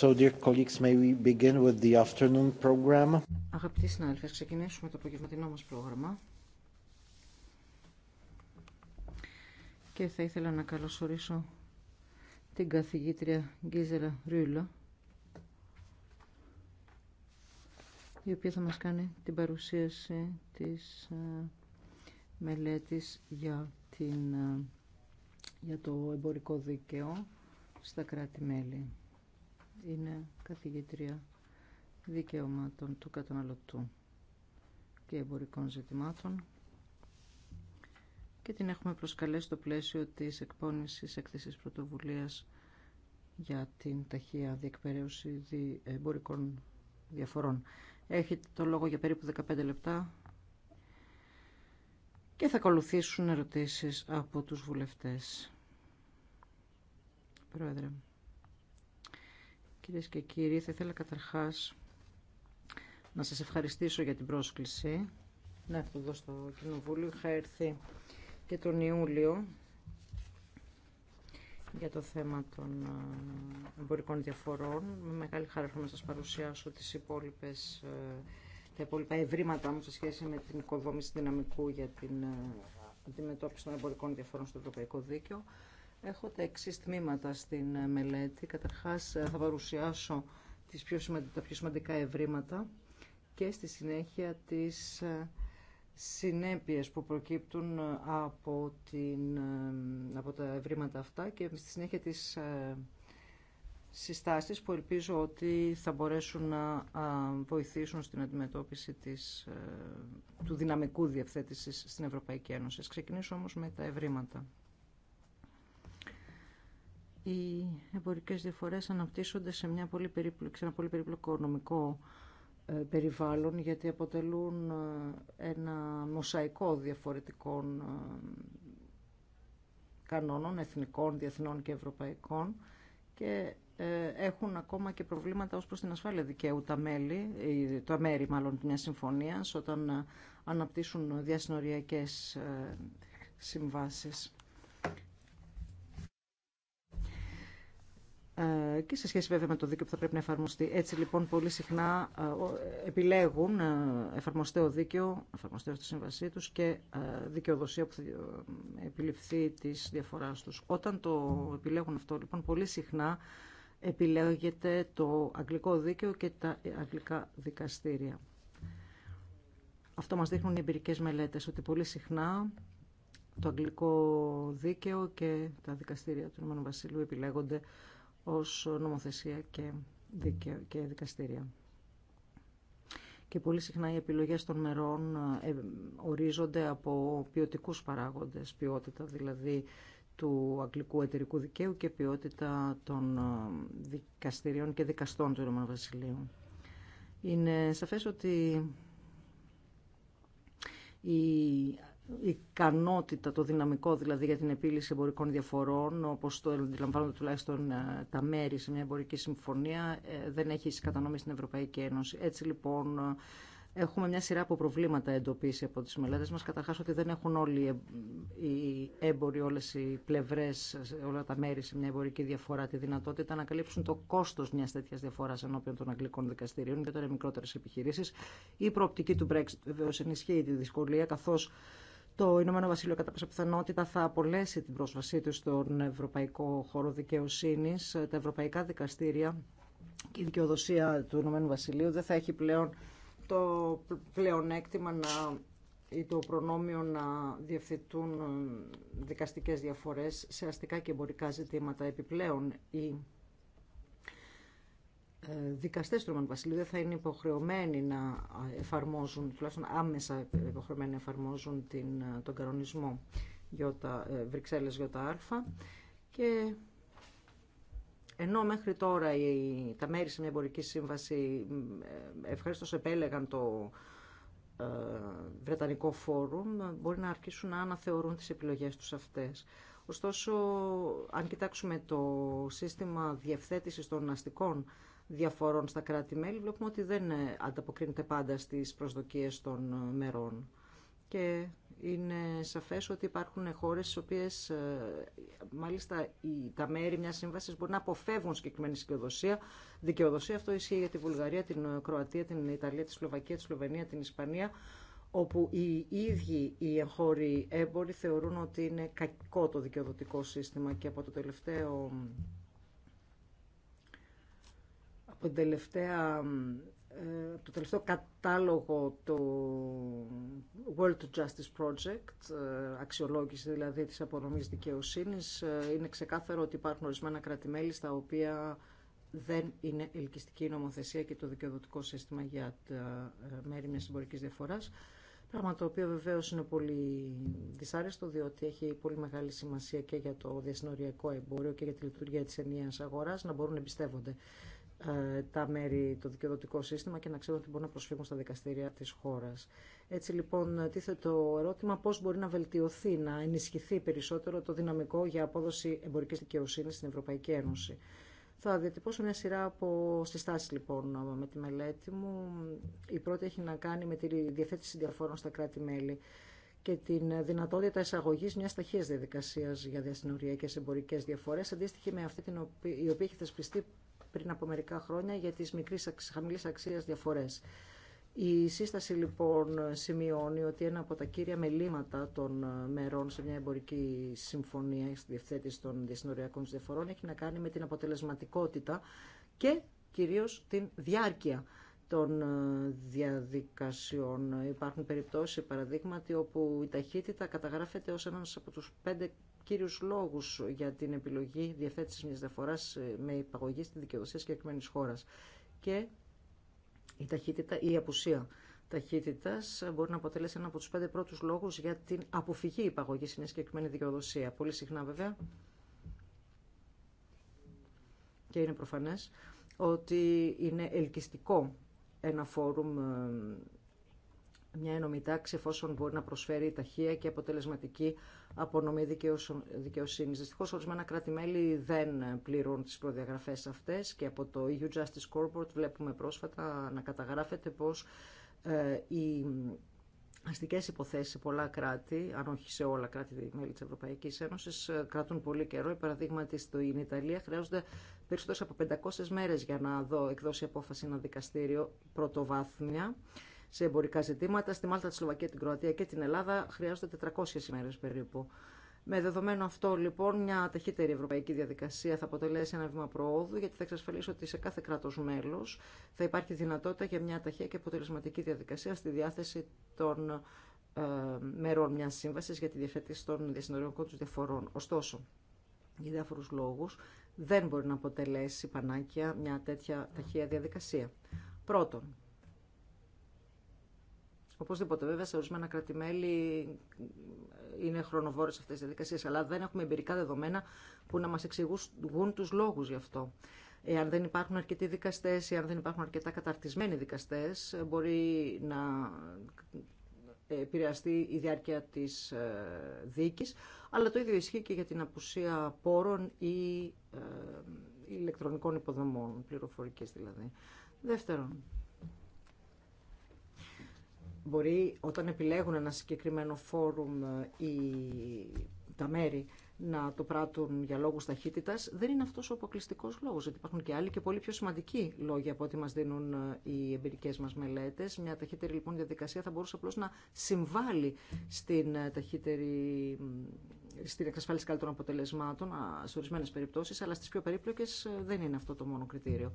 So, dear colleagues, may we begin with the afternoon program. Αγαπητοί συνάδελφοι, ξεκινήσουμε το απογευματινό μας πρόγραμμα. Και θα ήθελα να καλωσορίσω την καθηγήτρια Γκίζελα Ρούλα, η οποία θα μας κάνει την παρουσίαση της ε, μελέτης για, ε, για το εμπορικό δίκαιο στα κράτη-μέλη είναι καθηγήτρια δικαιωμάτων του καταναλωτού και εμπορικών ζητημάτων και την έχουμε προσκαλέσει στο πλαίσιο της εκπόνησης έκθεσης πρωτοβουλίας για την ταχεία διεκπαιρέωση εμπορικών διαφορών. Έχετε το λόγο για περίπου 15 λεπτά και θα ακολουθήσουν ερωτήσεις από τους βουλευτές. Πρόεδρε. Κυρίες και κύριοι, θα ήθελα καταρχάς να σας ευχαριστήσω για την πρόσκληση. Να έρθω εδώ στο Κοινοβούλιο. Είχα έρθει και τον Ιούλιο για το θέμα των ε, εμπορικών διαφορών. Με μεγάλη χαρά έρχομαι να σας παρουσιάσω τις υπόλοιπες, ε, τα υπόλοιπα ευρήματα μου σε σχέση με την οικοδόμηση δυναμικού για την ε, αντιμετώπιση των εμπορικών διαφορών στο Ευρωπαϊκό Δίκαιο. Έχω τα εξή τμήματα στην ε, μελέτη. Καταρχάς ε, θα παρουσιάσω τις τα πιο σημαντικά ευρήματα και στη συνέχεια τις ε, συνέπειες που προκύπτουν από, από τα ευρήματα αυτά και στη συνέχεια τις συστάσεις που ελπίζω ότι θα μπορέσουν να βοηθήσουν στην αντιμετώπιση της, του δυναμικού διευθέτησης στην Ευρωπαϊκή Ένωση. Ξεκινήσω όμως με τα ευρήματα οι εμπορικές διαφορές αναπτύσσονται σε, μια πολύ σε ένα πολύ περίπλοκο οικονομικό ε, περιβάλλον γιατί αποτελούν ε, ένα μοσαϊκό διαφορετικών ε, κανόνων εθνικών, διεθνών και ευρωπαϊκών και έχουν ακόμα και προβλήματα ως προς την ασφάλεια δικαίου τα μέλη, τα μέρη μάλλον μια συμφωνίας όταν αναπτύσσουν διασυνοριακές συμβάσεις. Ε, και σε σχέση βέβαια με το δίκαιο που θα πρέπει να εφαρμοστεί. Έτσι λοιπόν πολύ συχνά ε, επιλέγουν ε, εφαρμοστέο δίκαιο, εφαρμοστέο στη σύμβασή τους και δικαιοδοσία που θα επιληφθεί της διαφοράς τους. Όταν το επιλέγουν αυτό λοιπόν πολύ συχνά επιλέγεται το αγγλικό δίκαιο και τα αγγλικά δικαστήρια. Αυτό μας δείχνουν οι εμπειρικές μελέτες, ότι πολύ συχνά το αγγλικό δίκαιο και τα δικαστήρια του Ηνωμένου Βασιλείου επιλέγονται ως νομοθεσία και, δικαι... και δικαστήρια. Και πολύ συχνά οι επιλογές των μερών ε, ορίζονται από ποιοτικού παράγοντες, ποιότητα δηλαδή του αγγλικού εταιρικού δικαίου και ποιότητα των ε, δικαστηριών και δικαστών του Ρωμανού Βασιλείου. Είναι σαφές ότι η ικανότητα, το δυναμικό δηλαδή για την επίλυση εμπορικών διαφορών, όπως το αντιλαμβάνονται τουλάχιστον ε, τα μέρη σε μια εμπορική συμφωνία, ε, δεν έχει κατανόμη στην Ευρωπαϊκή Ένωση. Έτσι λοιπόν ε, έχουμε μια σειρά από προβλήματα εντοπίσει από τις μελέτες μας. Καταρχάς ότι δεν έχουν όλοι οι έμποροι, όλες οι πλευρές, όλα τα μέρη σε μια εμπορική διαφορά τη δυνατότητα να καλύψουν το κόστος μιας τέτοιας διαφοράς ενώπιον των αγγλικών δικαστηρίων, τώρα μικρότερες επιχειρήσεις. Η προοπτική του Brexit βεβαίως ενισχύει τη δυσκολία καθώς το Ηνωμένο Βασίλειο κατά πιθανότητα θα απολέσει την πρόσβασή του στον Ευρωπαϊκό Χώρο Δικαιοσύνη. Τα ευρωπαϊκά δικαστήρια και η δικαιοδοσία του Ηνωμένου Βασιλείου δεν θα έχει πλέον το πλεονέκτημα να ή το προνόμιο να διευθετούν δικαστικές διαφορές σε αστικά και εμπορικά ζητήματα επιπλέον η ε, δικαστές του Ρωμανού Βασιλείου δεν θα είναι υποχρεωμένοι να εφαρμόζουν, τουλάχιστον άμεσα υποχρεωμένοι να εφαρμόζουν την, ε, τον κανονισμό γιώτα, ε, Βρυξέλλες ΙΑ και ενώ μέχρι τώρα οι, τα μέρη σε μια εμπορική σύμβαση ευχαριστώ επέλεγαν το Βρετανικό Φόρουμ, μπορεί να αρχίσουν να αναθεωρούν τις επιλογές τους αυτές. Ωστόσο, αν κοιτάξουμε το σύστημα διευθέτησης των αστικών διαφορών στα κράτη-μέλη, βλέπουμε ότι δεν ε, ανταποκρίνεται πάντα στις προσδοκίες των ε, μερών. Και είναι σαφές ότι υπάρχουν χώρες στις οποίες ε, μάλιστα τα μέρη μιας σύμβασης μπορεί να αποφεύγουν συγκεκριμένη δικαιοδοσία. Δικαιοδοσία αυτό ισχύει για τη Βουλγαρία, την Κροατία, την Ιταλία, τη Σλοβακία, τη Σλοβενία, την Ισπανία όπου οι ίδιοι οι εγχώροι έμποροι θεωρούν ότι είναι κακό το δικαιοδοτικό σύστημα και από το τελευταίο από τελευταία ε, το τελευταίο κατάλογο του World Justice Project, ε, αξιολόγηση δηλαδή της απονομής δικαιοσύνης, ε, είναι ξεκάθαρο ότι υπάρχουν ορισμένα κρατημέλη στα οποία δεν είναι ελκυστική η νομοθεσία και το δικαιοδοτικό σύστημα για τα μέρη μιας συμπορικής διαφοράς. Πράγμα το οποίο βεβαίως είναι πολύ δυσάρεστο, διότι έχει πολύ μεγάλη σημασία και για το διασυνοριακό εμπόριο και για τη λειτουργία της ενιαίας αγοράς να μπορούν να εμπιστεύονται ε, τα μέρη, το δικαιοδοτικό σύστημα και να ξέρουν ότι μπορούν να προσφύγουν στα δικαστήρια τη χώρα. Έτσι λοιπόν τίθεται το ερώτημα πώ μπορεί να βελτιωθεί, να ενισχυθεί περισσότερο το δυναμικό για απόδοση εμπορική δικαιοσύνη στην Ευρωπαϊκή Ένωση. Θα διατυπώσω μια σειρά από συστάσει λοιπόν με τη μελέτη μου. Η πρώτη έχει να κάνει με τη διαθέτηση διαφόρων στα κράτη-μέλη και την δυνατότητα εισαγωγή μια ταχεία διαδικασία για διασυνοριακέ εμπορικέ διαφορέ, αντίστοιχη με αυτή την οποία, η οποία έχει θεσπιστεί πριν από μερικά χρόνια για τις μικρής χαμηλής αξίας διαφορές. Η σύσταση λοιπόν σημειώνει ότι ένα από τα κύρια μελήματα των ε, μερών σε μια εμπορική συμφωνία στη διευθέτηση των διασυνοριακών διαφορών έχει να κάνει με την αποτελεσματικότητα και κυρίως την διάρκεια των ε, διαδικασιών. Υπάρχουν περιπτώσεις, παραδείγματι, όπου η ταχύτητα καταγράφεται ως ένας από τους πέντε κύριους λόγους για την επιλογή διαθέτησης μιας διαφοράς ε, με υπαγωγή στη δικαιοδοσία συγκεκριμένη χώρας. Και η ταχύτητα ή η απουσία ταχύτητα μπορεί να αποτελέσει ένα από του πέντε πρώτου λόγου για την αποφυγή υπαγωγή σε μια συγκεκριμένη δικαιοδοσία. Πολύ συχνά βέβαια. Και είναι προφανές ότι είναι ελκυστικό ένα φόρουμ ε, μια ένωμη τάξη εφόσον μπορεί να προσφέρει ταχεία και αποτελεσματική απονομή δικαιοσύνη. Δυστυχώ, ορισμένα κράτη-μέλη δεν πληρούν τι προδιαγραφέ αυτέ και από το EU Justice Corporate βλέπουμε πρόσφατα να καταγράφεται πω ε, οι αστικέ υποθέσει σε πολλά κράτη, αν όχι σε όλα κράτη μέλη της Ευρωπαϊκής Ένωσης, ε, κρατούν πολύ καιρό. Η παραδείγματι στην Ιταλία χρειάζονται περισσότερε από 500 μέρε για να δω, εκδώσει απόφαση ένα δικαστήριο πρωτοβάθμια σε εμπορικά ζητήματα. Στη Μάλτα, τη Σλοβακία, την Κροατία και την Ελλάδα χρειάζονται 400 ημέρε περίπου. Με δεδομένο αυτό, λοιπόν, μια ταχύτερη ευρωπαϊκή διαδικασία θα αποτελέσει ένα βήμα προόδου, γιατί θα εξασφαλίσει ότι σε κάθε κράτο μέλο θα υπάρχει δυνατότητα για μια ταχεία και αποτελεσματική διαδικασία στη διάθεση των ε, μερών μια σύμβαση για τη διευθέτηση των διασυνοριακών του διαφορών. Ωστόσο, για διάφορου λόγου, δεν μπορεί να αποτελέσει πανάκια μια τέτοια ταχεία διαδικασία. Πρώτον, Οπωσδήποτε, βέβαια, σε ορισμένα κρατημέλη είναι χρονοβόρε αυτέ οι διαδικασίε, αλλά δεν έχουμε εμπειρικά δεδομένα που να μα εξηγούν του λόγου γι' αυτό. Εάν δεν υπάρχουν αρκετοί δικαστέ ή αν δεν υπάρχουν αρκετά καταρτισμένοι δικαστέ, μπορεί να επηρεαστεί η διάρκεια τη ε, δίκη, αλλά το ίδιο ισχύει και για την απουσία πόρων ή ε, ηλεκτρονικών υποδομών, πληροφορικέ δηλαδή. Δεύτερον, μπορεί όταν επιλέγουν ένα συγκεκριμένο φόρουμ ή ε, τα μέρη να το πράττουν για λόγους ταχύτητας, δεν είναι αυτός ο αποκλειστικός λόγος, γιατί υπάρχουν και άλλοι και πολύ πιο σημαντικοί λόγοι από ό,τι μας δίνουν ε, οι εμπειρικές μας μελέτες. Μια ταχύτερη λοιπόν διαδικασία θα μπορούσε απλώς να συμβάλλει στην ε, ταχύτερη στην εξασφάλιση καλύτερων αποτελεσμάτων σε ορισμένε περιπτώσεις, αλλά στις πιο περίπλοκες δεν είναι αυτό το μόνο κριτήριο.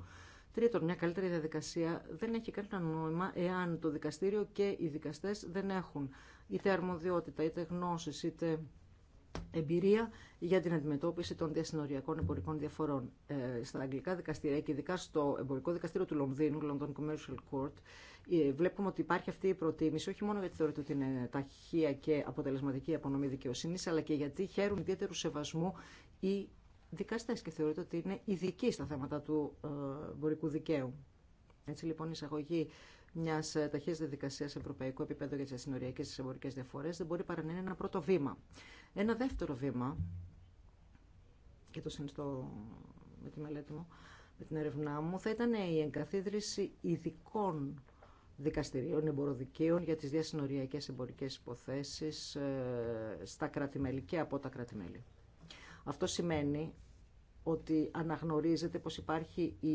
Τρίτον, μια καλύτερη διαδικασία δεν έχει κανένα νόημα εάν το δικαστήριο και οι δικαστέ δεν έχουν είτε αρμοδιότητα, είτε γνώσει είτε εμπειρία για την αντιμετώπιση των διασυνοριακών εμπορικών διαφορών. Ε, στα αγγλικά δικαστήρια και ειδικά στο εμπορικό δικαστήριο του Λονδίνου, London Commercial Court, ε, βλέπουμε ότι υπάρχει αυτή η προτίμηση όχι μόνο γιατί θεωρείται ότι είναι ταχεία και αποτελεσματική η απονομή δικαιοσύνη, αλλά και γιατί χαίρουν ιδιαίτερου σεβασμού οι δικαστές και θεωρείται ότι είναι ειδικοί στα θέματα του ε, εμπορικού δικαίου. Έτσι λοιπόν η εισαγωγή μια ε, ταχεία διαδικασία σε ευρωπαϊκό επίπεδο για τι ασυνοριακέ και εμπορικέ διαφορέ δεν μπορεί παρά να είναι ένα πρώτο βήμα. Ένα δεύτερο βήμα, και το συνιστώ με τη μελέτη μου, με την έρευνά μου, θα ήταν η εγκαθίδρυση ειδικών δικαστηρίων εμποροδικίων για τι διασυνοριακέ εμπορικέ υποθέσει ε, στα κρατη και από τα κρατη Αυτό σημαίνει ότι αναγνωρίζεται πως υπάρχει η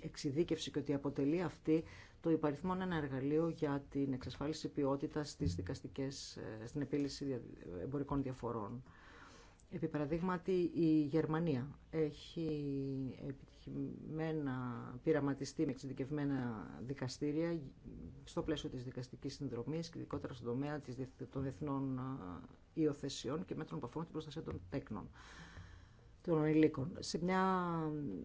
εξειδίκευση και ότι αποτελεί αυτή το υπαριθμό ένα εργαλείο για την εξασφάλιση ποιότητας στις δικαστικές, ε, στην επίλυση εμπορικών διαφορών. Επί παραδείγματι, η Γερμανία έχει επιτυχημένα πειραματιστεί με εξειδικευμένα δικαστήρια στο πλαίσιο της δικαστικής συνδρομής και ειδικότερα στον τομέα των διεθνών ε, υιοθεσιών και μέτρων που αφορούν την προστασία των τέκνων των Σε μια...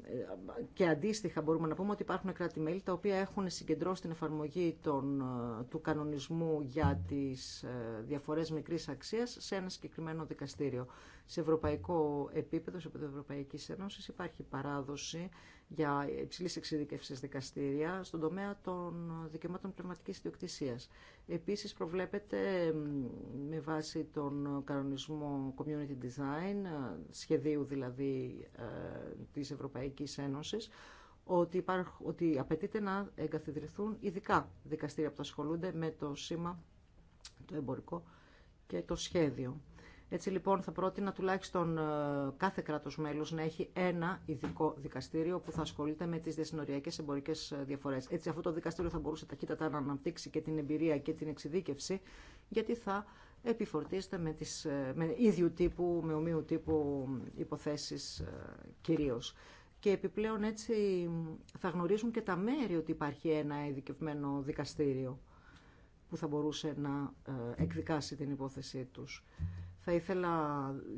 Ε, και αντίστοιχα μπορούμε να πούμε ότι υπάρχουν κράτη-μέλη τα οποία έχουν συγκεντρώσει την εφαρμογή των... Ε, του κανονισμού για τις ε, διαφορές μικρής αξίας σε ένα συγκεκριμένο δικαστήριο. Σε ευρωπαϊκό επίπεδο, σε επίπεδο Ευρωπαϊκής Ένωσης υπάρχει παράδοση για υψηλή εξειδικευσή δικαστήρια στον τομέα των δικαιωμάτων πνευματική ιδιοκτησία. Επίσης προβλέπεται με βάση τον κανονισμό Community Design, σχεδίου δηλαδή ε, της Ευρωπαϊκής Ένωσης, ότι, ότι απαιτείται να εγκαθιδρυθούν ειδικά δικαστήρια που ασχολούνται με το σήμα, το εμπορικό και το σχέδιο. Έτσι λοιπόν θα πρότεινα τουλάχιστον ε, κάθε κράτος μέλος να έχει ένα ειδικό δικαστήριο που θα ασχολείται με τις διασυνοριακές εμπορικές ε, διαφορές. Έτσι αυτό το δικαστήριο θα μπορούσε ταχύτατα να αναπτύξει και την εμπειρία και την εξειδίκευση γιατί θα επιφορτίζεται με, τις, ε, με ίδιου τύπου, με ομοίου τύπου υποθέσεις κυρίως. Και επιπλέον έτσι θα γνωρίζουν και τα μέρη ότι υπάρχει ένα ειδικευμένο δικαστήριο που θα μπορούσε να εκδικάσει την υπόθεσή τους. Θα ήθελα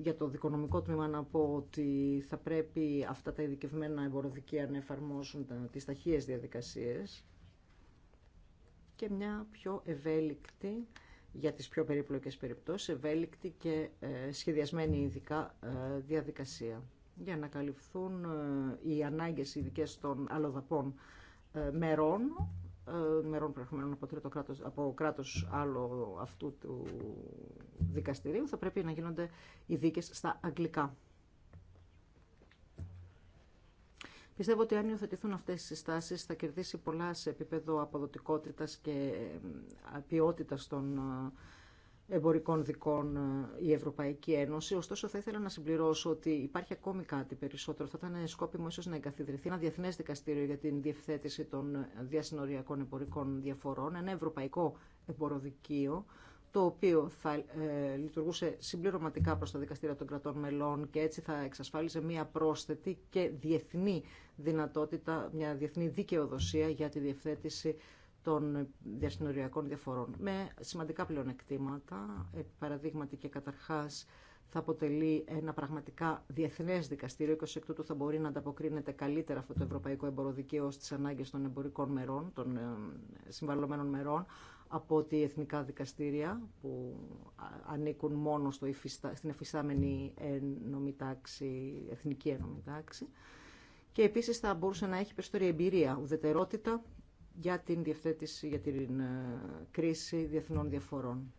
για το δικονομικό τμήμα να πω ότι θα πρέπει αυτά τα ειδικευμένα εμποροδικεία να εφαρμόσουν τις ταχείες διαδικασίες και μια πιο ευέλικτη για τις πιο περίπλοκες περιπτώσεις, ευέλικτη και ε, σχεδιασμένη ειδικά ε, διαδικασία για να καλυφθούν ε, οι ανάγκες ειδικέ των αλλοδαπών μερών ε, μερών προερχομένων από, τρίτο κράτος, από κράτος άλλο αυτού του δικαστηρίου θα πρέπει να γίνονται οι δίκες στα αγγλικά. Πιστεύω ότι αν υιοθετηθούν αυτές οι συστάσεις θα κερδίσει πολλά σε επίπεδο αποδοτικότητας και ε, ποιότητας των ε, εμπορικών δικών ε, η Ευρωπαϊκή Ένωση. Ωστόσο, θα ήθελα να συμπληρώσω ότι υπάρχει ακόμη κάτι περισσότερο. Θα ήταν σκόπιμο ίσω να εγκαθιδρυθεί ένα διεθνέ δικαστήριο για την διευθέτηση των διασυνοριακών εμπορικών διαφορών, ένα ευρωπαϊκό εμποροδικείο, το οποίο θα ε, λειτουργούσε συμπληρωματικά προς τα δικαστήρια των κρατών μελών και έτσι θα εξασφάλιζε μία πρόσθετη και διεθνή δυνατότητα, μια διεθνή δικαιοδοσία για τη διευθέτηση των διασυνοριακών διαφορών με σημαντικά πλεονεκτήματα, ε, παραδείγματι και καταρχάς θα αποτελεί ένα πραγματικά διεθνέ δικαστήριο και ω εκ τούτου θα μπορεί να ανταποκρίνεται καλύτερα αυτό το ευρωπαϊκό εμποροδικαίο στι ανάγκε των εμπορικών μερών, των ε, συμβαλλωμένων μερών, από ότι εθνικά δικαστήρια που ανήκουν μόνο στο υφιστα... στην εφιστάμενη τάξη, εθνική τάξη Και επίση θα μπορούσε να έχει περισσότερη εμπειρία, ουδετερότητα για την διευθέτηση, για την ε, κρίση διεθνών διαφορών.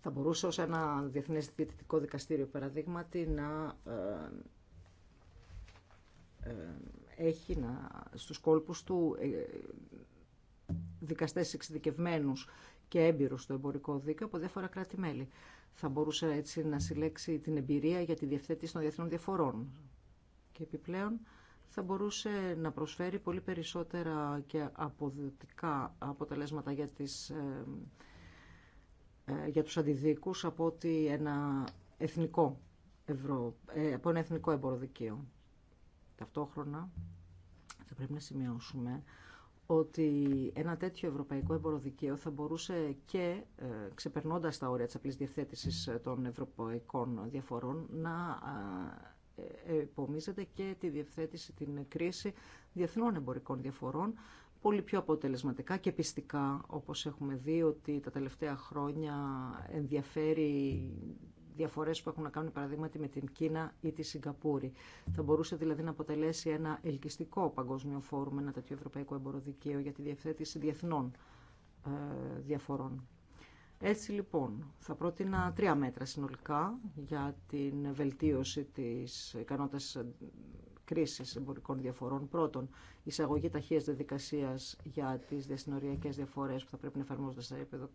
Θα μπορούσε ως ένα διεθνές διαιτητικό δικαστήριο, παραδείγματι, να ε, ε, έχει να, στους κόλπους του δικαστές εξειδικευμένους και έμπειρους στο εμπορικό δίκαιο από διάφορα κράτη-μέλη. Θα μπορούσε έτσι να συλλέξει την εμπειρία για τη διευθέτηση των διεθνών διαφορών. Και επιπλέον θα μπορούσε να προσφέρει πολύ περισσότερα και αποδοτικά αποτελέσματα για, τις, ε, ε, για τους αντιδίκους από, ένα εθνικό ευρώ, ε, από ένα εθνικό εμποροδικείο. Ταυτόχρονα θα πρέπει να σημειώσουμε ότι ένα τέτοιο ευρωπαϊκό εμποροδικείο θα μπορούσε και ξεπερνώντας τα όρια της απλής διευθέτησης των ευρωπαϊκών διαφορών να επομίζεται και τη διευθέτηση, την κρίση διεθνών εμπορικών διαφορών πολύ πιο αποτελεσματικά και πιστικά, όπως έχουμε δει ότι τα τελευταία χρόνια ενδιαφέρει διαφορές που έχουν να κάνουν παραδείγματι με την Κίνα ή τη Σιγκαπούρη. Θα μπορούσε δηλαδή να αποτελέσει ένα ελκυστικό παγκόσμιο φόρουμ, ένα τέτοιο ευρωπαϊκό εμποροδικαίο για τη διευθέτηση διεθνών ε, διαφορών. Έτσι λοιπόν, θα πρότεινα τρία μέτρα συνολικά για την βελτίωση της ικανότητας κρίσης εμπορικών διαφορών. Πρώτον, εισαγωγή ταχείας διαδικασίας για τις διασυνοριακές διαφορές που θα πρέπει να εφαρμόζονται σε επίπεδο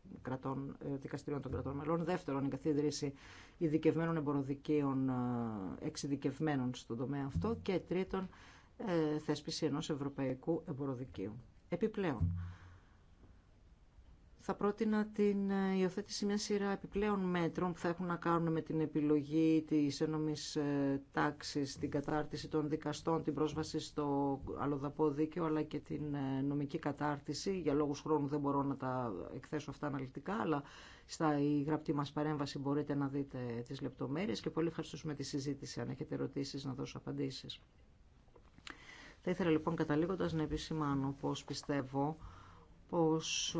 ε, δικαστηρίων των κρατών μελών. Δεύτερον, εγκαθίδρυση ειδικευμένων εμποροδικαίων ε, εξειδικευμένων στον τομέα αυτό. Και τρίτον, ε, θέσπιση ενός ευρωπαϊκού εμποροδικείου. Επιπλέον, θα πρότεινα την ε, υιοθέτηση μια σειρά επιπλέον μέτρων που θα έχουν να κάνουν με την επιλογή της ένομης ε, τάξης, την κατάρτιση των δικαστών, την πρόσβαση στο αλλοδαπό δίκαιο, αλλά και την ε, νομική κατάρτιση. Για λόγους χρόνου δεν μπορώ να τα εκθέσω αυτά αναλυτικά, αλλά στα η γραπτή μας παρέμβαση μπορείτε να δείτε τις λεπτομέρειες και πολύ ευχαριστούμε τη συζήτηση. Αν έχετε ερωτήσεις, να δώσω απαντήσεις. Θα ήθελα λοιπόν καταλήγοντας να επισημάνω πώς πιστεύω πως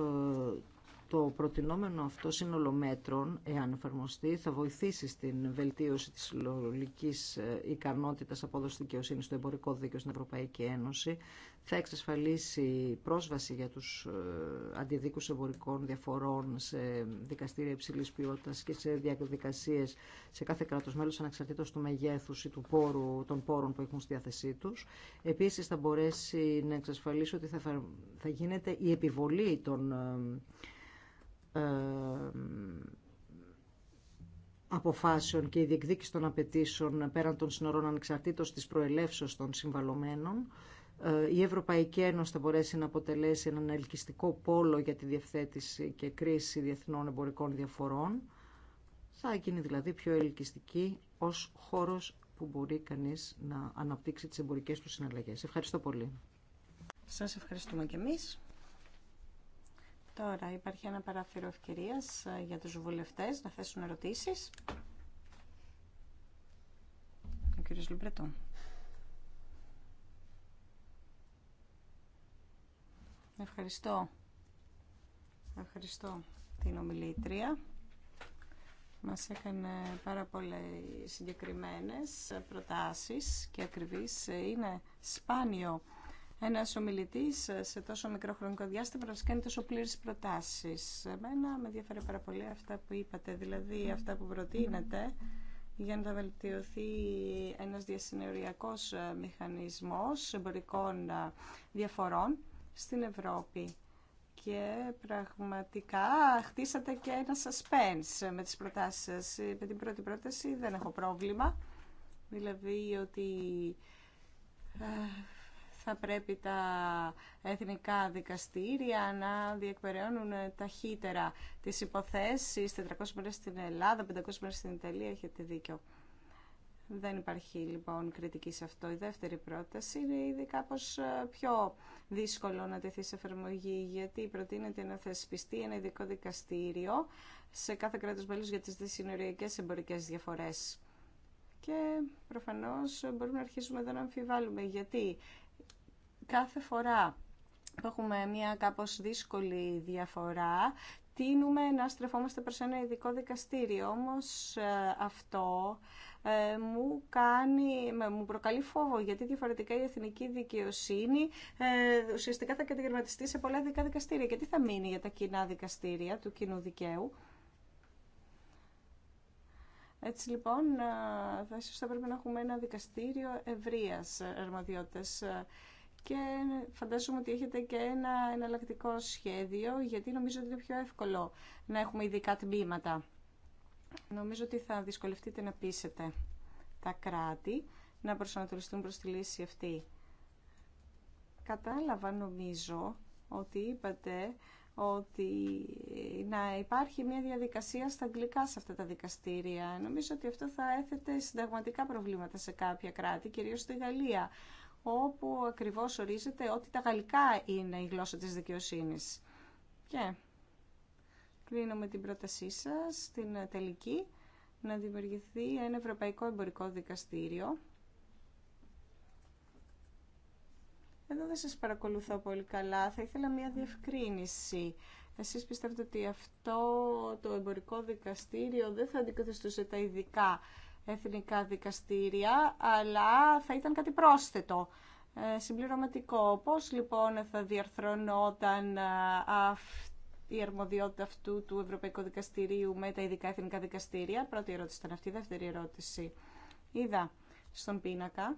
το προτινόμενο αυτό σύνολο μέτρων, εάν εφαρμοστεί, θα βοηθήσει στην βελτίωση της λογικής ε, ικανότητας απόδοσης δικαιοσύνης στο εμπορικό δίκαιο στην Ευρωπαϊκή Ένωση, θα εξασφαλίσει πρόσβαση για τους ε, αντιδίκους εμπορικών διαφορών σε δικαστήρια υψηλής ποιότητας και σε διαδικασίες σε κάθε κράτος μέλος ανεξαρτήτως του μεγέθους ή του πόρου, των πόρων που έχουν στη διάθεσή τους. Επίσης θα μπορέσει να εξασφαλίσει ότι θα, θα γίνεται η επιβολή των ε, ε, αποφάσεων και η διεκδίκηση των απαιτήσεων πέραν των σύνορων ανεξαρτήτως της προελεύσεως των συμβαλωμένων. Ε, η Ευρωπαϊκή Ένωση θα μπορέσει να αποτελέσει έναν ελκυστικό πόλο για τη διευθέτηση και κρίση διεθνών εμπορικών διαφορών. Θα γίνει δηλαδή πιο ελκυστική ως χώρος που μπορεί κανείς να αναπτύξει τις εμπορικές του συναλλαγές. Ευχαριστώ πολύ. Σας ευχαριστούμε και εμείς. Τώρα υπάρχει ένα παράθυρο ευκαιρία ε, για τους βουλευτές να θέσουν ερωτήσεις. Ο κύριος Ευχαριστώ. Ευχαριστώ την ομιλήτρια. Μας έκανε πάρα πολλές συγκεκριμένες προτάσεις και ακριβείς. Είναι σπάνιο ένας ομιλητής σε τόσο μικρό χρονικό διάστημα να κάνει τόσο πλήρες προτάσεις. Εμένα με ενδιαφέρει πάρα πολύ αυτά που είπατε, δηλαδή αυτά που προτείνετε για να βελτιωθεί ένας διασυνοριακός ε, μηχανισμός εμπορικών ε, διαφορών στην Ευρώπη. Και πραγματικά χτίσατε και ένα suspense με τις προτάσεις σας. Με την πρώτη πρόταση δεν έχω πρόβλημα. Δηλαδή ότι ε, θα πρέπει τα εθνικά δικαστήρια να διεκπεραιώνουν ταχύτερα τις υποθέσεις 400 μέρες στην Ελλάδα, 500 μέρες στην Ιταλία, έχετε δίκιο. Δεν υπάρχει λοιπόν κριτική σε αυτό. Η δεύτερη πρόταση είναι ήδη κάπω ε, πιο δύσκολο να τεθεί σε εφαρμογή, γιατί προτείνεται να θεσπιστεί ένα ειδικό δικαστήριο σε κάθε κράτο μέλο για τι δυσυνοριακέ εμπορικέ διαφορέ. Και προφανώ μπορούμε να αρχίσουμε εδώ να αμφιβάλλουμε, γιατί κάθε φορά που έχουμε μια κάπως δύσκολη διαφορά, τίνουμε να στρεφόμαστε προς ένα ειδικό δικαστήριο. Όμως ε, αυτό ε, μου, κάνει, με, μου προκαλεί φόβο, γιατί διαφορετικά η εθνική δικαιοσύνη ε, ουσιαστικά θα κατηγορηματιστεί σε πολλά ειδικά δικαστήρια. Και τι θα μείνει για τα κοινά δικαστήρια του κοινού δικαίου. Έτσι λοιπόν, ε, θα θα πρέπει να έχουμε ένα δικαστήριο ευρείας αρμοδιότητας και φαντάζομαι ότι έχετε και ένα εναλλακτικό σχέδιο, γιατί νομίζω ότι είναι πιο εύκολο να έχουμε ειδικά τμήματα. Νομίζω ότι θα δυσκολευτείτε να πείσετε τα κράτη να προσανατολιστούν προς τη λύση αυτή. Κατάλαβα νομίζω ότι είπατε ότι να υπάρχει μια διαδικασία στα αγγλικά σε αυτά τα δικαστήρια. Νομίζω ότι αυτό θα έθετε συνταγματικά προβλήματα σε κάποια κράτη, κυρίως στη Γαλλία όπου ακριβώς ορίζεται ότι τα γαλλικά είναι η γλώσσα της δικαιοσύνης. Και κλείνω με την πρότασή σας, την τελική, να δημιουργηθεί ένα Ευρωπαϊκό Εμπορικό Δικαστήριο. Εδώ δεν σας παρακολουθώ πολύ καλά, θα ήθελα μια διευκρίνηση. Εσείς πιστεύετε ότι αυτό το εμπορικό δικαστήριο δεν θα αντικαθιστούσε τα ειδικά εθνικά δικαστήρια, αλλά θα ήταν κάτι πρόσθετο, ε, συμπληρωματικό. Πώς λοιπόν θα διαρθρωνόταν ε, η αρμοδιότητα αυτού του Ευρωπαϊκού Δικαστηρίου με τα ειδικά εθνικά δικαστήρια. Πρώτη ερώτηση ήταν αυτή, δεύτερη ερώτηση. Είδα στον πίνακα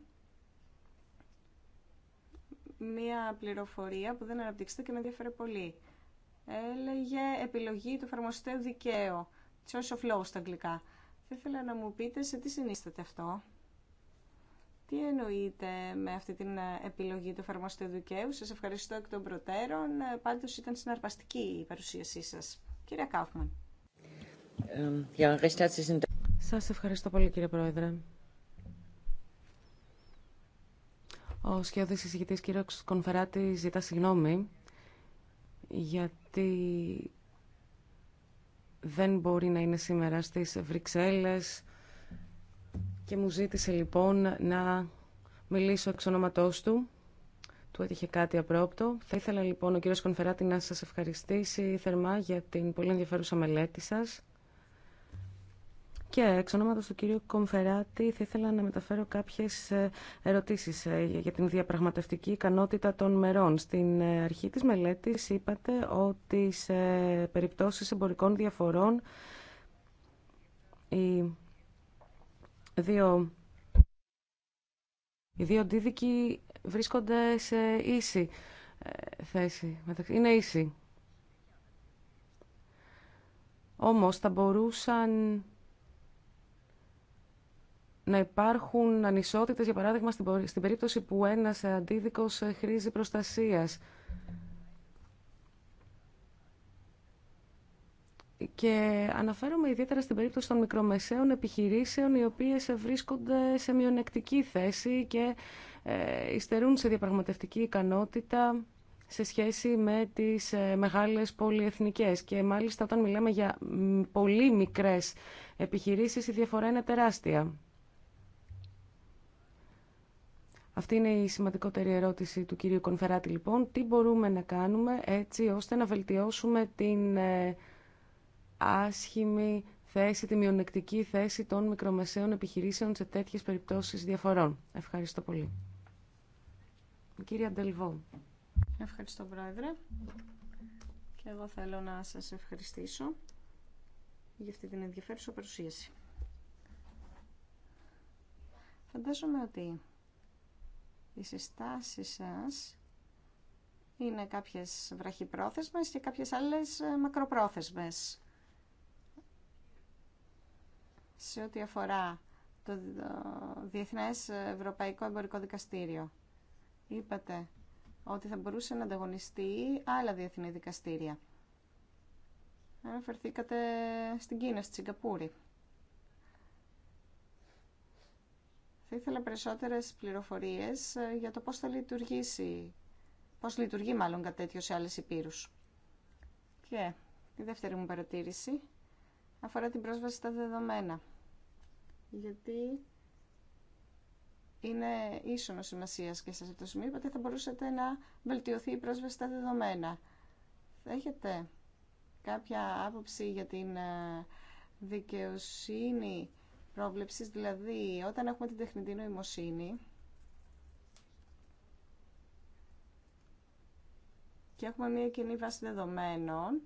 μία πληροφορία που δεν αναπτύξετε και με ενδιαφέρει πολύ. Έλεγε επιλογή του εφαρμοστέου δικαίου, choice of law στα αγγλικά. Θα ήθελα να μου πείτε σε τι συνίσταται αυτό. Τι εννοείτε με αυτή την ε, επιλογή του εφαρμοστείου δικαίου. Σας ευχαριστώ εκ των προτέρων. Ε, πάντως ήταν συναρπαστική η παρουσίασή σας. Κύριε Κάφμαν. Σας ευχαριστώ πολύ κύριε Πρόεδρε. Ο σχεδόν συζητητής κύριος Κονφεράτη ζητά συγγνώμη γιατί δεν μπορεί να είναι σήμερα στις Βρυξέλλες και μου ζήτησε λοιπόν να μιλήσω εξ ονόματός του. Του έτυχε κάτι απρόπτο. Θα ήθελα λοιπόν ο κύριος Κονφεράτη να σας ευχαριστήσει θερμά για την πολύ ενδιαφέρουσα μελέτη σας. Και εξ ονόματο του κύριου Κομφεράτη θα ήθελα να μεταφέρω κάποιες ε, ερωτήσεις ε, για την διαπραγματευτική ικανότητα των μερών. Στην ε, αρχή της μελέτης είπατε ότι σε περιπτώσεις εμπορικών διαφορών οι δύο, οι δύο αντίδικοι βρίσκονται σε ίση θέση. Είναι ίση. Όμως θα μπορούσαν να υπάρχουν ανισότητες, για παράδειγμα, στην περίπτωση που ένας αντίδικος ε, χρήζει προστασίας. Και αναφέρομαι ιδιαίτερα στην περίπτωση των μικρομεσαίων επιχειρήσεων, οι οποίες ε, βρίσκονται σε μειονεκτική θέση και ε, υστερούν σε διαπραγματευτική ικανότητα σε σχέση με τις μεγάλες πολυεθνικές. Και μάλιστα όταν μιλάμε για πολύ μικρές επιχειρήσεις, η διαφορά είναι τεράστια. Αυτή είναι η σημαντικότερη ερώτηση του κυρίου Κονφεράτη λοιπόν. Τι μπορούμε να κάνουμε έτσι ώστε να βελτιώσουμε την ε, άσχημη θέση, τη μειονεκτική θέση των μικρομεσαίων επιχειρήσεων σε τέτοιες περιπτώσεις διαφορών. Ευχαριστώ πολύ. Κύριε Αντελβό. Ευχαριστώ Πρόεδρε. Και εγώ θέλω να σας ευχαριστήσω για αυτή την ενδιαφέρουσα παρουσίαση. Φαντάζομαι ότι οι συστάσεις σας είναι κάποιες βραχυπρόθεσμες και κάποιες άλλες ε, μακροπρόθεσμες. Σε ό,τι αφορά το Διεθνές Ευρωπαϊκό Εμπορικό Δικαστήριο. Είπατε ότι θα μπορούσε να ανταγωνιστεί άλλα διεθνή δικαστήρια. Αναφερθήκατε στην Κίνα, στη Σιγκαπούρη. Θα ήθελα περισσότερες πληροφορίες ε, για το πώς θα λειτουργήσει, πώς λειτουργεί μάλλον κάτι τέτοιο σε άλλες υπήρους. Και η δεύτερη μου παρατήρηση αφορά την πρόσβαση στα δεδομένα. Γιατί είναι ίσονο σημασία και σε αυτό το σημείο, οπότε θα μπορούσατε να βελτιωθεί η πρόσβαση στα δεδομένα. έχετε κάποια άποψη για την ε, δικαιοσύνη πρόβλεψης, δηλαδή όταν έχουμε την τεχνητή νοημοσύνη και έχουμε μια κοινή βάση δεδομένων,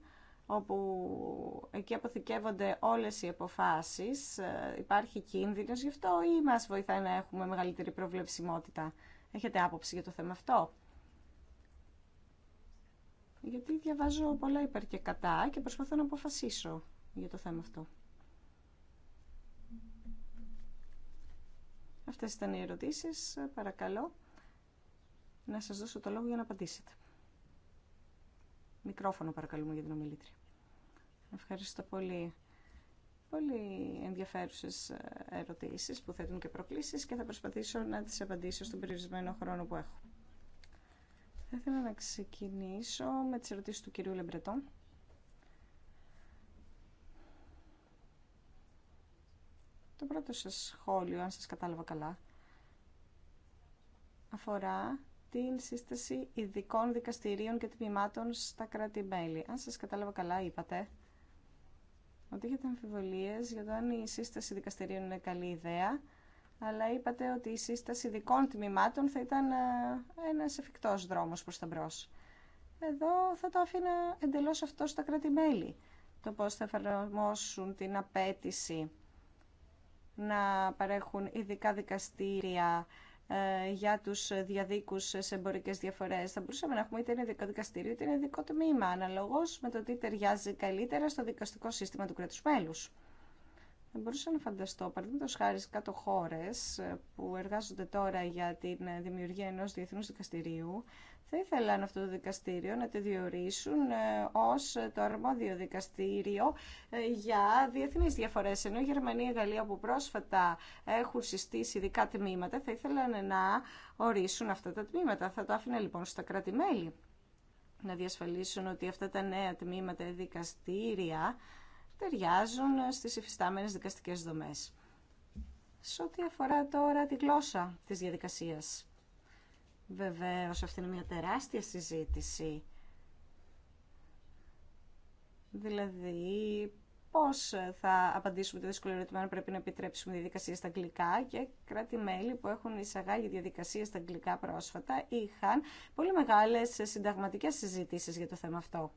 όπου εκεί αποθηκεύονται όλες οι αποφάσεις, ε, υπάρχει κίνδυνος, γι' αυτό ή μας βοηθάει να έχουμε μεγαλύτερη προβλεψιμότητα. Έχετε άποψη για το θέμα αυτό. Γιατί διαβάζω πολλά υπέρ και κατά και προσπαθώ να αποφασίσω για το θέμα αυτό. Αυτές ήταν οι ερωτήσεις. Παρακαλώ να σας δώσω το λόγο για να απαντήσετε. Μικρόφωνο παρακαλούμε για την ομιλήτρια. Ευχαριστώ πολύ. Πολύ ενδιαφέρουσες ε, ερωτήσεις που θέτουν και προκλήσεις και θα προσπαθήσω να τις απαντήσω στον περιορισμένο χρόνο που έχω. Θα ήθελα να ξεκινήσω με τις ερωτήσεις του κυρίου Λεμπρετών Το πρώτο σας σχόλιο, αν σας κατάλαβα καλά, αφορά την σύσταση ειδικών δικαστηρίων και τμήματων στα κρατη Αν σας κατάλαβα καλά, είπατε ότι είχατε αμφιβολίες για το αν η σύσταση δικαστηρίων είναι καλή ιδέα, αλλά είπατε ότι η σύσταση ειδικών τμήματων θα ήταν ε, ένας εφικτός δρόμος προς τα μπρος. Εδώ θα το άφηνα εντελώς αυτό στα κράτη-μέλη, το πώς θα εφαρμόσουν την απέτηση να παρέχουν ειδικά δικαστήρια ε, για τους διαδίκους σε εμπορικέ διαφορές. Θα μπορούσαμε να έχουμε είτε ένα ειδικό δικαστήριο είτε ένα ειδικό τμήμα, αναλόγως με το τι ταιριάζει καλύτερα στο δικαστικό σύστημα του κράτους μέλους μπορούσα να φανταστώ, παραδείγματο χάρη κάτω χώρε ε, που εργάζονται τώρα για τη ε, δημιουργία ενό διεθνού δικαστηρίου, θα ήθελαν αυτό το δικαστήριο να το διορίσουν ε, ως το αρμόδιο δικαστήριο για διεθνείς διαφορές. Ενώ η Γερμανία και η Γαλλία που πρόσφατα έχουν συστήσει ειδικά τμήματα, θα ήθελαν να ορίσουν αυτά τα τμήματα. Θα το άφηνα λοιπόν στα κράτη-μέλη να διασφαλίσουν ότι αυτά τα νέα τμήματα, δικαστήρια, ταιριάζουν στις υφιστάμενες δικαστικές δομές. Σε ό,τι αφορά τώρα τη γλώσσα της διαδικασίας. Βεβαίως αυτή είναι μια τεράστια συζήτηση. Δηλαδή, πώς θα απαντήσουμε το δύσκολο ερώτημα αν πρέπει να επιτρέψουμε διαδικασία στα αγγλικά και κράτη-μέλη που έχουν εισαγάγει διαδικασία στα αγγλικά πρόσφατα είχαν πολύ μεγάλες συνταγματικές συζητήσεις για το θέμα αυτό.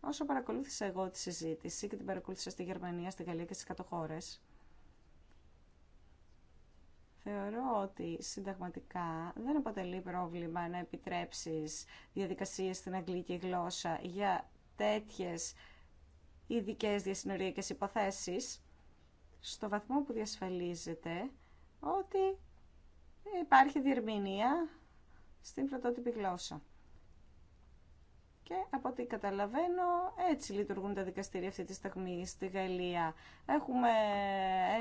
Όσο παρακολούθησα εγώ τη συζήτηση και την παρακολούθησα στη Γερμανία, στη Γαλλία και στις χώρες, θεωρώ ότι συνταγματικά δεν αποτελεί πρόβλημα να επιτρέψεις διαδικασίες στην αγγλική γλώσσα για τέτοιες ειδικέ διασυνοριακές υποθέσεις, στο βαθμό που διασφαλίζεται ότι υπάρχει διερμηνία στην πρωτότυπη γλώσσα. Και από ό,τι καταλαβαίνω, έτσι λειτουργούν τα δικαστήρια αυτή τη στιγμή στη Γαλλία. Έχουμε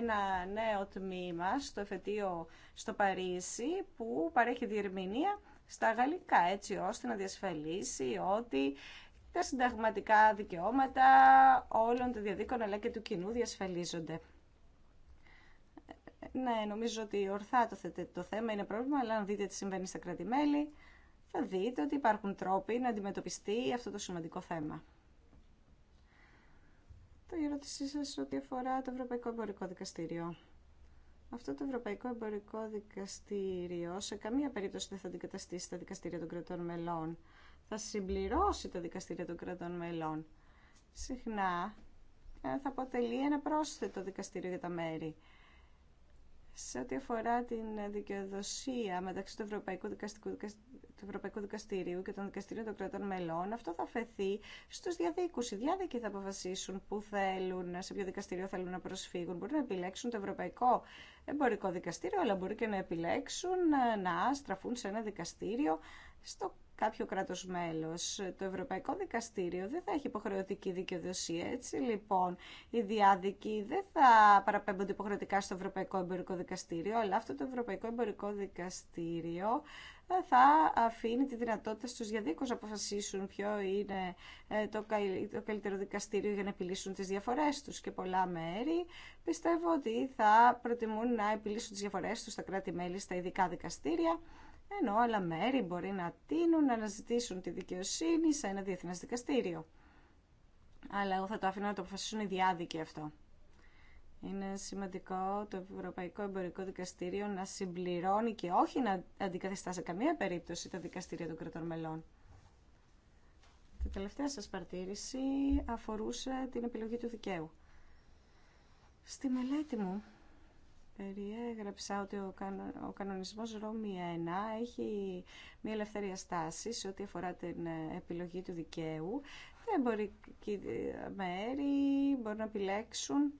ένα νέο τμήμα στο εφετείο στο Παρίσι που παρέχει διερμηνία στα γαλλικά, έτσι ώστε να διασφαλίσει ότι τα συνταγματικά δικαιώματα όλων των διαδίκων αλλά και του κοινού διασφαλίζονται. Ναι, νομίζω ότι ορθά το, το θέμα είναι πρόβλημα, αλλά αν δείτε τι συμβαίνει στα κρατη θα δείτε ότι υπάρχουν τρόποι να αντιμετωπιστεί αυτό το σημαντικό θέμα. Το ερώτησή σα ό,τι αφορά το Ευρωπαϊκό Εμπορικό Δικαστήριο. Αυτό το Ευρωπαϊκό Εμπορικό Δικαστήριο σε καμία περίπτωση δεν θα αντικαταστήσει τα δικαστήρια των κρατών μελών. Θα συμπληρώσει τα δικαστήρια των κρατών μελών. Συχνά ε, θα αποτελεί ένα πρόσθετο δικαστήριο για τα μέρη σε ό,τι αφορά την δικαιοδοσία μεταξύ του Ευρωπαϊκού, Δικαστικού, του Ευρωπαϊκού Δικαστηρίου και των Δικαστηρίων των Κρατών Μελών, αυτό θα φεθεί στους διαδίκους. Οι διάδικοι θα αποφασίσουν πού θέλουν, σε ποιο δικαστήριο θέλουν να προσφύγουν. Μπορεί να επιλέξουν το Ευρωπαϊκό Εμπορικό Δικαστήριο, αλλά μπορεί και να επιλέξουν να στραφούν σε ένα δικαστήριο στο κάποιο κράτος μέλος. Το Ευρωπαϊκό Δικαστήριο δεν θα έχει υποχρεωτική δικαιοδοσία. Έτσι λοιπόν οι διάδικοι δεν θα παραπέμπονται υποχρεωτικά στο Ευρωπαϊκό Εμπορικό Δικαστήριο, αλλά αυτό το Ευρωπαϊκό Εμπορικό Δικαστήριο ε, θα αφήνει τη δυνατότητα στους διαδίκους να αποφασίσουν ποιο είναι ε, το καλύτερο δικαστήριο για να επιλύσουν τις διαφορές τους και πολλά μέρη πιστεύω ότι θα προτιμούν να επιλύσουν τις διαφορές τους στα κράτη-μέλη, στα ειδικά δικαστήρια ενώ άλλα μέρη μπορεί να τίνουν να αναζητήσουν τη δικαιοσύνη σε ένα διεθνές δικαστήριο. Αλλά εγώ θα το αφήνω να το αποφασίσουν οι διάδικοι αυτό. Είναι σημαντικό το Ευρωπαϊκό Εμπορικό Δικαστήριο να συμπληρώνει και όχι να αντικαθιστά σε καμία περίπτωση τα δικαστήρια των κρατών μελών. Η τελευταία σας παρτήρηση αφορούσε την επιλογή του δικαίου. Στη μελέτη μου περιέγραψα ότι ο, κανο, ο κανονισμός Ρώμη 1 έχει μια ελευθερία στάση σε ό,τι αφορά την ε, επιλογή του δικαίου. μπορεί μπορεί μέρη μπορούν να επιλέξουν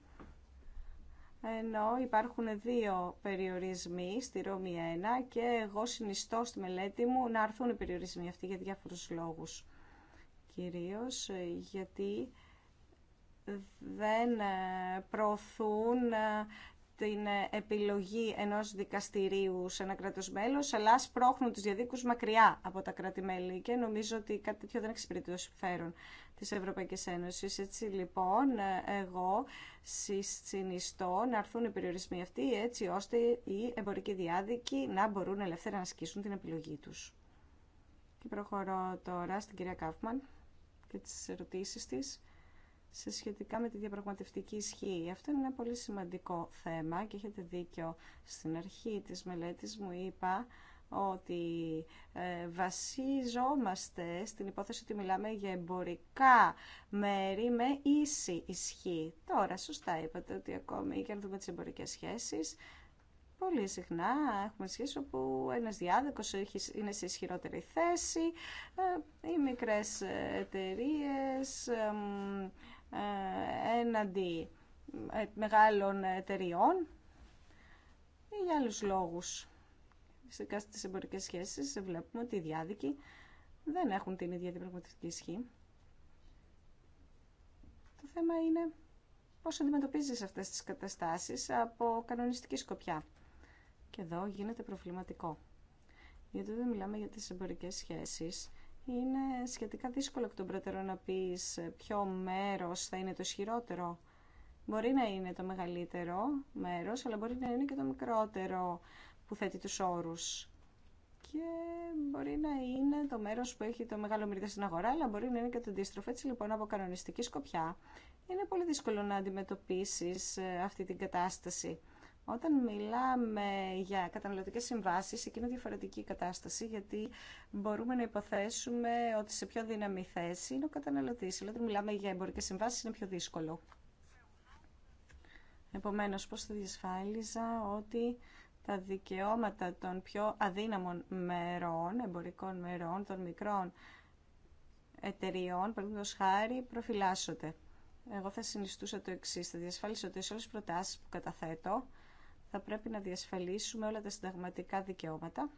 ενώ υπάρχουν δύο περιορισμοί στη Ρώμη 1 και εγώ συνιστώ στη μελέτη μου να αρθούν οι περιορισμοί αυτοί για διάφορους λόγους. Κυρίως ε, γιατί δεν ε, προωθούν την επιλογή ενός δικαστηρίου σε ένα κράτος μέλος, αλλά σπρώχνουν τους διαδίκους μακριά από τα κράτη-μέλη και νομίζω ότι κάτι τέτοιο δεν εξυπηρετεί το συμφέρον της Ευρωπαϊκής Ένωσης. Έτσι λοιπόν, εγώ συνιστώ να έρθουν οι περιορισμοί αυτοί έτσι ώστε οι εμπορικοί διάδικοι να μπορούν ελεύθερα να ασκήσουν την επιλογή τους. Και προχωρώ τώρα στην κυρία Κάφμαν και τις ερωτήσεις της σε σχετικά με τη διαπραγματευτική ισχύ. Αυτό είναι ένα πολύ σημαντικό θέμα και έχετε δίκιο. Στην αρχή της μελέτης μου είπα ότι ε, βασίζομαστε στην υπόθεση ότι μιλάμε για εμπορικά μέρη με ίση ισχύ. Τώρα, σωστά είπατε ότι ακόμη και αν δούμε τις εμπορικές σχέσεις, Πολύ συχνά έχουμε σχέση όπου ένας έχει, είναι σε ισχυρότερη θέση, ε, οι μικρές ε, εταιρείε ε, έναντι ε, μεγάλων εταιριών ή για άλλους λόγους. Φυσικά στις εμπορικές σχέσεις βλέπουμε ότι οι διάδικοι δεν έχουν την ίδια την πραγματική ισχύ. Το θέμα είναι πώς αντιμετωπίζεις αυτές τις καταστάσεις από κανονιστική σκοπιά. Και εδώ γίνεται προβληματικό. Γιατί δεν μιλάμε για τις εμπορικές σχέσεις είναι σχετικά δύσκολο εκ των πρότερων να πεις ποιο μέρος θα είναι το ισχυρότερο. Μπορεί να είναι το μεγαλύτερο μέρος, αλλά μπορεί να είναι και το μικρότερο που θέτει τους όρους. Και μπορεί να είναι το μέρος που έχει το μεγάλο μερίδιο στην αγορά, αλλά μπορεί να είναι και το αντίστροφο. Έτσι λοιπόν από κανονιστική σκοπιά είναι πολύ δύσκολο να αντιμετωπίσεις ε, αυτή την κατάσταση. Όταν μιλάμε για καταναλωτικές συμβάσεις, εκεί είναι διαφορετική κατάσταση, γιατί μπορούμε να υποθέσουμε ότι σε πιο δύναμη θέση είναι ο καταναλωτής. Αλλά δηλαδή, όταν μιλάμε για εμπορικές συμβάσεις είναι πιο δύσκολο. Επομένως, πώς θα διασφάλιζα ότι τα δικαιώματα των πιο αδύναμων μερών, εμπορικών μερών, των μικρών εταιριών, παραδείγματο χάρη, προφυλάσσονται. Εγώ θα συνιστούσα το εξή. Θα διασφάλισα ότι σε όλε τι προτάσει που καταθέτω θα πρέπει να διασφαλίσουμε όλα τα συνταγματικά δικαιώματα,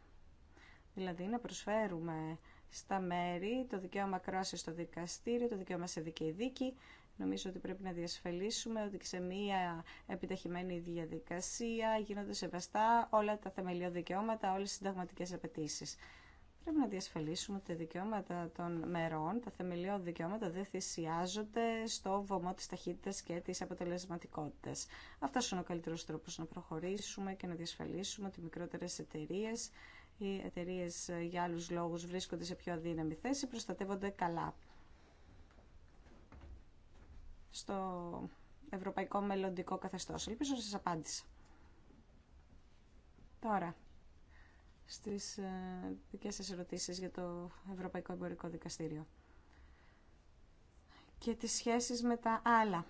δηλαδή να προσφέρουμε στα μέρη το δικαίωμα κράση στο δικαστήριο, το δικαίωμα σε δίκαιη δίκη. Νομίζω ότι πρέπει να διασφαλίσουμε ότι σε μία επιταχυμένη διαδικασία γίνονται σεβαστά όλα τα θεμελιώδη δικαιώματα, όλες οι συνταγματικές απαιτήσει. Πρέπει να διασφαλίσουμε ότι τα δικαιώματα των μερών, τα θεμελιώδη δικαιώματα, δεν θυσιάζονται στο βωμό τη ταχύτητα και τη αποτελεσματικότητα. Αυτό είναι ο καλύτερος τρόπος να προχωρήσουμε και να διασφαλίσουμε ότι μικρότερε εταιρείε ή εταιρείε για άλλου λόγους βρίσκονται σε πιο αδύναμη θέση, προστατεύονται καλά. Στο ευρωπαϊκό μελλοντικό Καθεστώ. Ελπίζω να σα απάντησα. Τώρα, στις ε, δικές σας ερωτήσεις για το Ευρωπαϊκό Εμπορικό Δικαστήριο και τις σχέσεις με τα άλλα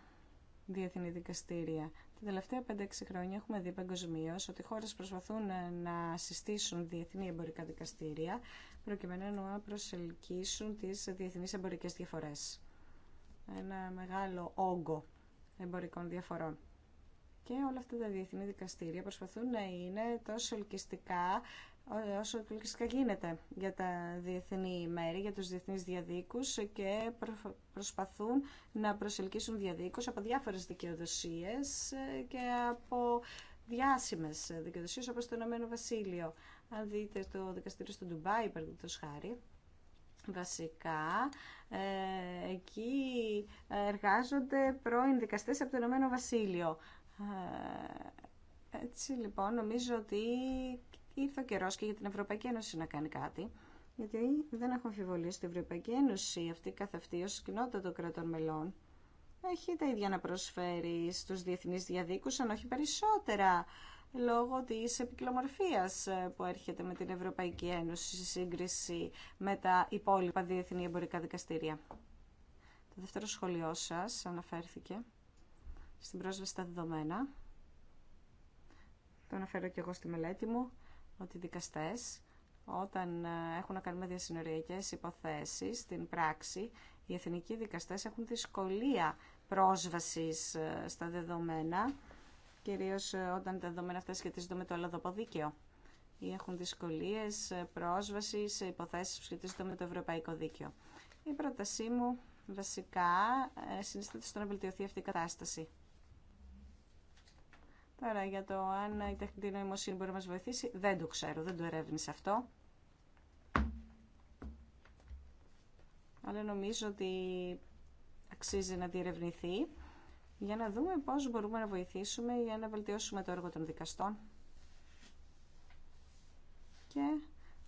διεθνή δικαστήρια. Τα τελευταία 5-6 χρόνια έχουμε δει παγκοσμίω ότι χώρε προσπαθούν ε, να συστήσουν διεθνή εμπορικά δικαστήρια προκειμένου να προσελκύσουν τι διεθνεί εμπορικέ διαφορέ. Ένα μεγάλο όγκο εμπορικών διαφορών. Και όλα αυτά τα διεθνή δικαστήρια προσπαθούν να είναι τόσο ελκυστικά όσο εκλογιστικά γίνεται για τα διεθνή μέρη, για τους διεθνείς διαδίκους και προσπαθούν να προσελκύσουν διαδίκους από διάφορες δικαιοδοσίες και από διάσημες δικαιοδοσίες όπως το Ηνωμένο Βασίλειο. Αν δείτε το δικαστήριο στο Ντουμπάι, παραδείγματος χάρη, βασικά ε, εκεί εργάζονται πρώην δικαστές από το Ηνωμένο Βασίλειο. Ε, έτσι λοιπόν νομίζω ότι ήρθε ο καιρό και για την Ευρωπαϊκή Ένωση να κάνει κάτι. Γιατί δεν έχω αμφιβολία στην Ευρωπαϊκή Ένωση αυτή καθ' ω κοινότητα των κρατών μελών έχει τα ίδια να προσφέρει στου διεθνεί διαδίκους, αν όχι περισσότερα, λόγω τη επικλομορφίας ε, που έρχεται με την Ευρωπαϊκή Ένωση σε σύγκριση με τα υπόλοιπα διεθνή εμπορικά δικαστήρια. Το δεύτερο σχολείο σα αναφέρθηκε στην πρόσβαση στα δεδομένα. Το αναφέρω και εγώ στη μελέτη μου ότι οι δικαστές όταν ε, έχουν να κάνουν διασυνοριακές υποθέσεις στην πράξη, οι εθνικοί δικαστές έχουν δυσκολία πρόσβασης ε, στα δεδομένα, κυρίως ε, όταν τα δεδομένα αυτά σχετίζονται με το ελλαδοπό δίκαιο ή έχουν δυσκολίες πρόσβαση σε υποθέσεις που σχετίζονται με το ευρωπαϊκό δίκαιο. Η πρότασή μου βασικά συνιστάται στο να βελτιωθεί αυτή η κατάσταση. Τώρα για το αν η τεχνητή νοημοσύνη μπορεί να μας βοηθήσει, δεν το ξέρω, δεν το ερεύνησα αυτό. Αλλά νομίζω ότι αξίζει να διερευνηθεί για να δούμε πώς μπορούμε να βοηθήσουμε για να βελτιώσουμε το έργο των δικαστών και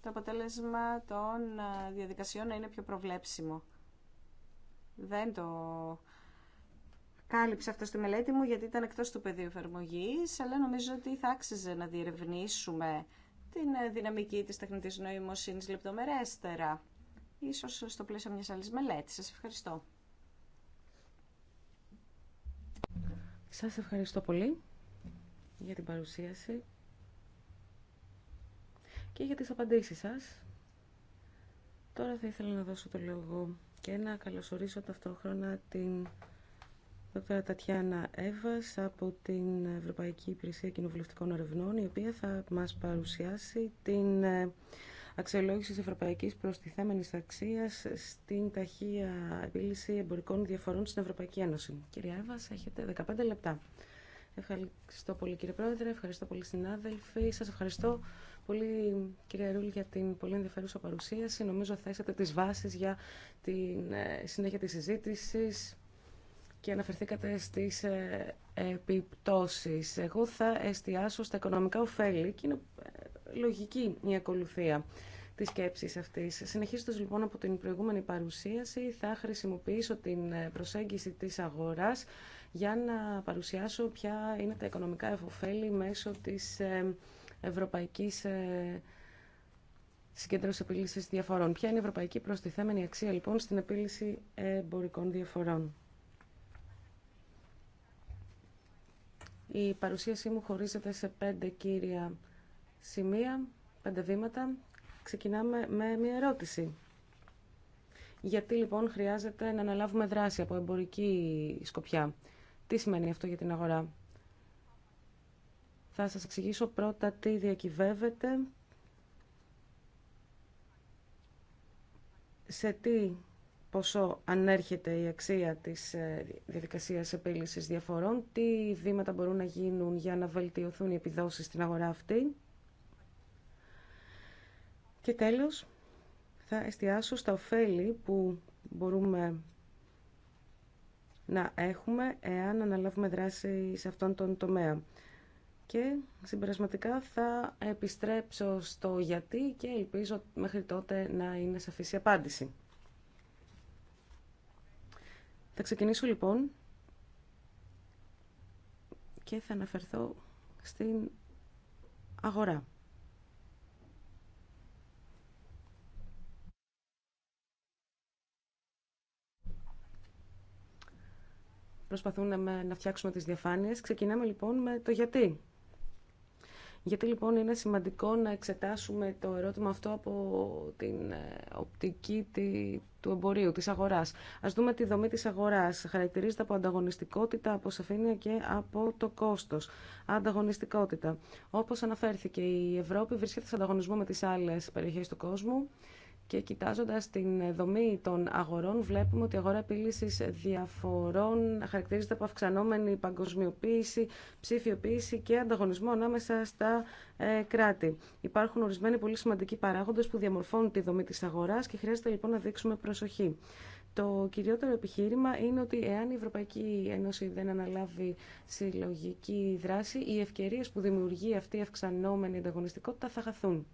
το αποτέλεσμα των ε, διαδικασιών να είναι πιο προβλέψιμο. Δεν το κάλυψε αυτό στη μελέτη μου γιατί ήταν εκτός του πεδίου εφαρμογή, αλλά νομίζω ότι θα άξιζε να διερευνήσουμε την ε, δυναμική της τεχνητής νοημοσύνης λεπτομερέστερα, ίσως στο πλαίσιο μιας άλλης μελέτης. Σας ευχαριστώ. Σας ευχαριστώ πολύ για την παρουσίαση και για τις απαντήσεις σας. Τώρα θα ήθελα να δώσω το λόγο και να καλωσορίσω ταυτόχρονα την Δ. Τατιάνα Εύας από την Ευρωπαϊκή Υπηρεσία Κοινοβουλευτικών Ερευνών, η οποία θα μας παρουσιάσει την ε, αξιολόγηση της ευρωπαϊκής προστιθέμενης αξίας στην ταχεία επίλυση εμπορικών διαφορών στην Ευρωπαϊκή Ένωση. Κυρία Εύας, έχετε 15 λεπτά. Ευχαριστώ πολύ κύριε Πρόεδρε, ευχαριστώ πολύ συνάδελφοι. Σας ευχαριστώ πολύ κύριε Ρούλ για την πολύ ενδιαφέρουσα παρουσίαση. Νομίζω θέσατε τις βάσεις για τη ε, συνέχεια της συζήτησης και αναφερθήκατε στις ε, επιπτώσεις. Εγώ θα εστιάσω στα οικονομικά ωφέλη και είναι ε, λογική η ακολουθία της σκέψης αυτής. Συνεχίζοντας λοιπόν από την προηγούμενη παρουσίαση, θα χρησιμοποιήσω την ε, προσέγγιση της αγοράς για να παρουσιάσω ποια είναι τα οικονομικά ωφέλη μέσω της ευρωπαϊκής συγκέντρωση επίλυση διαφορών. Ποια είναι η ευρωπαϊκή προστιθέμενη αξία λοιπόν στην επίλυση εμπορικών διαφορών. Η παρουσίασή μου χωρίζεται σε πέντε κύρια σημεία, πέντε βήματα. Ξεκινάμε με μια ερώτηση. Γιατί λοιπόν χρειάζεται να αναλάβουμε δράση από εμπορική σκοπιά. Τι σημαίνει αυτό για την αγορά. Θα σας εξηγήσω πρώτα τι διακυβεύεται, σε τι πόσο ανέρχεται η αξία της ε, διαδικασίας επίλυσης διαφορών, τι βήματα μπορούν να γίνουν για να βελτιωθούν οι επιδόσεις στην αγορά αυτή. Και τέλος, θα εστιάσω στα ωφέλη που μπορούμε να έχουμε εάν αναλάβουμε δράση σε αυτόν τον τομέα. Και συμπερασματικά θα επιστρέψω στο γιατί και ελπίζω μέχρι τότε να είναι σαφής η απάντηση. Θα ξεκινήσω λοιπόν και θα αναφερθώ στην αγορά. Προσπαθούμε να φτιάξουμε τις διαφάνειες. Ξεκινάμε λοιπόν με το γιατί γιατί λοιπόν είναι σημαντικό να εξετάσουμε το ερώτημα αυτό από την ε, οπτική του εμπορίου, της αγοράς. Ας δούμε τη δομή της αγοράς. Χαρακτηρίζεται από ανταγωνιστικότητα, από σαφήνεια και από το κόστος. Ανταγωνιστικότητα. Όπως αναφέρθηκε, η Ευρώπη βρίσκεται σε ανταγωνισμό με τις άλλες περιοχές του κόσμου και κοιτάζοντας την δομή των αγορών βλέπουμε ότι η αγορά επίλυσης διαφορών χαρακτηρίζεται από αυξανόμενη παγκοσμιοποίηση, ψηφιοποίηση και ανταγωνισμό ανάμεσα στα ε, κράτη. Υπάρχουν ορισμένοι πολύ σημαντικοί παράγοντες που διαμορφώνουν τη δομή της αγοράς και χρειάζεται λοιπόν να δείξουμε προσοχή. Το κυριότερο επιχείρημα είναι ότι εάν η Ευρωπαϊκή Ένωση δεν αναλάβει συλλογική δράση, οι ευκαιρίες που δημιουργεί αυτή η αυξανόμενη ανταγωνιστικότητα θα χαθούν.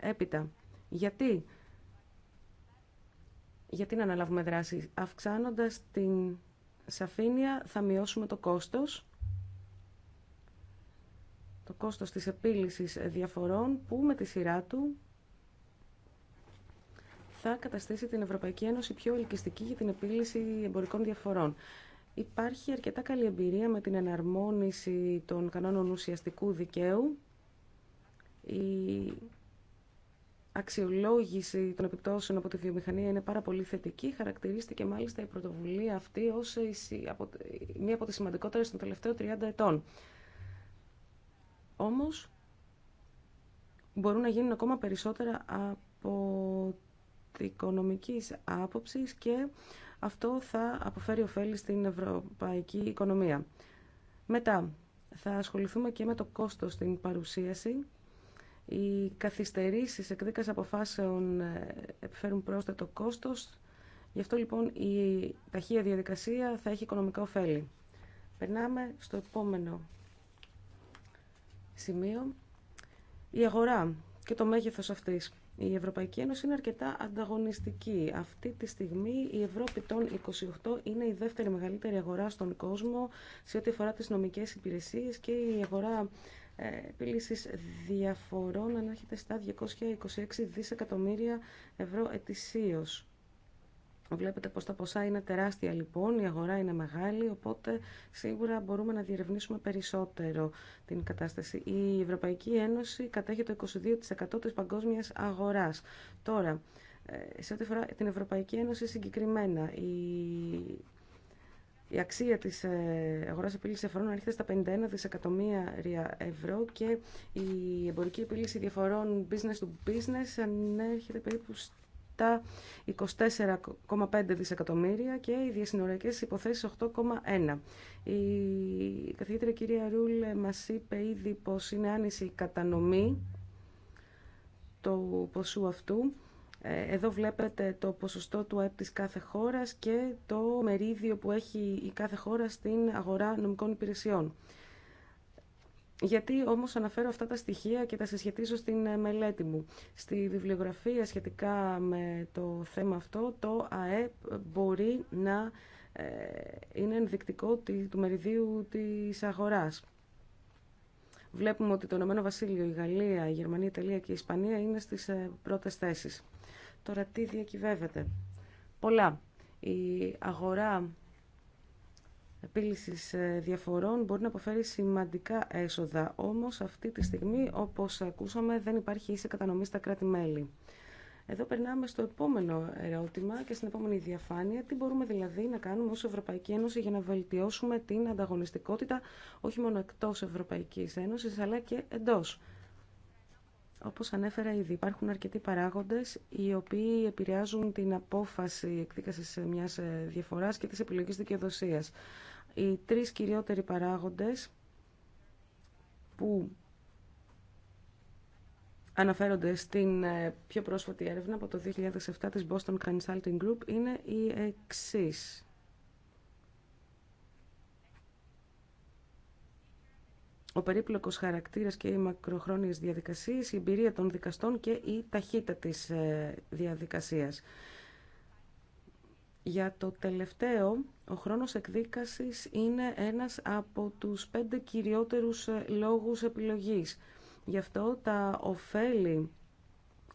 Έπειτα, γιατί γιατί να αναλάβουμε δράση. Αυξάνοντας την σαφήνεια θα μειώσουμε το κόστος, το κόστος της επίλυσης διαφορών που με τη σειρά του θα καταστήσει την Ευρωπαϊκή Ένωση πιο ελκυστική για την επίλυση εμπορικών διαφορών. Υπάρχει αρκετά καλή εμπειρία με την εναρμόνιση των κανόνων ουσιαστικού δικαίου αξιολόγηση των επιπτώσεων από τη βιομηχανία είναι πάρα πολύ θετική. Χαρακτηρίστηκε μάλιστα η πρωτοβουλία αυτή ως μία από τις σημαντικότερες των τελευταίων 30 ετών. Όμω, μπορούν να γίνουν ακόμα περισσότερα από την οικονομική άποψη και αυτό θα αποφέρει ωφέλη στην ευρωπαϊκή οικονομία. Μετά, θα ασχοληθούμε και με το κόστος στην παρουσίαση οι καθυστερήσεις εκδίκας αποφάσεων ε, επιφέρουν πρόσθετο κόστος, γι' αυτό λοιπόν η ταχεία διαδικασία θα έχει οικονομικά ωφέλη. Περνάμε στο επόμενο σημείο, η αγορά και το μέγεθος αυτής. Η Ευρωπαϊκή Ένωση είναι αρκετά ανταγωνιστική. Αυτή τη στιγμή η Ευρώπη των 28 είναι η δεύτερη μεγαλύτερη αγορά στον κόσμο σε ό,τι αφορά τις νομικές υπηρεσίες και η αγορά επίλυσης διαφορών ανέρχεται στα 226 δισεκατομμύρια ευρώ ετησίως. Βλέπετε πως τα ποσά είναι τεράστια λοιπόν, η αγορά είναι μεγάλη, οπότε σίγουρα μπορούμε να διερευνήσουμε περισσότερο την κατάσταση. Η Ευρωπαϊκή Ένωση κατέχει το 22% της παγκόσμιας αγοράς. Τώρα, ε, σε ό,τι φορά την Ευρωπαϊκή Ένωση συγκεκριμένα, η η αξία της ε, αγοράς επίλυσης διαφορών έρχεται στα 51 δισεκατομμύρια ευρώ και η εμπορική επίλυση διαφορών business to business ανέρχεται περίπου στα 24,5 δισεκατομμύρια και οι διασυνοριακές υποθέσεις 8,1. Η καθηγήτρια κυρία Ρούλε μας είπε ήδη πως είναι άνηση η κατανομή του ποσού αυτού ε, εδώ βλέπετε το ποσοστό του ΑΕΠ της κάθε χώρας και το μερίδιο που έχει η κάθε χώρα στην αγορά νομικών υπηρεσιών. Γιατί όμως αναφέρω αυτά τα στοιχεία και τα συσχετίζω στην ε, μελέτη μου. Στη βιβλιογραφία σχετικά με το θέμα αυτό, το ΑΕΠ μπορεί να ε, είναι ενδεικτικό του μεριδίου της αγοράς. Βλέπουμε ότι το Ηνωμένο Βασίλειο, η Γαλλία, η Γερμανία, η Ιταλία και η Ισπανία είναι στις πρώτες θέσεις. Τώρα τι διακυβεύεται. Πολλά. Η αγορά επίλυσης ε, διαφορών μπορεί να αποφέρει σημαντικά έσοδα, όμως αυτή τη στιγμή, όπως ακούσαμε, δεν υπάρχει ίση κατανομή στα κράτη-μέλη. Εδώ περνάμε στο επόμενο ερώτημα και στην επόμενη διαφάνεια. Τι μπορούμε δηλαδή να κάνουμε ως Ευρωπαϊκή Ένωση για να βελτιώσουμε την ανταγωνιστικότητα όχι μόνο εκτός Ευρωπαϊκής Ένωσης αλλά και εντός όπως ανέφερα ήδη, υπάρχουν αρκετοί παράγοντες οι οποίοι επηρεάζουν την απόφαση εκδίκασης μιας ε, διαφοράς και της επιλογής δικαιοδοσίας. Οι τρεις κυριότεροι παράγοντες που αναφέρονται στην ε, πιο πρόσφατη έρευνα από το 2007 της Boston Consulting Group είναι οι εξής. ο περίπλοκος χαρακτήρας και οι μακροχρόνιες διαδικασίες, η εμπειρία των δικαστών και η ταχύτητα της ε, διαδικασίας. Για το τελευταίο, ο χρόνος εκδίκασης είναι ένας από τους πέντε κυριότερους ε, λόγους επιλογής. Γι' αυτό τα ωφέλη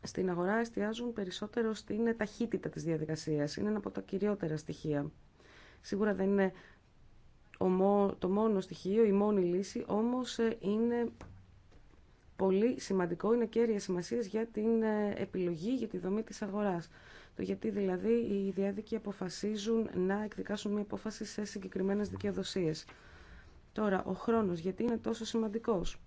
στην αγορά εστιάζουν περισσότερο στην ταχύτητα της διαδικασίας. Είναι ένα από τα κυριότερα στοιχεία. Σίγουρα δεν είναι το μόνο στοιχείο, η μόνη λύση, όμως ε, είναι πολύ σημαντικό, είναι κέρια σημασίας για την ε, επιλογή, για τη δομή της αγοράς. Το γιατί δηλαδή οι διάδικοι αποφασίζουν να εκδικάσουν μια απόφαση σε συγκεκριμένες δικαιοδοσίες. Τώρα, ο χρόνος, γιατί είναι τόσο σημαντικός.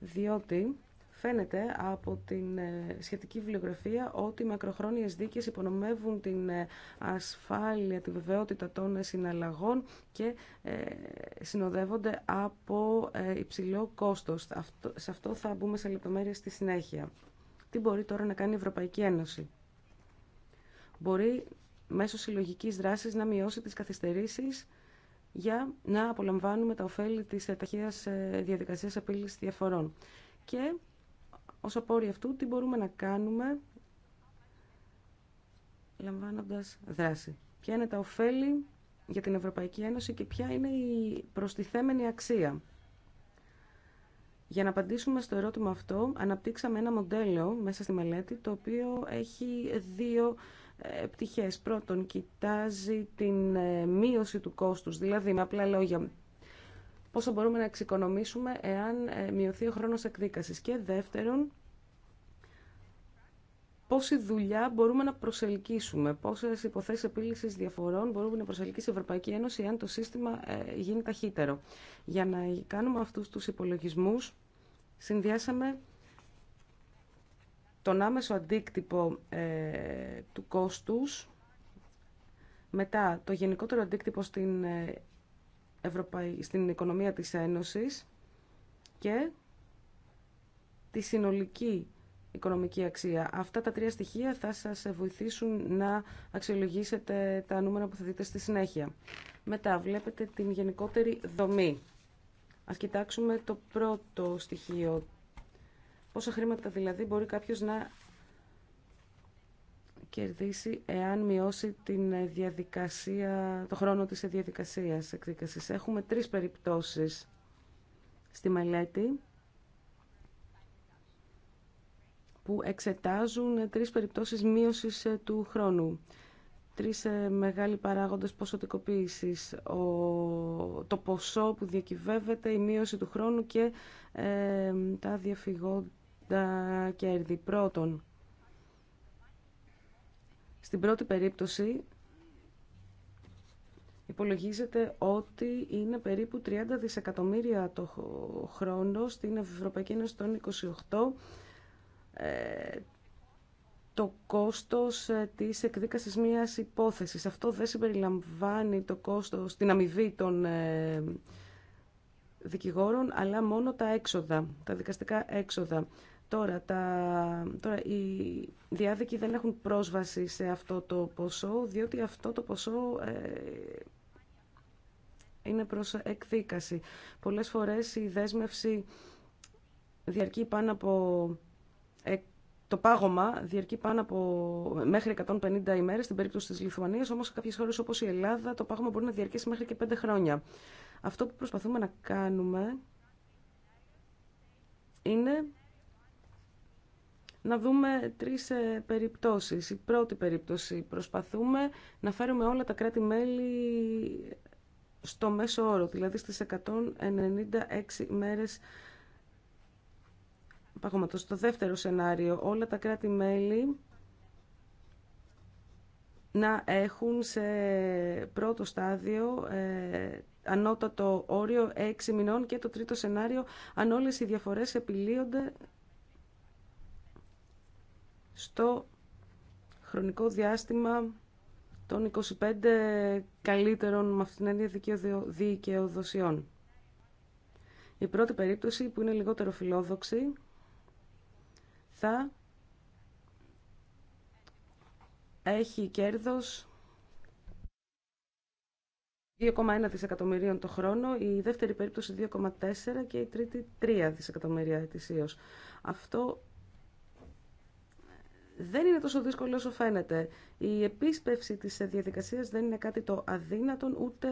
Διότι Φαίνεται από την ε, σχετική βιβλιογραφία ότι οι μακροχρόνιες δίκες υπονομεύουν την ε, ασφάλεια, τη βεβαιότητα των συναλλαγών και ε, συνοδεύονται από υψηλό κόστος. Σε αυτό θα μπούμε σε λεπτομέρειες στη συνέχεια. Τι μπορεί τώρα να κάνει η Ευρωπαϊκή Ένωση. Μπορεί μέσω συλλογικής δράσης να μειώσει τις καθυστερήσεις για να απολαμβάνουμε τα ωφέλη της ταχείας διαδικασίας απειλής διαφορών. Και ως απόρρια αυτού τι μπορούμε να κάνουμε λαμβάνοντας δράση. Ποια είναι τα ωφέλη για την Ευρωπαϊκή Ένωση και ποια είναι η προστιθέμενη αξία. Για να απαντήσουμε στο ερώτημα αυτό, αναπτύξαμε ένα μοντέλο μέσα στη μελέτη, το οποίο έχει δύο ε, πτυχές. Πρώτον, κοιτάζει την ε, μείωση του κόστους, δηλαδή με απλά λόγια πόσο μπορούμε να εξοικονομήσουμε εάν ε, μειωθεί ο χρόνος εκδίκασης. Και δεύτερον, πόση δουλειά μπορούμε να προσελκύσουμε, πόσες υποθέσεις επίλυσης διαφορών μπορούμε να προσελκύσει η Ευρωπαϊκή Ένωση εάν το σύστημα ε, γίνει ταχύτερο. Για να κάνουμε αυτούς τους υπολογισμούς, συνδυάσαμε τον άμεσο αντίκτυπο ε, του κόστους, μετά το γενικότερο αντίκτυπο στην Ευρωπαϊ... στην οικονομία της Ένωσης και τη συνολική οικονομική αξία. Αυτά τα τρία στοιχεία θα σας βοηθήσουν να αξιολογήσετε τα νούμερα που θα δείτε στη συνέχεια. Μετά βλέπετε την γενικότερη δομή. Ας κοιτάξουμε το πρώτο στοιχείο. Πόσα χρήματα δηλαδή μπορεί κάποιος να κερδίσει εάν μειώσει την ε, διαδικασία, το χρόνο της ε, διαδικασίας εκδίκασης. Έχουμε τρεις περιπτώσεις στη μελέτη που εξετάζουν ε, τρεις περιπτώσεις μείωσης του χρόνου. Τρεις μεγάλοι παράγοντες ποσοτικοποίησης, το ποσό που διακυβεύεται, η μείωση του χρόνου και τα διαφυγόντα κέρδη. Πρώτον, στην πρώτη περίπτωση υπολογίζεται ότι είναι περίπου 30 δισεκατομμύρια το χρόνο στην Ευρωπαϊκή Ένωση των 28 ε, το κόστος ε, της εκδίκασης μιας υπόθεσης. Αυτό δεν συμπεριλαμβάνει το κόστος, την αμοιβή των ε, δικηγόρων, αλλά μόνο τα έξοδα, τα δικαστικά έξοδα. Τώρα, τα, τώρα οι διάδικοι δεν έχουν πρόσβαση σε αυτό το ποσό, διότι αυτό το ποσό ε, είναι προς εκδίκαση. Πολλές φορές η δέσμευση διαρκεί πάνω από... Ε, το πάγωμα διαρκεί πάνω από μέχρι 150 ημέρες στην περίπτωση της Λιθουανίας, όμως σε κάποιες χώρες όπως η Ελλάδα το πάγωμα μπορεί να διαρκέσει μέχρι και 5 χρόνια. Αυτό που προσπαθούμε να κάνουμε είναι να δούμε τρεις ε, περιπτώσεις. Η πρώτη περίπτωση προσπαθούμε να φέρουμε όλα τα κράτη-μέλη στο μέσο όρο, δηλαδή στις 196 μέρες παγωματός. Το δεύτερο σενάριο, όλα τα κράτη-μέλη να έχουν σε πρώτο στάδιο ε, ανώτατο όριο 6 μηνών και το τρίτο σενάριο αν όλες οι διαφορές επιλύονται στο χρονικό διάστημα των 25 καλύτερων με αυτήν την έννοια δικαιοδοσιών. Η πρώτη περίπτωση που είναι λιγότερο φιλόδοξη θα έχει κέρδος 2,1 δισεκατομμυρίων το χρόνο, η δεύτερη περίπτωση 2,4 και η τρίτη 3 δισεκατομμύρια ετησίως. Αυτό δεν είναι τόσο δύσκολο όσο φαίνεται. Η επίσπευση της διαδικασίας δεν είναι κάτι το αδύνατον, ούτε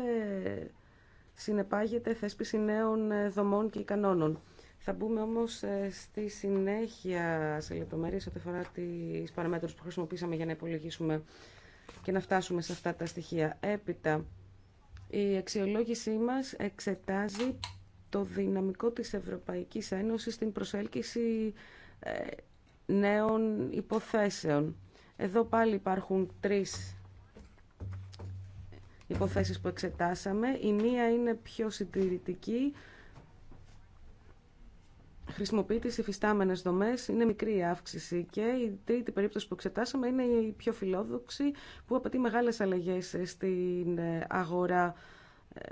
συνεπάγεται θέσπιση νέων ε, δομών και κανόνων. Θα μπούμε όμως ε, στη συνέχεια σε λεπτομέρειε ό,τι αφορά τις παραμέτρους που χρησιμοποίησαμε για να υπολογίσουμε και να φτάσουμε σε αυτά τα στοιχεία. Έπειτα, η αξιολόγησή μας εξετάζει το δυναμικό της Ευρωπαϊκής Ένωσης στην προσέλκυση ε, νέων υποθέσεων. Εδώ πάλι υπάρχουν τρεις υποθέσεις που εξετάσαμε. Η μία είναι πιο συντηρητική, χρησιμοποιεί τις υφιστάμενες δομές, είναι μικρή η αύξηση και η τρίτη περίπτωση που εξετάσαμε είναι η πιο φιλόδοξη που απαιτεί μεγάλες αλλαγές στην ε, αγορά ε,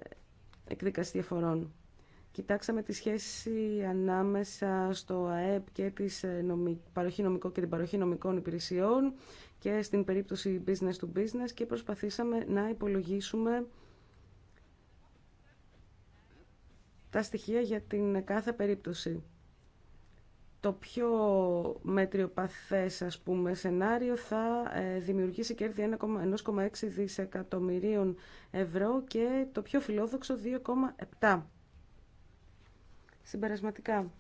εκδικαστή φορών. Κοιτάξαμε τη σχέση ανάμεσα στο ΑΕΠ και της ε, παροχή νομικών και την παροχή νομικών υπηρεσιών και στην περίπτωση business to business και προσπαθήσαμε να υπολογίσουμε τα στοιχεία για την κάθε περίπτωση. Το πιο μετριοπαθές ας πούμε σενάριο θα ε, δημιουργήσει κέρδη 1,6 δισεκατομμυρίων ευρώ και το πιο φιλόδοξο 2,7 Συμπερασματικά.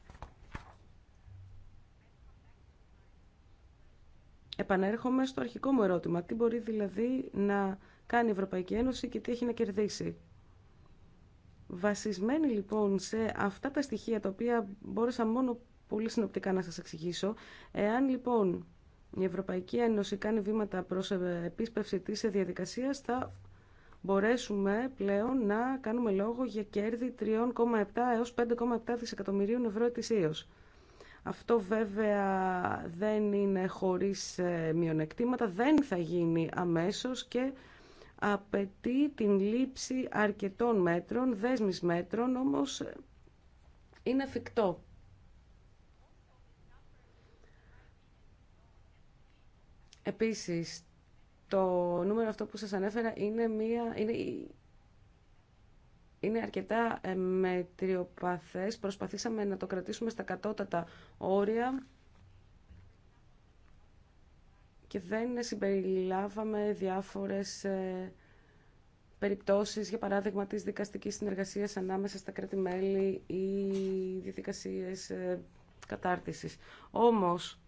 Επανέρχομαι στο αρχικό μου ερώτημα. Τι μπορεί δηλαδή να κάνει η Ευρωπαϊκή Ένωση και τι έχει να κερδίσει. Βασισμένη λοιπόν σε αυτά τα στοιχεία τα οποία μπόρεσα μόνο πολύ συνοπτικά να σας εξηγήσω, εάν λοιπόν η Ευρωπαϊκή Ένωση κάνει βήματα προς ε, επίσπευση της διαδικασίας, θα μπορέσουμε πλέον να κάνουμε λόγο για κέρδη 3,7 έως 5,7 δισεκατομμυρίων ευρώ ετησίως. Αυτό βέβαια δεν είναι χωρίς ε, μειονεκτήματα, δεν θα γίνει αμέσως και απαιτεί την λήψη αρκετών μέτρων, δέσμης μέτρων, όμως ε, είναι εφικτό. Επίσης, το νούμερο αυτό που σας ανέφερα είναι, μία, είναι, είναι αρκετά ε, μετριοπαθές. Προσπαθήσαμε να το κρατήσουμε στα κατώτατα όρια και δεν συμπεριλάβαμε διάφορες ε, περιπτώσεις, για παράδειγμα, της δικαστικής συνεργασίας ανάμεσα στα κράτη-μέλη ή διαδικασίες ε, κατάρτισης. Όμως,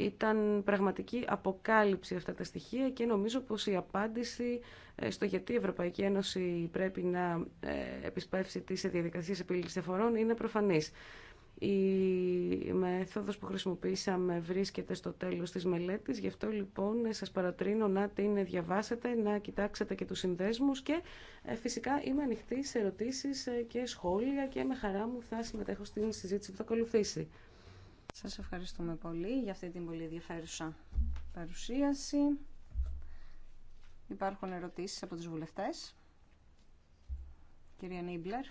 ήταν πραγματική αποκάλυψη αυτά τα στοιχεία και νομίζω πως η απάντηση ε, στο γιατί η Ευρωπαϊκή Ένωση πρέπει να ε, επισπεύσει τις διαδικασίες επίλυσης εφορών είναι προφανής. Η μέθοδος που χρησιμοποίησαμε βρίσκεται στο τέλος της μελέτης, γι' αυτό λοιπόν ε, σας παρατρύνω να την διαβάσετε, να κοιτάξετε και τους συνδέσμους και φυσικά είμαι ανοιχτή σε ερωτήσεις και σχόλια και με χαρά μου θα συμμετέχω στην συζήτηση που θα ακολουθήσει. Σας ευχαριστούμε πολύ για αυτή την πολύ ενδιαφέρουσα παρουσίαση. Υπάρχουν ερωτήσεις από τους βουλευτές. Κυρία Νίμπλερ.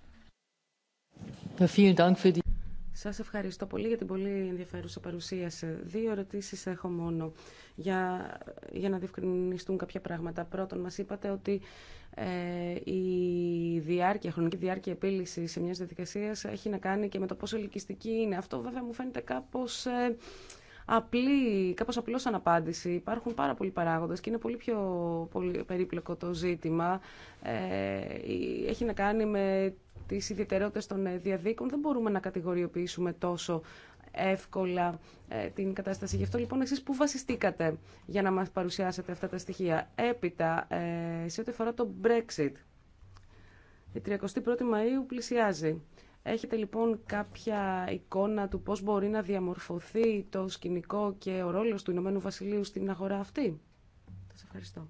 Σας ευχαριστώ πολύ για την πολύ ενδιαφέρουσα παρουσίαση. Δύο ερωτήσει έχω μόνο για, για να διευκρινιστούν κάποια πράγματα. Πρώτον, μας είπατε ότι ε, η διάρκεια, χρονική διάρκεια επίλυση σε μια διαδικασία έχει να κάνει και με το πόσο ελκυστική είναι. Αυτό βέβαια μου φαίνεται κάπως... Ε, απλή, κάπως απλώς αναπάντηση. Υπάρχουν πάρα πολλοί παράγοντες και είναι πολύ πιο πολύ περίπλοκο το ζήτημα. Ε, έχει να κάνει με τις ιδιαιτερότητες των ε, διαδίκων. Δεν μπορούμε να κατηγοριοποιήσουμε τόσο εύκολα ε, την κατάσταση. Γι' αυτό λοιπόν εσείς που βασιστήκατε για να μας παρουσιάσετε αυτά τα στοιχεία. Έπειτα, σε ό,τι αφορά το Brexit, η 31η Μαΐου πλησιάζει. Έχετε λοιπόν κάποια εικόνα του πώς μπορεί να διαμορφωθεί το σκηνικό και ο ρόλος του Ηνωμένου Βασιλείου στην αγορά αυτή. Σας ευχαριστώ.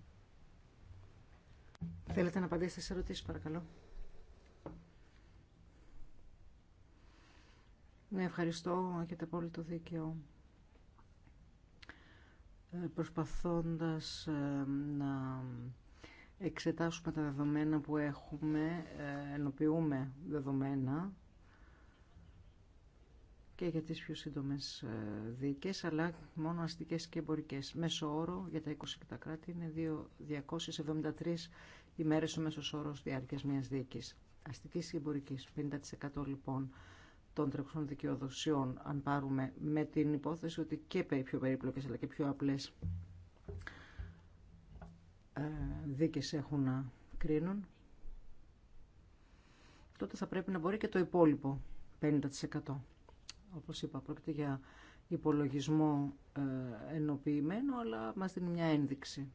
Θέλετε να απαντήσετε σε ερωτήσεις παρακαλώ. Ναι, ευχαριστώ. Έχετε απόλυτο δίκαιο. Ε, προσπαθώντας ε, να εξετάσουμε τα δεδομένα που έχουμε, ε, ενοποιούμε δεδομένα και για τις πιο σύντομες ε, δίκες, αλλά μόνο αστικές και εμπορικές. Μέσο όρο για τα 20 και κράτη είναι 273 ημέρες ο μέσος όρος διάρκειας μιας δίκης. Αστικής και εμπορικής, 50% λοιπόν των τρεχών δικαιοδοσιών, αν πάρουμε με την υπόθεση ότι και πιο περίπλοκες αλλά και πιο απλές ε, δίκες έχουν να κρίνουν, τότε θα πρέπει να μπορεί και το υπόλοιπο 50%. Όπως είπα, πρόκειται για υπολογισμό ε, ενοποιημένο, αλλά μας δίνει μια ένδειξη.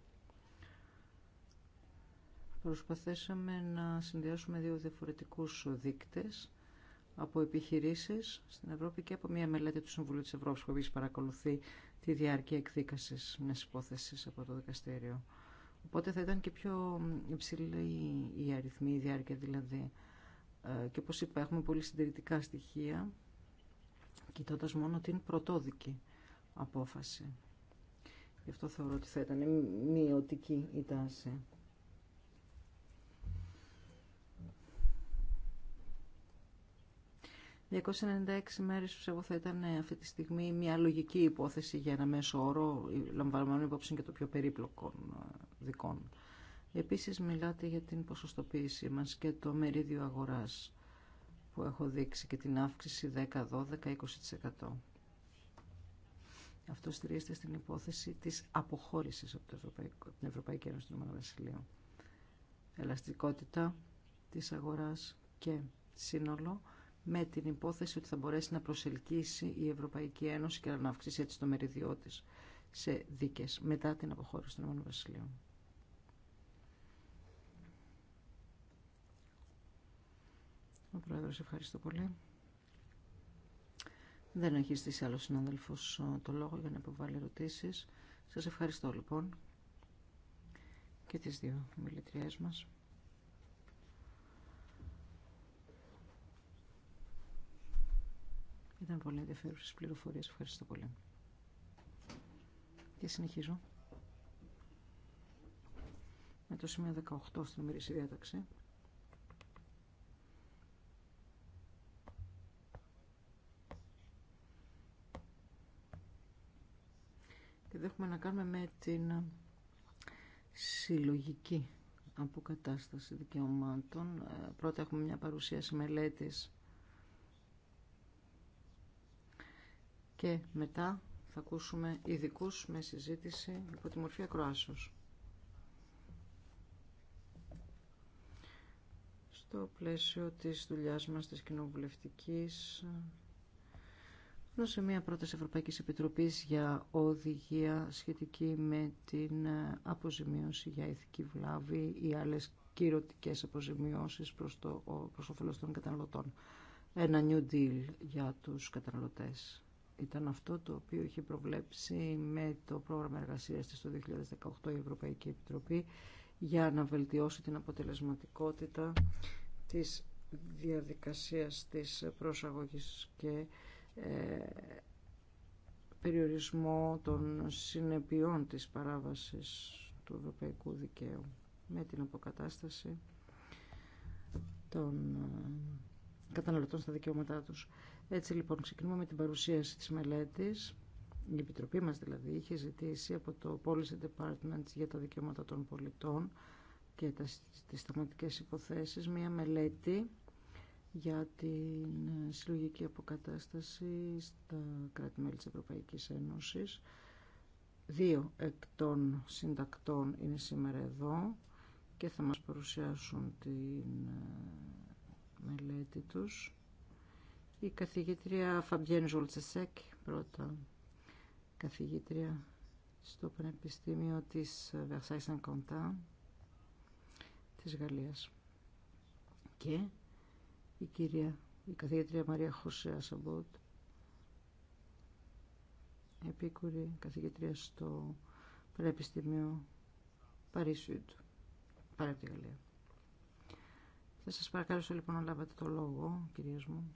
Προσπαθήσαμε να συνδυάσουμε δύο διαφορετικούς δείκτες από επιχειρήσεις στην Ευρώπη και από μια μελέτη του Συμβουλίου της Ευρώπης που παρακολουθεί τη διάρκεια εκδίκασης μιας υπόθεσης από το δικαστήριο. Οπότε θα ήταν και πιο υψηλή η αριθμή, η διάρκεια δηλαδή. Ε, και όπως είπα έχουμε πολύ συντηρητικά στοιχεία κοιτώντας μόνο την πρωτόδικη απόφαση. Γι' αυτό θεωρώ ότι θα ήταν μειωτική η τάση. «296 μέρες ψεύω εγώ θα ήταν ε, αυτή τη στιγμή μια λογική υπόθεση για ένα μέσο όρο, λαμβανόμενο υπόψη και το πιο περίπλοκο ε, δικών. Επίσης μιλάτε για την ποσοστοποίηση μας και το μερίδιο αγοράς που έχω δείξει και την αύξηση 10, 12, 20%. Αυτό στηρίζεται στην υπόθεση της αποχώρησης από, την Ευρωπαϊκή Ένωση του Βασιλείου. Ελαστικότητα της αγοράς και σύνολο με την υπόθεση ότι θα μπορέσει να προσελκύσει η Ευρωπαϊκή Ένωση και να αυξήσει έτσι το μεριδιό της σε δίκες μετά την αποχώρηση του Ηνωμένου Βασιλείου. Ο Πρόεδρος, ευχαριστώ πολύ. Δεν έχει στήσει άλλο συνάδελφος ε, το λόγο για να υποβάλει ερωτήσει. Σας ευχαριστώ λοιπόν και τις δύο μιλητριές μας. Ήταν πολύ ενδιαφέρουσε πληροφορίε. Ευχαριστώ πολύ. Και συνεχίζω με το σημείο 18 στην ημερήσια διάταξη. έχουμε να κάνουμε με την συλλογική αποκατάσταση δικαιωμάτων. Ε, πρώτα έχουμε μια παρουσίαση μελέτης και μετά θα ακούσουμε ειδικού με συζήτηση υπό τη μορφή ακροάσεως. Στο πλαίσιο της δουλειάς μας της κοινοβουλευτικής σε μια πρόταση Ευρωπαϊκής Επιτροπής για οδηγία σχετική με την ε, αποζημίωση για ηθική βλάβη ή άλλες κυρωτικές αποζημιώσεις προς, το, προς των καταναλωτών. Ένα New Deal για τους καταναλωτές. Ήταν αυτό το οποίο είχε προβλέψει με το πρόγραμμα εργασίας της το 2018 η Ευρωπαϊκή Επιτροπή για να βελτιώσει την αποτελεσματικότητα της διαδικασίας της προσαγωγής και ε, περιορισμό των συνεπειών της παράβασης του ευρωπαϊκού δικαίου με την αποκατάσταση των ε, καταναλωτών στα δικαιώματά τους. Έτσι λοιπόν ξεκινούμε με την παρουσίαση της μελέτης. Η Επιτροπή μας δηλαδή είχε ζητήσει από το Policy Department για τα δικαιώματα των πολιτών και τις θεματικές υποθέσεις μία μελέτη για την ε, συλλογική αποκατάσταση στα κράτη-μέλη της Ευρωπαϊκής Ένωσης. Δύο εκ των συντακτών είναι σήμερα εδώ και θα μας παρουσιάσουν την ε, μελέτη τους. Η καθηγήτρια Φαμπιέν Ζολτσεσέκ, πρώτα καθηγήτρια στο Πανεπιστήμιο της Versailles Saint-Quentin της Γαλλίας. Και η κυρία, η καθηγήτρια Μαρία Χωσέα Σαμπότ, επίκουρη καθηγήτρια στο Πανεπιστήμιο Παρίσιου του, παρά τη Γαλλία. Θα σας παρακαλώσω λοιπόν να λάβετε το λόγο, κυρίες μου,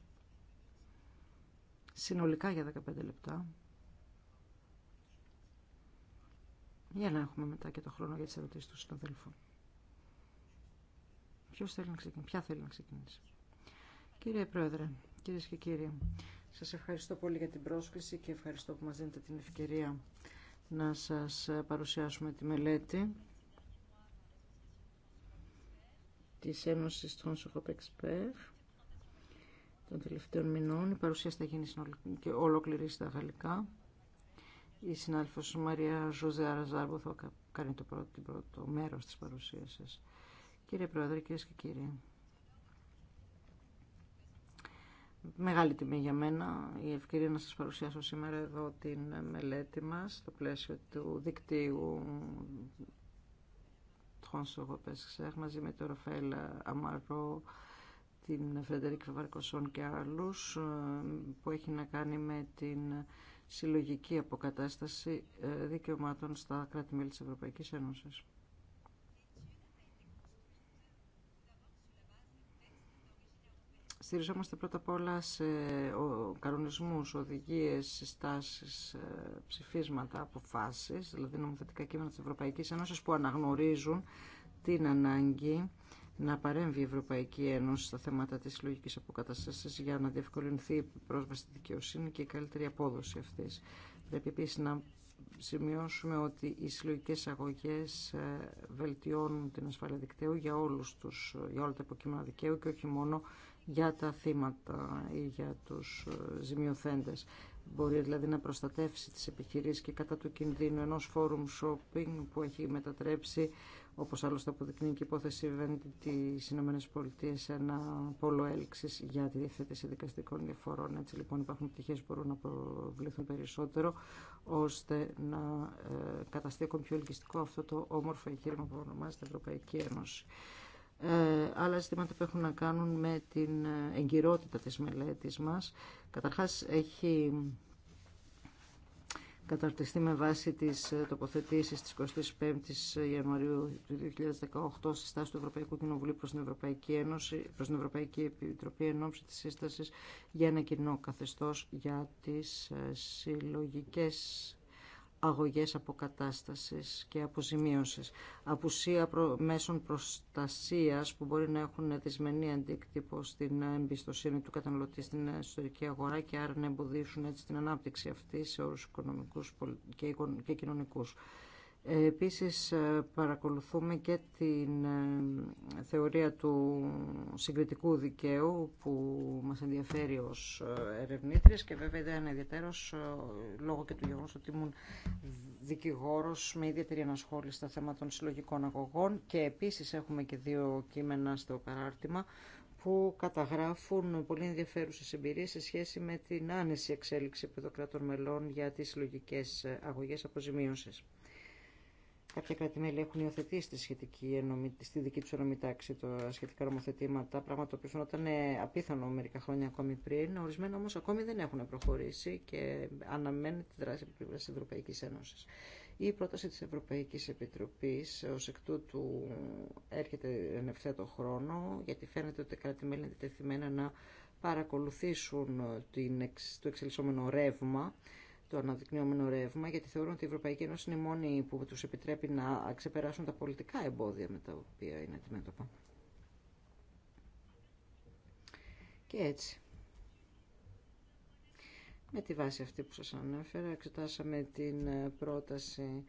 συνολικά για 15 λεπτά, για να έχουμε μετά και το χρόνο για τις ερωτήσεις του συναδέλφων, Ποιος θέλει να ξεκινήσει, ποια θέλει να ξεκινήσει. Κύριε Πρόεδρε, κυρίε και κύριοι, σα ευχαριστώ πολύ για την πρόσκληση και ευχαριστώ που μα δίνετε την ευκαιρία να σας παρουσιάσουμε τη μελέτη τη Ένωση των Σοχοπεξπέρ των τελευταίων μηνών. Η παρουσίαση θα γίνει και ολοκληρή στα γαλλικά. Η συνάδελφος Μαρία Ζωζέ Ραζάρμπο θα κάνει το πρώτο, πρώτο μέρος της παρουσίαση. Κύριε Πρόεδρε, κυρίε και κύριοι, Μεγάλη τιμή για μένα η ευκαιρία να σας παρουσιάσω σήμερα εδώ την μελέτη μας στο πλαίσιο του δικτύου Τρόνσο Ξέχ μαζί με τον Ραφαέλ Αμαρό, την Φρεντερίκ Βαρκοσόν και άλλους που έχει να κάνει με την συλλογική αποκατάσταση δικαιωμάτων στα κράτη-μέλη της Ευρωπαϊκής Ένωσης. Στηριζόμαστε πρώτα απ' όλα σε κανονισμούς, οδηγίες, συστάσεις, ε, ψηφίσματα, αποφάσεις, δηλαδή νομοθετικά κείμενα της Ευρωπαϊκής Ένωσης που αναγνωρίζουν την ανάγκη να παρέμβει η Ευρωπαϊκή Ένωση στα θέματα της συλλογικής αποκατασταση, για να διευκολυνθεί η πρόσβαση στη δικαιοσύνη και η καλύτερη απόδοση αυτής. Πρέπει επίση να σημειώσουμε ότι οι συλλογικέ αγωγέ ε, βελτιώνουν την ασφάλεια δικτύου για, ε, για όλα τα υποκείμενα δικαίου και όχι μόνο για τα θύματα ή για τους ε, ζημιοθέντες. Μπορεί δηλαδή να προστατεύσει τις επιχειρήσεις και κατά του κινδύνου ενός forum shopping που έχει μετατρέψει, όπως άλλωστε αποδεικνύει και η υπόθεση Βέντη της ΗΠΑ, σε ένα πόλο έλξης για τη διευθέτηση δικαστικών διαφορών. Έτσι λοιπόν υπάρχουν πτυχές που μπορούν να προβληθούν περισσότερο, ώστε να ε, καταστεί ακόμη πιο ελκυστικό αυτό το όμορφο εγχείρημα που ονομάζεται Ευρωπαϊκή Ένωση. Ε, άλλα ζητήματα που έχουν να κάνουν με την ε, εγκυρότητα της μελέτης μας. Καταρχάς έχει καταρτιστεί με βάση τις ε, τοποθετήσεις της 25ης Ιανουαρίου του 2018 στη στάση του Ευρωπαϊκού Κοινοβουλίου προς την Ευρωπαϊκή, Ένωση, προς την Ευρωπαϊκή Επιτροπή ενόψη της σύστασης για ένα κοινό καθεστώς για τις συλλογικές αγωγές αποκατάστασης και αποζημίωσης, απουσία μέσων προστασίας που μπορεί να έχουν δυσμενή αντίκτυπο στην εμπιστοσύνη του καταναλωτή στην ιστορική αγορά και άρα να εμποδίσουν έτσι την ανάπτυξη αυτή σε όρους οικονομικούς και κοινωνικούς. Επίσης ε, παρακολουθούμε και την ε, θεωρία του συγκριτικού δικαίου που μας ενδιαφέρει ως ε, ερευνήτρες και βέβαια είναι ιδιαίτερος λόγω και του γεγονός ότι ήμουν δικηγόρος με ιδιαίτερη ανασχόληση στα θέματα των συλλογικών αγωγών και επίσης έχουμε και δύο κείμενα στο παράρτημα που καταγράφουν πολύ ενδιαφέρουσε εμπειρίες σε σχέση με την άνεση εξέλιξη παιδοκράτων μελών για τις συλλογικές αγωγές αποζημίωσης. Κάποια κρατημέλη έχουν υιοθετήσει τη σχετική, στη δική του ενωμή τάξη τα σχετικά νομοθετήματα, πράγμα το οποίο ήταν ε, απίθανο μερικά χρόνια ακόμη πριν. Ορισμένα όμω ακόμη δεν έχουν προχωρήσει και αναμένεται τη δράση από πλευρά τη Ευρωπαϊκή Ένωση. Η πρόταση τη Ευρωπαϊκή Επιτροπή ω εκ τούτου έρχεται εν ευθέτω χρόνο, γιατί φαίνεται ότι τα κρατη είναι διτεθειμένα να παρακολουθήσουν την, το εξελισσόμενο ρεύμα το αναδεικνύωμενο ρεύμα, γιατί θεωρούν ότι η Ευρωπαϊκή Ένωση είναι η μόνη που του επιτρέπει να ξεπεράσουν τα πολιτικά εμπόδια με τα οποία είναι αντιμέτωπα. Και έτσι. Με τη βάση αυτή που σας ανέφερα, εξετάσαμε την ε, πρόταση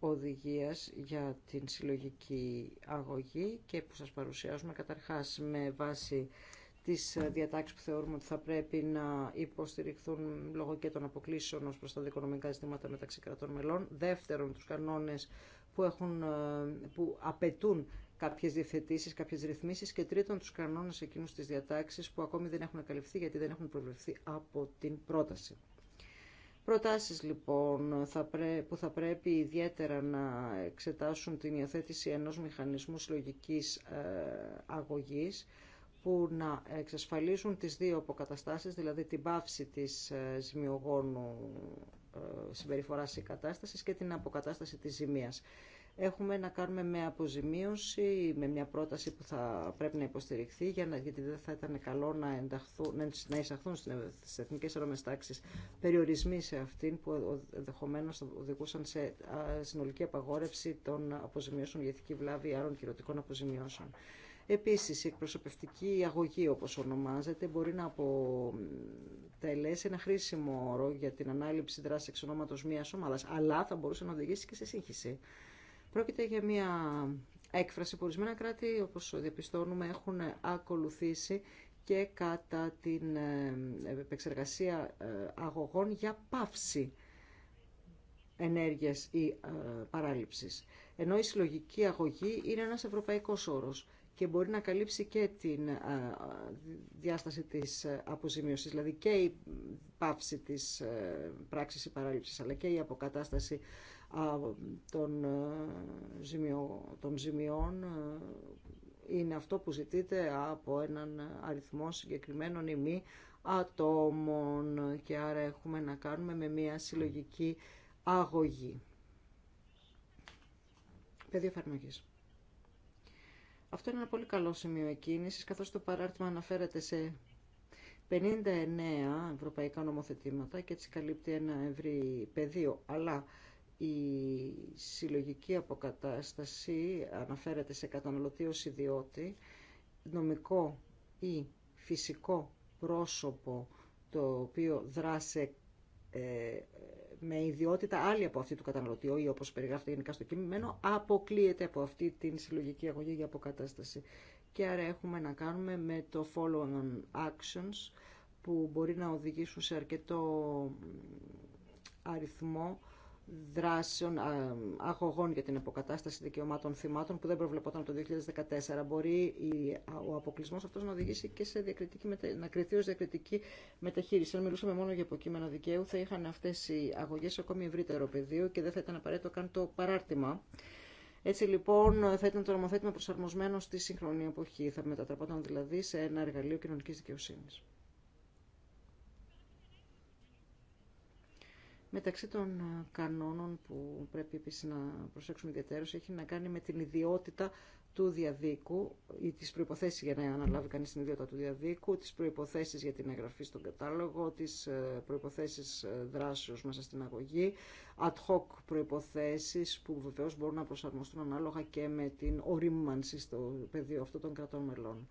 οδηγίας για την συλλογική αγωγή και που σας παρουσιάζουμε καταρχάς με βάση τις ε, διατάξεις που θεωρούμε ότι θα πρέπει να υποστηριχθούν λόγω και των αποκλήσεων ως προς τα δικονομικά ζητήματα μεταξύ κρατών μελών. Δεύτερον, τους κανόνες που, έχουν, ε, που απαιτούν κάποιες διευθετήσεις, κάποιες ρυθμίσεις και τρίτον τους κανόνες εκείνους της διατάξεις που ακόμη δεν έχουν καλυφθεί γιατί δεν έχουν προβληθεί από την πρόταση. Προτάσεις λοιπόν θα πρέ... που θα πρέπει ιδιαίτερα να εξετάσουν την υιοθέτηση ενός μηχανισμού συλλογικής ε, αγωγής που να εξασφαλίσουν τις δύο αποκαταστάσεις, δηλαδή την πάυση της ε, ζημιογόνου ε, συμπεριφοράς ή κατάστασης και την αποκατάσταση της ζημίας. Έχουμε να κάνουμε με αποζημίωση, με μια πρόταση που θα πρέπει να υποστηριχθεί, για να, γιατί δεν θα ήταν καλό να, ενταχθούν, να εισαχθούν στις εθνικές αερομες τάξεις περιορισμοί σε αυτήν που ενδεχομένω θα οδηγούσαν σε συνολική απαγόρευση των αποζημιώσεων για ηθική βλάβη ή άλλων κυρωτικών αποζημιώσεων. Επίσης, η εκπροσωπευτική αγωγή, όπως ονομάζεται, μπορεί να αποτελέσει ένα χρήσιμο όρο για την ανάληψη δράση εξ ονόματος μιας ομάδας, αλλά θα μπορούσε να οδηγήσει και σε σύγχυση. Πρόκειται για μια έκφραση που ορισμένα κράτη, όπως διαπιστώνουμε, έχουν ακολουθήσει και κατά την ε, επεξεργασία ε, αγωγών για πάυση ενέργειας ή ε, παράληψης. Ενώ η συλλογική αγωγή είναι ένας ευρωπαϊκός όρος και μπορεί να καλύψει και την ε, διάσταση της ε, αποζημίωσης, δηλαδή και η πάυση της ε, πράξης υπαράληψης, αλλά και η αποκατάσταση των, ζημιών είναι αυτό που ζητείται από έναν αριθμό συγκεκριμένων ή μη ατόμων και άρα έχουμε να κάνουμε με μια συλλογική αγωγή. Πεδίο φαρμακής. Αυτό είναι ένα πολύ καλό σημείο εκκίνησης, καθώς το παράρτημα αναφέρεται σε 59 ευρωπαϊκά νομοθετήματα και έτσι καλύπτει ένα ευρύ πεδίο, αλλά η συλλογική αποκατάσταση αναφέρεται σε καταναλωτή ως ιδιώτη, νομικό ή φυσικό πρόσωπο το οποίο δράσε ε, με ιδιότητα άλλη από αυτή του καταναλωτή ή όπως περιγράφεται γενικά στο κείμενο αποκλείεται από αυτή την συλλογική αγωγή για αποκατάσταση. Και άρα έχουμε να κάνουμε με το follow-on actions που μπορεί να οδηγήσουν σε αρκετό αριθμό δράσεων, αγωγών για την αποκατάσταση δικαιωμάτων θυμάτων που δεν προβλεπόταν το 2014. Μπορεί ο αποκλεισμό αυτό να οδηγήσει και σε διακριτική, να κριθεί ω διακριτική μεταχείριση. Αν μιλούσαμε μόνο για υποκείμενα δικαίου, θα είχαν αυτέ οι αγωγέ ακόμη ευρύτερο πεδίο και δεν θα ήταν απαραίτητο καν το παράρτημα. Έτσι λοιπόν θα ήταν το νομοθέτημα προσαρμοσμένο στη σύγχρονη εποχή. Θα μετατραπόταν δηλαδή σε ένα εργαλείο κοινωνική δικαιοσύνη. Μεταξύ των ε, κανόνων που πρέπει επίσης να προσέξουμε ιδιαίτερως έχει να κάνει με την ιδιότητα του διαδίκου ή τις προϋποθέσεις για να αναλάβει κανείς την ιδιότητα του διαδίκου, τις προϋποθέσεις για την εγγραφή στον κατάλογο, τις ε, προϋποθέσεις ε, δράσεως μέσα στην αγωγή, ad hoc προϋποθέσεις που βεβαίως μπορούν να προσαρμοστούν ανάλογα και με την ορίμανση στο πεδίο αυτών των κρατών μελών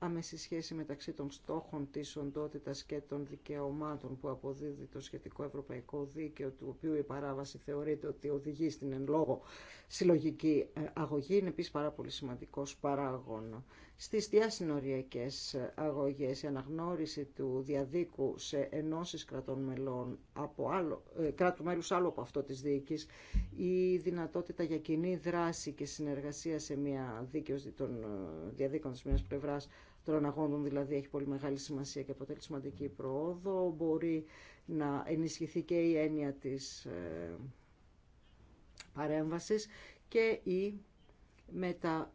άμεση σχέση μεταξύ των στόχων της οντότητας και των δικαιωμάτων που αποδίδει το σχετικό ευρωπαϊκό δίκαιο, του οποίου η παράβαση θεωρείται ότι οδηγεί στην εν λόγω συλλογική ε, αγωγή, είναι επίσης πάρα πολύ σημαντικός παράγων. Στις διασυνοριακές ε, αγωγές, η αναγνώριση του διαδίκου σε ενώσεις κρατών μελών, από άλλο, ε, κράτου μέλους άλλο από αυτό της δίκης, η δυνατότητα για κοινή δράση και συνεργασία σε μια δίκαιο των διαδίκων της μιας πλευράς των αγώνων δηλαδή έχει πολύ μεγάλη σημασία και αποτελεί σημαντική προόδο. Μπορεί να ενισχυθεί και η έννοια της ε, παρέμβασης και η μετα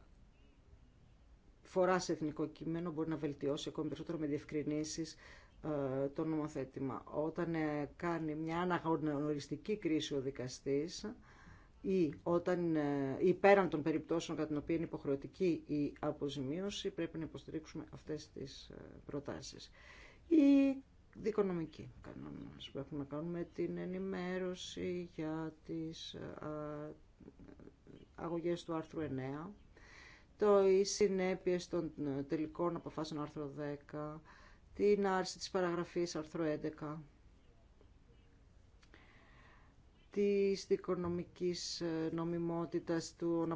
φορά σε εθνικό κείμενο μπορεί να βελτιώσει ακόμη περισσότερο με διευκρινήσεις ε, το νομοθέτημα. Όταν ε, κάνει μια αναγνωριστική κρίση ο δικαστής, ή, όταν, ε, ή πέραν των περιπτώσεων κατά την οποία είναι υποχρεωτική η αποζημίωση, πρέπει να υποστηρίξουμε αυτές τις ε, προτάσεις. Η δικονομική κανόνας που έχουμε να κάνουμε την ενημέρωση για τις ε, αγωγές του άρθρου 9, το οι συνέπειε των τελικών αποφάσεων άρθρο 10, την άρση της παραγραφής άρθρο 11, της δικονομικής ε, νομιμότητας του,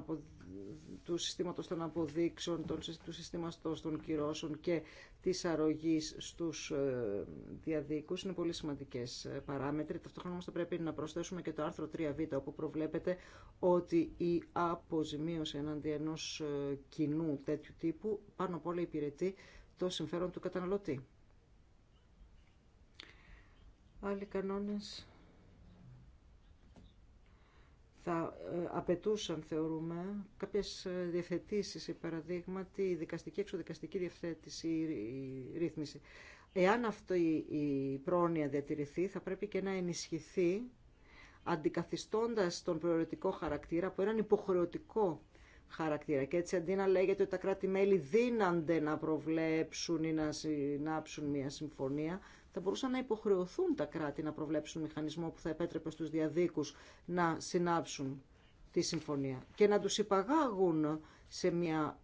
του συστήματος των αποδείξεων, του συστήματος των κυρώσεων και της αρρωγής στους ε, διαδίκους είναι πολύ σημαντικές ε, παράμετροι. Ταυτόχρονα όμως θα πρέπει να προσθέσουμε και το άρθρο 3β όπου προβλέπεται ότι η αποζημίωση εναντί ενός κοινού τέτοιου τύπου πάνω απ' όλα υπηρετεί το συμφέρον του καταναλωτή. Άλλοι κανόνες θα ε, απαιτούσαν, θεωρούμε, κάποιες η ε, παραδείγματι, η δικαστική, εξοδικαστική διευθέτηση, η ρύθμιση. Εάν αυτή η πρόνοια διατηρηθεί, θα πρέπει και να ενισχυθεί, αντικαθιστώντας τον προαιρετικό χαρακτήρα από έναν υποχρεωτικό χαρακτήρα. Και έτσι αντί να λέγεται ότι τα κράτη-μέλη δίνανται να προβλέψουν ή να συνάψουν μια συμφωνία, θα μπορούσαν να υποχρεωθούν τα κράτη να προβλέψουν μηχανισμό που θα επέτρεπε στους διαδίκους να συνάψουν τη συμφωνία και να τους υπαγάγουν σε μια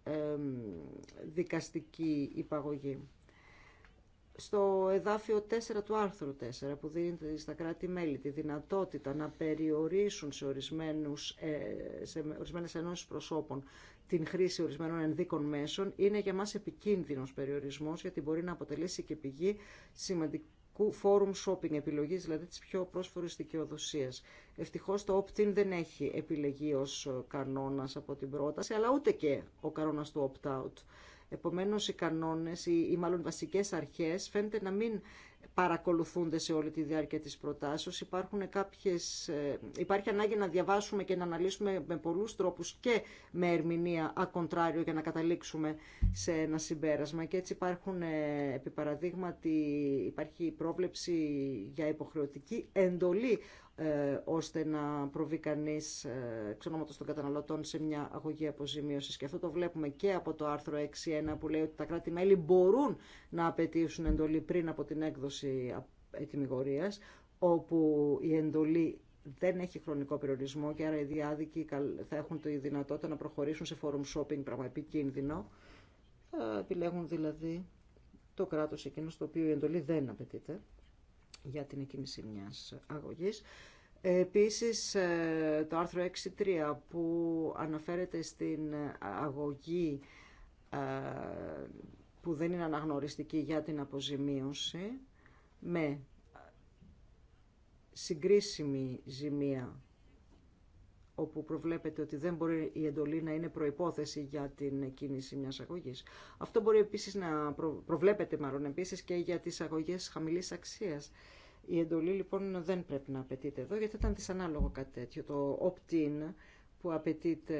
δικαστική υπαγωγή. Στο εδάφιο 4 του άρθρου 4 που δίνεται στα κράτη-μέλη τη δυνατότητα να περιορίσουν σε, ορισμένους, ε, σε ορισμένες ενώσεις προσώπων την χρήση ορισμένων ενδίκων μέσων είναι για μας επικίνδυνος περιορισμός γιατί μπορεί να αποτελέσει και πηγή σημαντικού forum shopping επιλογής, δηλαδή της πιο πρόσφορης δικαιοδοσία. Ευτυχώς το opt-in δεν έχει επιλεγεί ως κανόνας από την πρόταση, αλλά ούτε και ο κανόνας του opt-out. Επομένως οι κανόνες ή, ή μάλλον βασικές αρχές φαίνεται να μην παρακολουθούνται σε όλη τη διάρκεια της προτάσεως. Υπάρχουν κάποιες, ε, υπάρχει ανάγκη να διαβάσουμε και να αναλύσουμε με πολλούς τρόπους και με ερμηνεία ακοντράριο για να καταλήξουμε σε ένα συμπέρασμα. Και έτσι υπάρχουν, ε, επί παραδείγματι, υπάρχει πρόβλεψη για υποχρεωτική εντολή ε, ώστε να προβεί κανεί ε, εξ καταναλωτόν των καταναλωτών σε μια αγωγή αποζημίωση. Και αυτό το βλέπουμε και από το άρθρο 6.1 που λέει ότι τα κράτη-μέλη μπορούν να απαιτήσουν εντολή πριν από την έκδοση ετοιμιγορία, όπου η εντολή δεν έχει χρονικό περιορισμό και άρα οι διάδικοι θα έχουν τη δυνατότητα να προχωρήσουν σε forum shopping, πράγμα επικίνδυνο. Ε, επιλέγουν δηλαδή το κράτος εκείνο στο οποίο η εντολή δεν απαιτείται για την εκκίνηση μιας αγωγής. Επίσης ε, το άρθρο 6.3 που αναφέρεται στην αγωγή ε, που δεν είναι αναγνωριστική για την αποζημίωση με συγκρίσιμη ζημία όπου προβλέπεται ότι δεν μπορεί η εντολή να είναι προϋπόθεση για την κίνηση μιας αγωγής. Αυτό μπορεί επίσης να προβλέπεται μάλλον επίσης και για τις αγωγές χαμηλής αξίας. Η εντολή λοιπόν δεν πρέπει να απαιτείται εδώ γιατί ήταν δυσανάλογο κάτι τέτοιο. Το opt-in που απαιτείται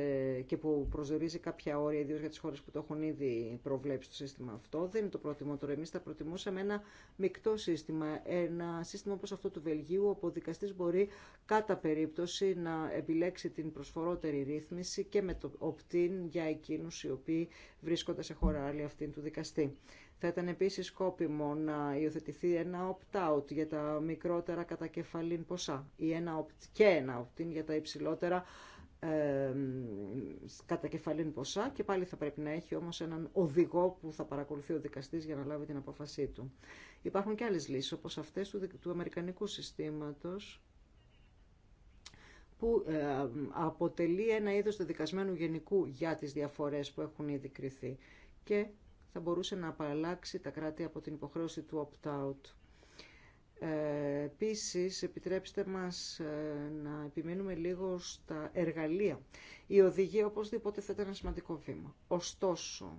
και που προσδιορίζει κάποια όρια, ιδίω για τι χώρε που το έχουν ήδη προβλέψει το σύστημα αυτό. Δεν είναι το προτιμότερο. Εμεί θα προτιμούσαμε ένα μεικτό σύστημα. Ένα σύστημα όπω αυτό του Βελγίου, όπου ο δικαστή μπορεί κατά περίπτωση να επιλέξει την προσφορότερη ρύθμιση και με το opt-in για εκείνου οι οποίοι βρίσκονται σε χώρα άλλη αυτήν του δικαστή. Θα ήταν επίση σκόπιμο να υιοθετηθεί ένα opt-out για τα μικρότερα κατακεφαλήν ποσά ή ένα opt και ένα opt-in για τα υψηλότερα κατά κεφαλήν ποσά και πάλι θα πρέπει να έχει όμως έναν οδηγό που θα παρακολουθεί ο δικαστής για να λάβει την απόφασή του. Υπάρχουν και άλλες λύσεις όπως αυτές του, του Αμερικανικού συστήματος που αποτελεί ένα είδος δεδικασμένου γενικού για τις διαφορές που έχουν ήδη κριθεί και θα μπορούσε να απαλλάξει τα κράτη από την υποχρέωση του opt-out επίσης, επιτρέψτε μας ε, να επιμείνουμε λίγο στα εργαλεία. Η οδηγία οπωσδήποτε θα ήταν ένα σημαντικό βήμα. Ωστόσο,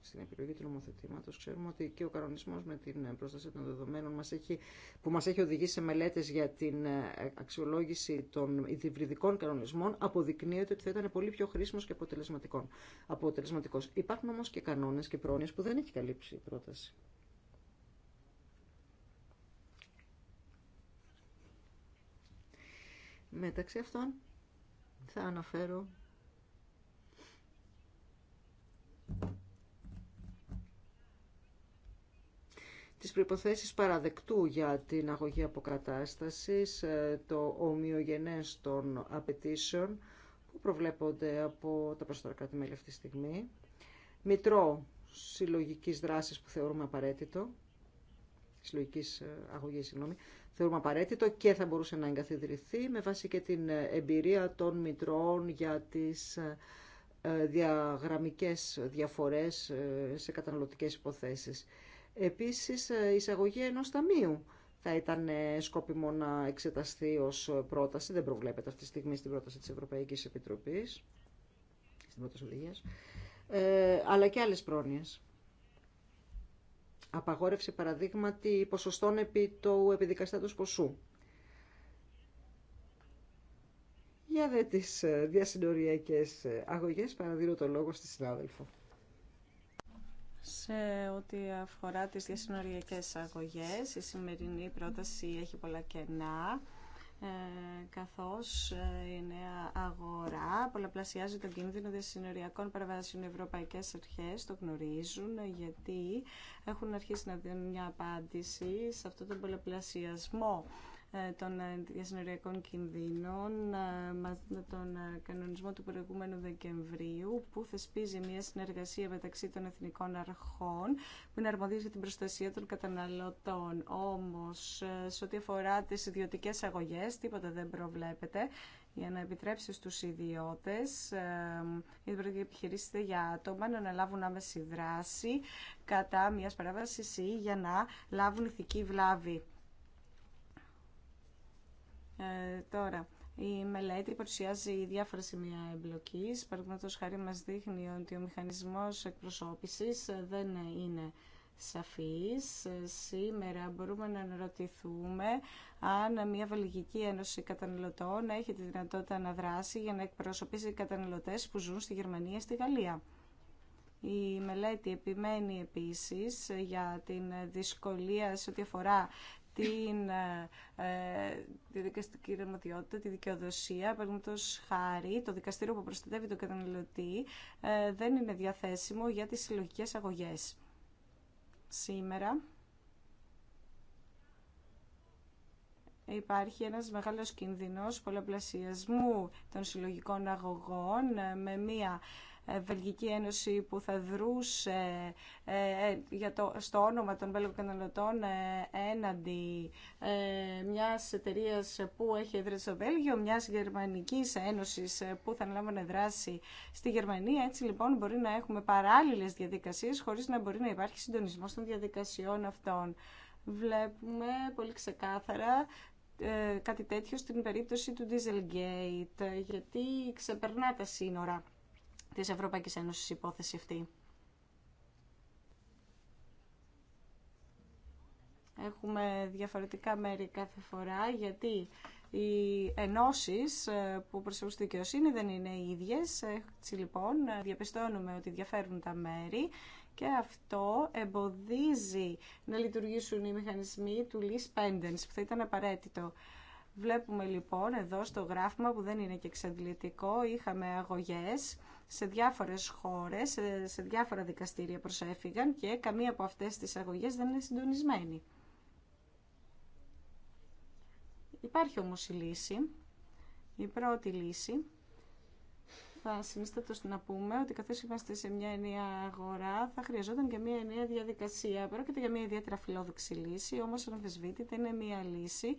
στην επιλογή του νομοθετήματο. Ξέρουμε ότι και ο κανονισμό με την προστασία των δεδομένων μας έχει, που μα έχει οδηγήσει σε μελέτε για την ε, αξιολόγηση των υβριδικών κανονισμών αποδεικνύεται ότι θα ήταν πολύ πιο χρήσιμο και αποτελεσματικό. Υπάρχουν όμω και κανόνε και πρόνοιε που δεν έχει καλύψει η πρόταση. Μεταξύ αυτών θα αναφέρω τις προϋποθέσεις παραδεκτού για την αγωγή αποκατάστασης, ε, το ομοιογενές των απαιτήσεων που προβλέπονται από τα προστατικά μέλη αυτή τη στιγμή, μητρό συλλογικής δράσης που θεωρούμε απαραίτητο, συλλογικής ε, αγωγής, συγγνώμη, θεωρούμε απαραίτητο και θα μπορούσε να εγκαθιδρυθεί με βάση και την εμπειρία των μητρών για τις ε, διαγραμμικές διαφορές ε, σε καταναλωτικές υποθέσεις. Επίσης, ε, η εισαγωγή ενός ταμείου θα ήταν σκόπιμο να εξεταστεί ως πρόταση, δεν προβλέπεται αυτή τη στιγμή στην πρόταση της Ευρωπαϊκής Επιτροπής, στην πρόταση οδηγίας, αλλά και άλλες πρόνοιες απαγόρευση παραδείγματι ποσοστών επί του επιδικαστέτους ποσού. Για δε τις διασυνοριακές αγωγές παραδίδω το λόγο στη συνάδελφο. Σε ό,τι αφορά τις διασυνοριακές αγωγές, η σημερινή πρόταση έχει πολλά κενά. Ε, καθώς ε, η νέα αγορά πολλαπλασιάζει τον κίνδυνο διασυνοριακών παραβάσεων. Οι ευρωπαϊκές αρχές το γνωρίζουν ε, γιατί έχουν αρχίσει να δίνουν μια απάντηση σε αυτόν τον πολλαπλασιασμό ε, των ε, διασυνοριακών κινδύνων ε, με τον κανονισμό του προηγούμενου Δεκεμβρίου που θεσπίζει μια συνεργασία μεταξύ των εθνικών αρχών που είναι αρμοδίες για την προστασία των καταναλωτών. Όμως, σε ό,τι αφορά τις ιδιωτικές αγωγές, τίποτα δεν προβλέπεται για να επιτρέψει στους ιδιώτες ή ε, επιχειρήσεις για άτομα να αναλάβουν άμεση δράση κατά μιας παράβασης ή για να λάβουν ηθική βλάβη. Ε, τώρα, η μελέτη παρουσιάζει διάφορα σημεία εμπλοκή. Παραδείγματο χάρη μα δείχνει ότι ο μηχανισμό εκπροσώπηση δεν είναι σαφής. Σήμερα μπορούμε να αναρωτηθούμε αν μια Βελγική Ένωση Καταναλωτών έχει τη δυνατότητα να δράσει για να εκπροσωπήσει καταναλωτές που ζουν στη Γερμανία ή στη Γαλλία. Η μελέτη επιμένει επίσης για την δυσκολία σε ό,τι αφορά την ε, ε, τη δικαστική τη δικαιοδοσία. Παραδείγματο χάρη, το δικαστήριο που προστατεύει τον καταναλωτή ε, δεν είναι διαθέσιμο για τις συλλογικέ αγωγές. Σήμερα υπάρχει ένας μεγάλος κίνδυνος πολλαπλασιασμού των συλλογικών αγωγών ε, με μία ε, Βελγική Ένωση που θα δρούσε ε, ε, για το, στο όνομα των Βέλγων καταναλωτών έναντι μιας εταιρεία που έχει έδρα στο Βέλγιο, μιας γερμανικής ένωσης που θα αναλάμβανε δράση στη Γερμανία. Έτσι λοιπόν μπορεί να έχουμε παράλληλες διαδικασίες χωρίς να μπορεί να υπάρχει συντονισμός των διαδικασιών αυτών. Βλέπουμε πολύ ξεκάθαρα κάτι τέτοιο στην περίπτωση του Dieselgate, γιατί ξεπερνά τα σύνορα της Ευρωπαϊκής Ένωσης υπόθεση αυτή. Έχουμε διαφορετικά μέρη κάθε φορά γιατί οι ενώσεις ε, που προσφέρουν στη δικαιοσύνη δεν είναι οι ίδιες. Έτσι λοιπόν διαπιστώνουμε ότι διαφέρουν τα μέρη και αυτό εμποδίζει να λειτουργήσουν οι μηχανισμοί του lease pendants που θα ήταν απαραίτητο. Βλέπουμε λοιπόν εδώ στο γράφημα που δεν είναι και εξαντλητικό είχαμε αγωγές σε διάφορες χώρες, σε διάφορα δικαστήρια προσέφηγαν και καμία από αυτές τις αγωγές δεν είναι συντονισμένη. Υπάρχει όμως η λύση. Η πρώτη λύση θα συνιστατώ να πούμε ότι καθώς είμαστε σε μια ενιαία αγορά θα χρειαζόταν και μια ενιαία διαδικασία. Πρόκειται για μια ιδιαίτερα φιλόδοξη λύση, όμως αναμφισβήτητα είναι μια λύση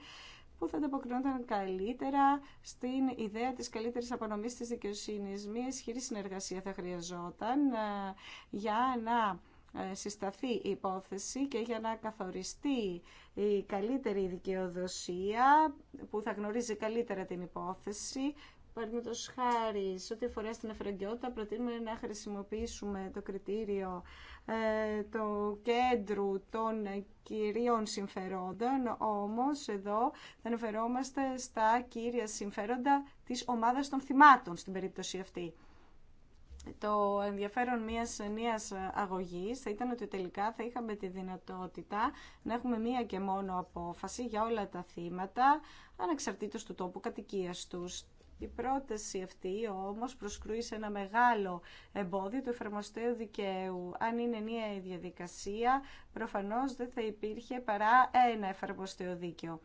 που θα ανταποκρινόταν καλύτερα στην ιδέα της καλύτερης απονομής της δικαιοσύνης. Μία ισχυρή συνεργασία θα χρειαζόταν ε, για να ε, συσταθεί η υπόθεση και για να καθοριστεί η καλύτερη δικαιοδοσία που θα γνωρίζει καλύτερα την υπόθεση. Παραδείγματο χάρη, σε ό,τι αφορά στην εφραγκιότητα, προτείνουμε να χρησιμοποιήσουμε το κριτήριο ε, το κέντρο των κυρίων συμφερόντων, όμως εδώ θα αναφερόμαστε στα κύρια συμφέροντα της ομάδας των θυμάτων στην περίπτωση αυτή. Το ενδιαφέρον μιας νέας αγωγής θα ήταν ότι τελικά θα είχαμε τη δυνατότητα να έχουμε μία και μόνο απόφαση για όλα τα θύματα, ανεξαρτήτως του τόπου κατοικίας τους. Η πρόταση αυτή όμως προσκρούει σε ένα μεγάλο εμπόδιο του εφαρμοστέου δικαίου. Αν είναι μία η διαδικασία, προφανώς δεν θα υπήρχε παρά ένα εφαρμοστέο δίκαιο.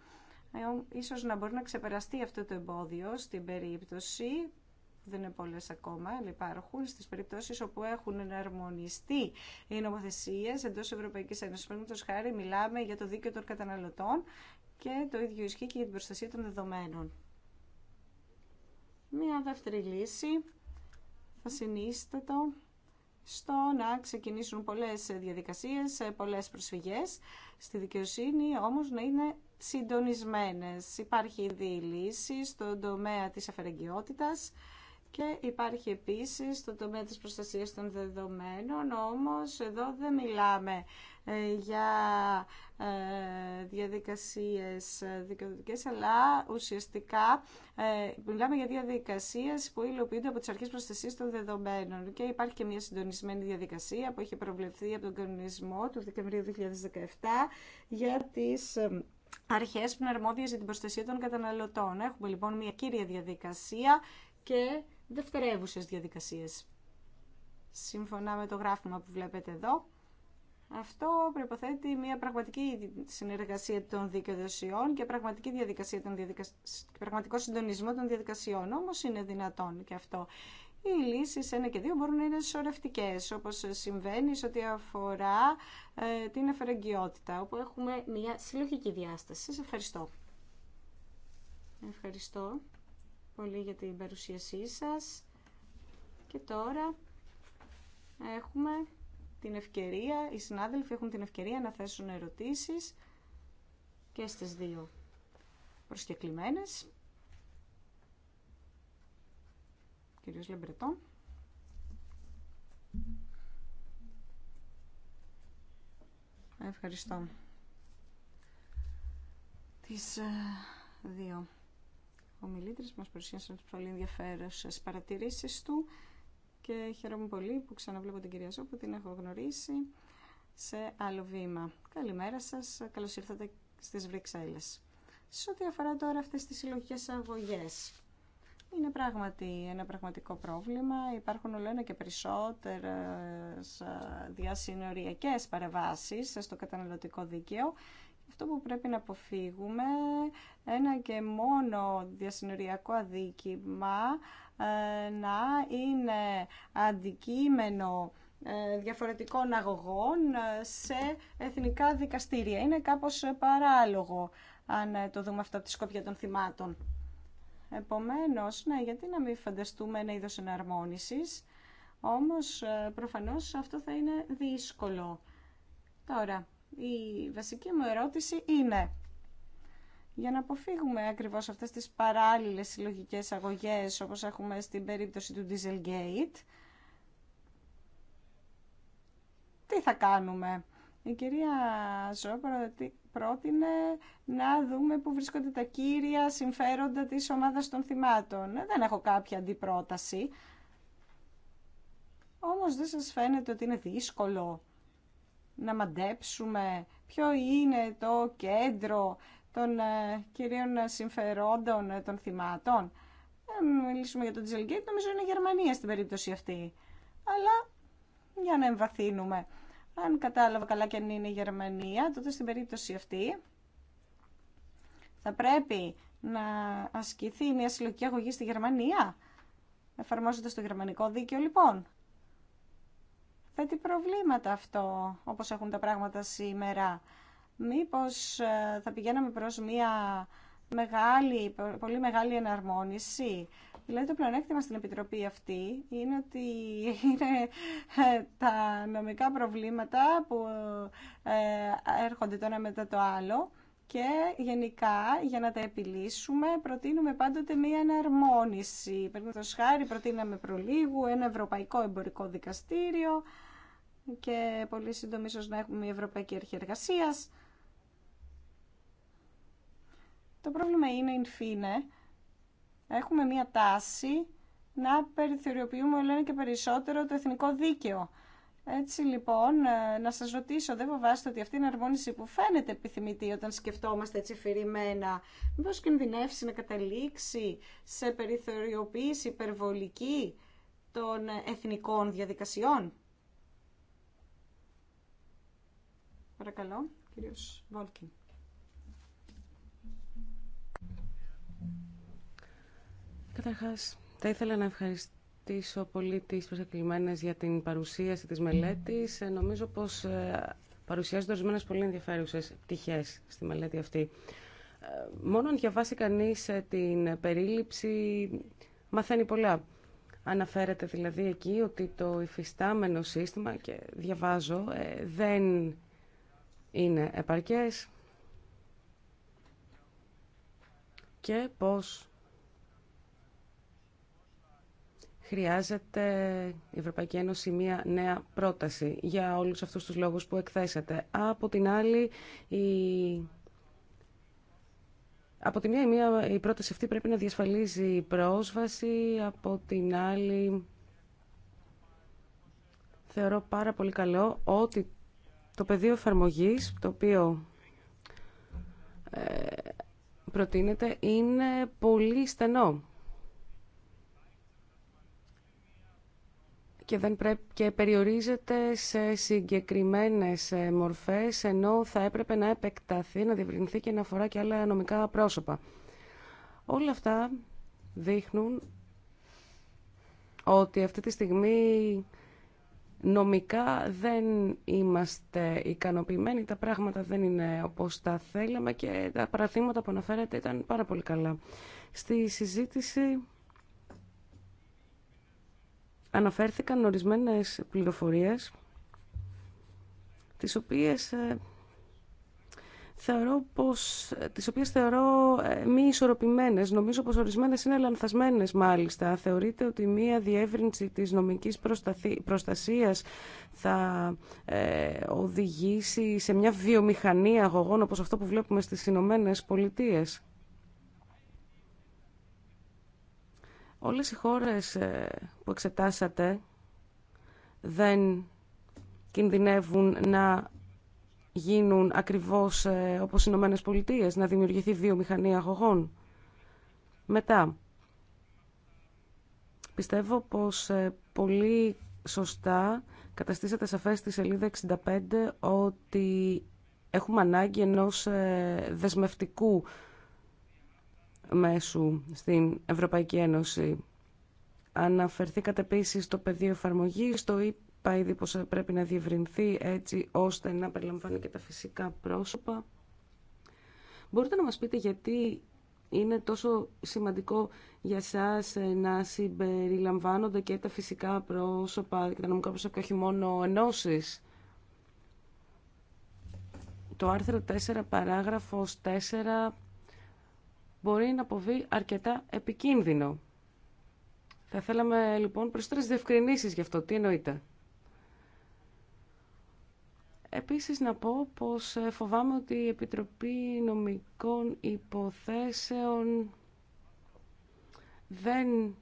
Ε, ίσως να μπορεί να ξεπεραστεί αυτό το εμπόδιο στην περίπτωση δεν είναι πολλέ ακόμα, αλλά υπάρχουν στις περιπτώσεις όπου έχουν εναρμονιστεί οι νομοθεσίες εντός Ευρωπαϊκής Ένωσης. το χάρη μιλάμε για το δίκαιο των καταναλωτών και το ίδιο ισχύει και για την προστασία των δεδομένων. Μία δεύτερη λύση θα συνίστατο στο να ξεκινήσουν πολλές διαδικασίες, ε, πολλές προσφυγές στη δικαιοσύνη, όμως να είναι συντονισμένες. Υπάρχει ήδη λύση στον τομέα της αφαιρεγγιότητας, και υπάρχει επίσης το τομέα της προστασίας των δεδομένων, όμως εδώ δεν μιλάμε ε, για ε, διαδικασίες δικαιοδοτικές, αλλά ουσιαστικά ε, μιλάμε για διαδικασίες που υλοποιούνται από τις αρχές προστασίας των δεδομένων. Και υπάρχει και μια συντονισμένη διαδικασία που έχει προβλεφθεί από τον κανονισμό του Δεκεμβρίου 2017 για τις αρχές που για την προστασία των καταναλωτών. Έχουμε λοιπόν μια κύρια διαδικασία και δευτερεύουσες διαδικασίες. Σύμφωνα με το γράφημα που βλέπετε εδώ, αυτό προποθέτει μια πραγματική συνεργασία των δικαιοδοσιών και πραγματική διαδικασία των διαδικασ... πραγματικό συντονισμό των διαδικασιών. Όμως είναι δυνατόν και αυτό. Οι λύσεις 1 και 2 μπορούν να είναι σωρευτικές, όπως συμβαίνει σε ό,τι αφορά ε, την αφαιρεγγιότητα, όπου έχουμε μια συλλογική διάσταση. Σας ευχαριστώ. Ευχαριστώ πολύ για την παρουσίασή σας. Και τώρα έχουμε την ευκαιρία, οι συνάδελφοι έχουν την ευκαιρία να θέσουν ερωτήσεις και στις δύο προσκεκλημένες. Κύριος Λεμπρετών. Ευχαριστώ. Τις ε, δύο ο που μας παρουσίασαν με πολύ ενδιαφέρουσε παρατηρήσεις του και χαίρομαι πολύ που ξαναβλέπω την κυρία Ζώ την έχω γνωρίσει σε άλλο βήμα. Καλημέρα σας, καλώς ήρθατε στις Βρυξέλλε. Σε ό,τι αφορά τώρα αυτές τις συλλογικέ αγωγές, είναι πράγματι ένα πραγματικό πρόβλημα. Υπάρχουν όλο και περισσότερε διασυνοριακέ παρεμβάσει στο καταναλωτικό δίκαιο αυτό που πρέπει να αποφύγουμε ένα και μόνο διασυνοριακό αδίκημα ε, να είναι αντικείμενο ε, διαφορετικών αγωγών ε, σε εθνικά δικαστήρια. Είναι κάπως παράλογο αν το δούμε αυτό από τη σκόπια των θυμάτων. Επομένως, ναι, γιατί να μην φανταστούμε ένα είδος εναρμόνισης, όμως προφανώς αυτό θα είναι δύσκολο. Τώρα, η βασική μου ερώτηση είναι για να αποφύγουμε ακριβώς αυτές τις παράλληλες συλλογικέ αγωγές όπως έχουμε στην περίπτωση του Dieselgate τι θα κάνουμε η κυρία Ζώ πρότεινε να δούμε που βρίσκονται τα κύρια συμφέροντα της ομάδας των θυμάτων δεν έχω κάποια αντιπρόταση όμως δεν σας φαίνεται ότι είναι δύσκολο να μαντέψουμε ποιο είναι το κέντρο των ε, κυρίων συμφερόντων ε, των θυμάτων. Ε, μιλήσουμε για το Τζελγκέιτ, νομίζω είναι η Γερμανία στην περίπτωση αυτή. Αλλά για να εμβαθύνουμε. Αν κατάλαβα καλά και αν είναι η Γερμανία, τότε στην περίπτωση αυτή θα πρέπει να ασκηθεί μια συλλογική αγωγή στη Γερμανία, εφαρμόζοντας το γερμανικό δίκαιο λοιπόν θέτει προβλήματα αυτό, όπως έχουν τα πράγματα σήμερα. Μήπως ε, θα πηγαίναμε προς μια μεγάλη, πολύ μεγάλη εναρμόνιση. Δηλαδή το πλεονέκτημα στην Επιτροπή αυτή είναι ότι είναι ε, τα νομικά προβλήματα που ε, έρχονται το ένα μετά το άλλο και γενικά για να τα επιλύσουμε προτείνουμε πάντοτε μία εναρμόνιση. Παραδείγματο χάρη προτείναμε προλίγου ένα ευρωπαϊκό εμπορικό δικαστήριο και πολύ σύντομα ίσως να έχουμε μια εναρμονιση το χαρη προτειναμε προλιγου ενα ευρωπαικο Αρχή Εργασίας. Το πρόβλημα είναι, in fine, έχουμε μία τάση να περιθωριοποιούμε όλο και περισσότερο το εθνικό δίκαιο έτσι λοιπόν, ε, να σας ρωτήσω, δεν φοβάστε ότι αυτή η εναρμόνιση που φαίνεται επιθυμητή όταν σκεφτόμαστε έτσι φυρημένα, μήπως κινδυνεύσει να καταλήξει σε περιθωριοποίηση υπερβολική των εθνικών διαδικασιών. Παρακαλώ, κύριος Βόλκιν. Καταρχάς, θα ήθελα να ευχαριστήσω ρωτήσω πολύ τις προσεκλημένες για την παρουσίαση της μελέτης. Ε, νομίζω πως ε, παρουσιάζονται ορισμένε πολύ ενδιαφέρουσες πτυχές στη μελέτη αυτή. Ε, μόνο αν διαβάσει κανείς την περίληψη μαθαίνει πολλά. Αναφέρεται δηλαδή εκεί ότι το υφιστάμενο σύστημα, και διαβάζω, δεν είναι επαρκές και πως χρειάζεται η Ευρωπαϊκή Ένωση μία νέα πρόταση για όλους αυτούς τους λόγους που εκθέσατε. Από την άλλη, η... Από τη μία, η, μία, η πρόταση αυτή πρέπει να διασφαλίζει πρόσβαση, από την άλλη θεωρώ πάρα πολύ καλό ότι το πεδίο εφαρμογής, το οποίο ε, προτείνεται, είναι πολύ στενό. και, δεν πρέπει, και περιορίζεται σε συγκεκριμένες ε, μορφές, ενώ θα έπρεπε να επεκταθεί, να διευρυνθεί και να αφορά και άλλα νομικά πρόσωπα. Όλα αυτά δείχνουν ότι αυτή τη στιγμή νομικά δεν είμαστε ικανοποιημένοι, τα πράγματα δεν είναι όπως τα θέλαμε και τα παραθύματα που αναφέρατε ήταν πάρα πολύ καλά. Στη συζήτηση αναφέρθηκαν ορισμένες πληροφορίες τις οποίες ε, θεωρώ πως, τις οποίες θεωρώ ε, μη ισορροπημένες. Νομίζω πως ορισμένες είναι λανθασμένες μάλιστα. Θεωρείται ότι μία διεύρυνση της νομικής προστασίας θα ε, οδηγήσει σε μια βιομηχανία αγωγών όπως αυτό που βλέπουμε στις Ηνωμένε Πολιτείες. Όλες οι χώρες ε, που εξετάσατε δεν κινδυνεύουν να γίνουν ακριβώς ε, όπως οι Ηνωμένε Πολιτείε, να δημιουργηθεί βιομηχανία αγωγών. Μετά, πιστεύω πως ε, πολύ σωστά καταστήσατε σαφές στη σελίδα 65 ότι έχουμε ανάγκη ενός δεσμευτικού μέσου στην Ευρωπαϊκή Ένωση. Αναφερθήκατε επίση στο πεδίο εφαρμογή, το είπα ήδη πως πρέπει να διευρυνθεί έτσι ώστε να περιλαμβάνει και τα φυσικά πρόσωπα. Μπορείτε να μας πείτε γιατί είναι τόσο σημαντικό για σας ε, να συμπεριλαμβάνονται και τα φυσικά πρόσωπα και τα νομικά πρόσωπα και όχι μόνο ενώσεις. Το άρθρο 4 παράγραφος 4 μπορεί να αποβεί αρκετά επικίνδυνο. Θα θέλαμε λοιπόν περισσότερες διευκρινήσεις γι' αυτό. Τι εννοείται. Επίσης να πω πως ε, φοβάμαι ότι η Επιτροπή Νομικών Υποθέσεων δεν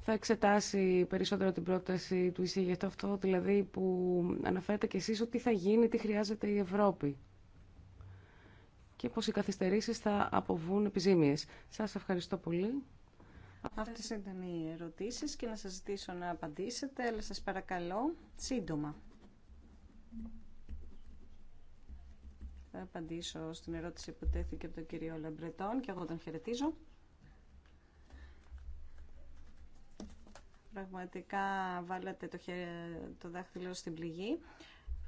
θα εξετάσει περισσότερο την πρόταση του ΙΣΥ για αυτό, δηλαδή που αναφέρετε κι εσείς ότι θα γίνει, τι χρειάζεται η Ευρώπη και πως οι καθυστερήσεις θα αποβούν επιζήμιες. Σας ευχαριστώ πολύ. Αυτές ήταν οι ερωτήσεις και να σας ζητήσω να απαντήσετε, αλλά σας παρακαλώ σύντομα. Θα απαντήσω στην ερώτηση που τέθηκε από τον κύριο Λεμπρετών και εγώ τον χαιρετίζω. Πραγματικά βάλατε το, το δάχτυλο στην πληγή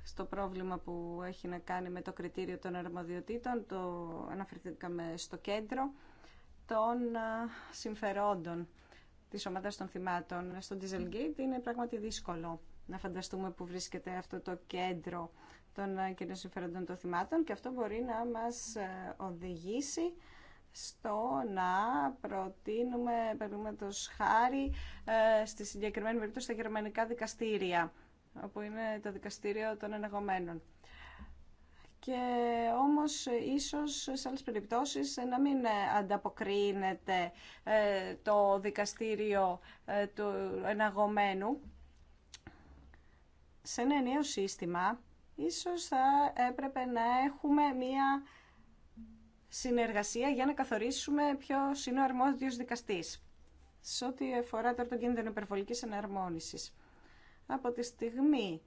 στο πρόβλημα που έχει να κάνει με το κριτήριο των αρμοδιοτήτων, το αναφερθήκαμε στο κέντρο των συμφερόντων της ομάδας των θυμάτων. Στο Dieselgate είναι πράγματι δύσκολο να φανταστούμε που βρίσκεται αυτό το κέντρο των κοινών συμφερόντων των θυμάτων και αυτό μπορεί να μας οδηγήσει στο να προτείνουμε, παραδείγματο χάρη, ε, στη συγκεκριμένη περίπτωση στα γερμανικά δικαστήρια όπου είναι το δικαστήριο των εναγωμένων. Και όμως ίσως σε άλλες περιπτώσεις να μην ανταποκρίνεται ε, το δικαστήριο ε, του εναγωμένου σε ένα νέο σύστημα ίσως θα έπρεπε να έχουμε μία συνεργασία για να καθορίσουμε ποιος είναι ο αρμόδιος δικαστής. Σε ό,τι αφορά τώρα τον κίνδυνο υπερβολικής εναρμόνισης από τη στιγμή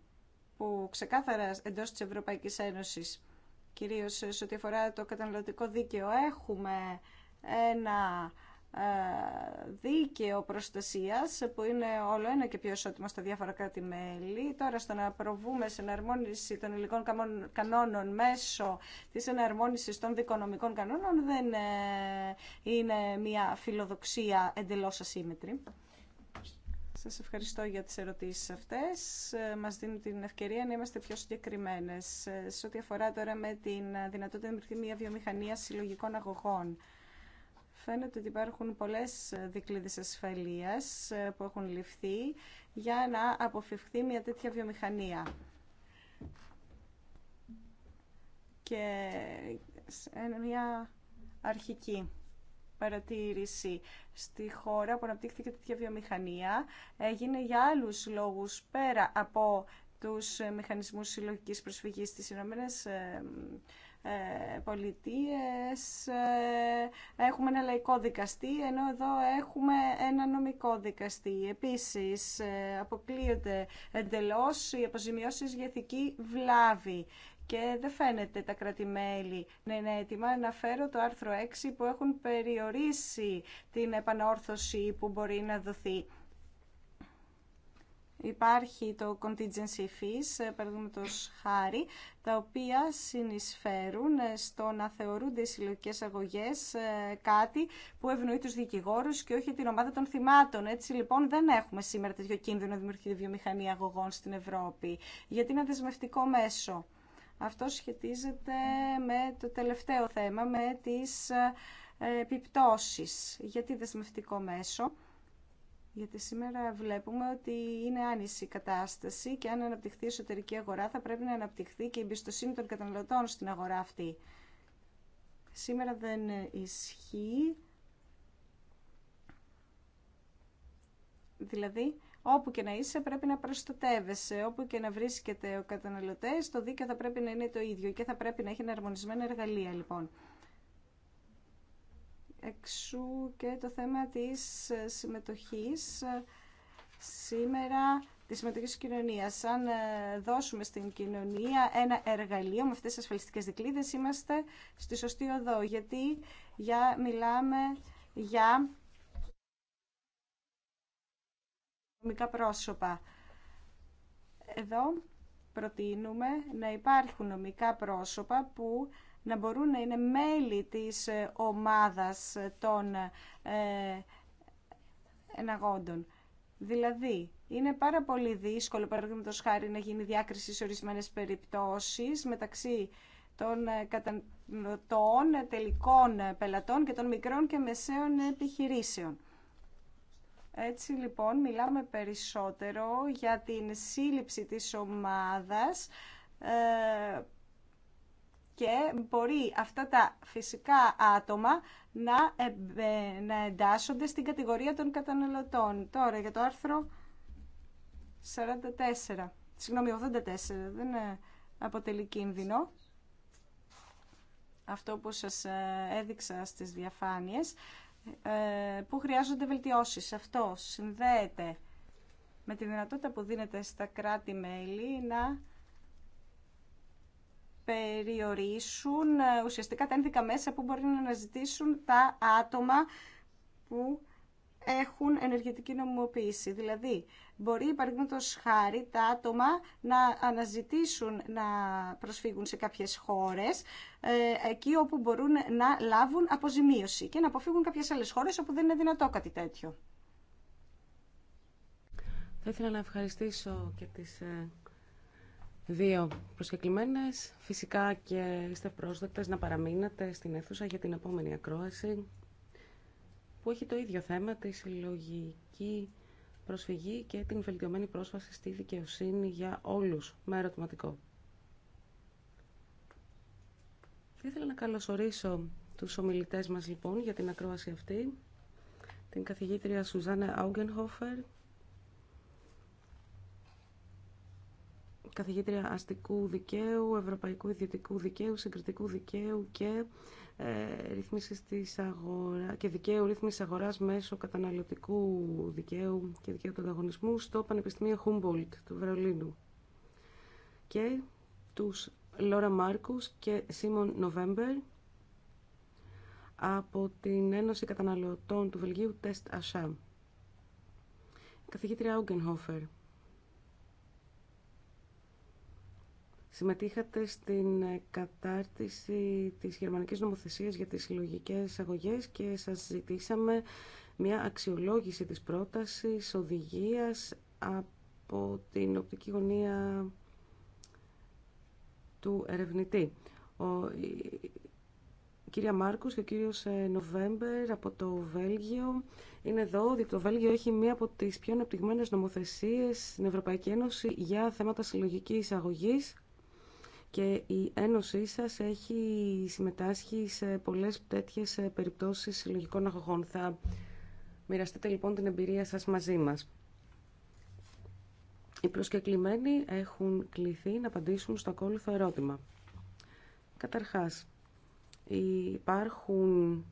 που ξεκάθαρα εντός της Ευρωπαϊκής Ένωσης, κυρίως σε ό,τι αφορά το καταναλωτικό δίκαιο, έχουμε ένα ε, δίκαιο προστασίας που είναι όλο ένα και πιο ισότιμο στα διάφορα κράτη-μέλη. Τώρα στο να προβούμε σε εναρμόνιση των υλικών κανόνων μέσω της εναρμόνισης των δικονομικών κανόνων δεν ε, είναι μια φιλοδοξία εντελώς ασύμετρη. Σας ευχαριστώ για τις ερωτήσεις αυτές. Ε, μας δίνουν την ευκαιρία να είμαστε πιο συγκεκριμένες. Ε, σε ό,τι αφορά τώρα με την δυνατότητα να δημιουργηθεί μια βιομηχανία συλλογικών αγωγών. Φαίνεται ότι υπάρχουν πολλές ε, δικλείδες ασφαλείας που έχουν ληφθεί για να αποφευχθεί μια τέτοια βιομηχανία. Και μια αρχική παρατήρηση στη χώρα που αναπτύχθηκε τέτοια βιομηχανία έγινε για άλλους λόγους πέρα από τους μηχανισμούς συλλογικής προσφυγής στις Ηνωμένες ε, ε, Πολιτείες. Ε, έχουμε ένα λαϊκό δικαστή, ενώ εδώ έχουμε ένα νομικό δικαστή. Επίσης, αποκλείονται εντελώς οι αποζημιώσεις για ηθική βλάβη και δεν φαίνεται τα κρατημέλη να είναι έτοιμα. Αναφέρω το άρθρο 6 που έχουν περιορίσει την επανόρθωση που μπορεί να δοθεί. Υπάρχει το contingency fees, ε, παραδείγματο χάρη, τα οποία συνεισφέρουν ε, στο να θεωρούνται οι συλλογικές αγωγές ε, κάτι που ευνοεί τους δικηγόρους και όχι την ομάδα των θυμάτων. Έτσι λοιπόν δεν έχουμε σήμερα τέτοιο κίνδυνο να δημιουργηθεί βιομηχανία αγωγών στην Ευρώπη, γιατί είναι δεσμευτικό μέσο. Αυτό σχετίζεται με το τελευταίο θέμα, με τις ε, επιπτώσεις. Γιατί δεσμευτικό μέσο. Γιατί σήμερα βλέπουμε ότι είναι άνηση η κατάσταση και αν αναπτυχθεί η εσωτερική αγορά θα πρέπει να αναπτυχθεί και η εμπιστοσύνη των καταναλωτών στην αγορά αυτή. Σήμερα δεν ισχύει. Δηλαδή, Όπου και να είσαι πρέπει να προστατεύεσαι, όπου και να βρίσκεται ο καταναλωτές, το δίκαιο θα πρέπει να είναι το ίδιο και θα πρέπει να έχει εναρμονισμένα εργαλεία λοιπόν. Εξού και το θέμα της ε, συμμετοχής ε, σήμερα τη συμμετοχή τη κοινωνία. Αν ε, δώσουμε στην κοινωνία ένα εργαλείο με αυτέ τι ασφαλιστικέ δικλείδε, είμαστε στη σωστή οδό. Γιατί για, μιλάμε για νομικά πρόσωπα. Εδώ προτείνουμε να υπάρχουν νομικά πρόσωπα που να μπορούν να είναι μέλη της ε, ομάδας ε, των ε, εναγόντων. Δηλαδή, είναι πάρα πολύ δύσκολο, παραδείγματο χάρη, να γίνει διάκριση σε ορισμένες περιπτώσεις μεταξύ των καταναλωτών, τελικών πελατών και των μικρών και μεσαίων επιχειρήσεων. Έτσι λοιπόν μιλάμε περισσότερο για την σύλληψη της ομάδας ε, και μπορεί αυτά τα φυσικά άτομα να εντάσσονται στην κατηγορία των καταναλωτών. Τώρα για το άρθρο 44, συγγνώμη 84, δεν ε, αποτελεί κίνδυνο. Αυτό που σας ε, έδειξα στις διαφάνειες ε, που χρειάζονται βελτιώσεις. Αυτό συνδέεται με τη δυνατότητα που δίνεται στα κράτη-μέλη να περιορίσουν ε, ουσιαστικά τα ένδικα μέσα που μπορεί να αναζητήσουν τα άτομα που έχουν ενεργητική νομιμοποίηση. Δηλαδή, μπορεί, παραδείγματο χάρη, τα άτομα να αναζητήσουν να προσφύγουν σε κάποιε χώρε, ε, εκεί όπου μπορούν να λάβουν αποζημίωση και να αποφύγουν κάποιε άλλε χώρε όπου δεν είναι δυνατό κάτι τέτοιο. Θα ήθελα να ευχαριστήσω και τις ε, δύο προσκεκλημένες. Φυσικά και είστε πρόσδεκτε να παραμείνετε στην αίθουσα για την επόμενη ακρόαση που έχει το ίδιο θέμα, τη συλλογική προσφυγή και την βελτιωμένη πρόσβαση στη δικαιοσύνη για όλους, με ερωτηματικό. Θα ήθελα να καλωσορίσω τους ομιλητές μας λοιπόν για την ακρόαση αυτή, την καθηγήτρια Σουζάννα Αουγγενχόφερ, καθηγήτρια αστικού δικαίου, ευρωπαϊκού ιδιωτικού δικαίου, συγκριτικού δικαίου και ε, ρύθμιση της αγορά, και δικαίου ρύθμιση αγοράς μέσω καταναλωτικού δικαίου και δικαίου του ανταγωνισμού στο Πανεπιστημίο Humboldt του Βερολίνου και τους Λόρα Μάρκους και Σίμον Νοβέμπερ από την Ένωση Καταναλωτών του Βελγίου Τεστ Ασάμ. Καθηγήτρια Ούγκενχόφερ. συμμετείχατε στην κατάρτιση της γερμανικής νομοθεσίας για τις συλλογικέ αγωγές και σας ζητήσαμε μια αξιολόγηση της πρότασης οδηγίας από την οπτική γωνία του ερευνητή. Ο, η κυρία Μάρκους και ο κύριος ε, Νοβέμπερ από το Βέλγιο είναι εδώ, ότι το Βέλγιο έχει μία από τις πιο αναπτυγμένες νομοθεσίες στην Ευρωπαϊκή Ένωση για θέματα συλλογικής αγωγής και η Ένωσή σας έχει συμμετάσχει σε πολλές τέτοιες ε, περιπτώσεις συλλογικών αγωγών. Θα μοιραστείτε λοιπόν την εμπειρία σας μαζί μας. Οι προσκεκλημένοι έχουν κληθεί να απαντήσουν στο ακόλουθο ερώτημα. Καταρχάς, υπάρχουν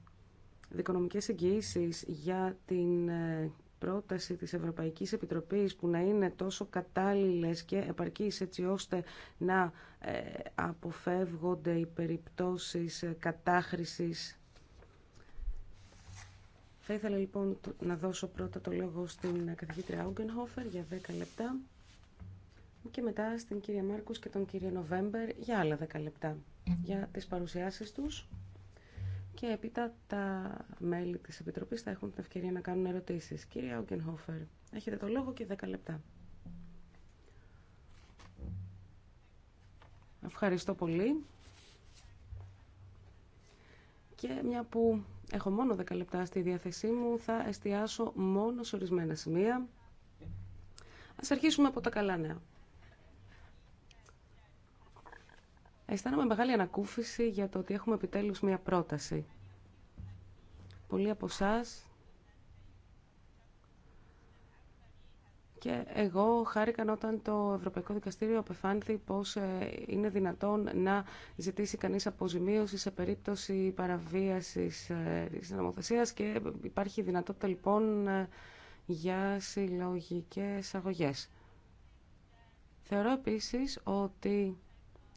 δικονομικές εγγυήσεις για την ε, πρόταση της Ευρωπαϊκής Επιτροπής που να είναι τόσο κατάλληλες και επαρκείς έτσι ώστε να ε, αποφεύγονται οι περιπτώσεις ε, κατάχρησης. Θα ήθελα λοιπόν να δώσω πρώτα το λόγο στην καθηγήτρια Άουγκενχόφερ για 10 λεπτά και μετά στην κυρία Μάρκους και τον κύριο Νοβέμπερ για άλλα 10 λεπτά για τις παρουσιάσεις τους και έπειτα τα μέλη της Επιτροπής θα έχουν την ευκαιρία να κάνουν ερωτήσεις. Κύριε Όγκενχόφερ, έχετε το λόγο και 10 λεπτά. Ευχαριστώ πολύ. Και μια που έχω μόνο 10 λεπτά στη διάθεσή μου, θα εστιάσω μόνο σε ορισμένα σημεία. Ας αρχίσουμε από τα καλά νέα. αισθάνομαι μεγάλη ανακούφιση για το ότι έχουμε επιτέλους μία πρόταση. Πολλοί από εσά και εγώ χάρηκαν όταν το Ευρωπαϊκό Δικαστήριο απεφάνθη πως ε, είναι δυνατόν να ζητήσει κανείς αποζημίωση σε περίπτωση παραβίασης ε, της νομοθεσίας και υπάρχει δυνατότητα λοιπόν ε, για συλλογικές αγωγές. Θεωρώ επίσης ότι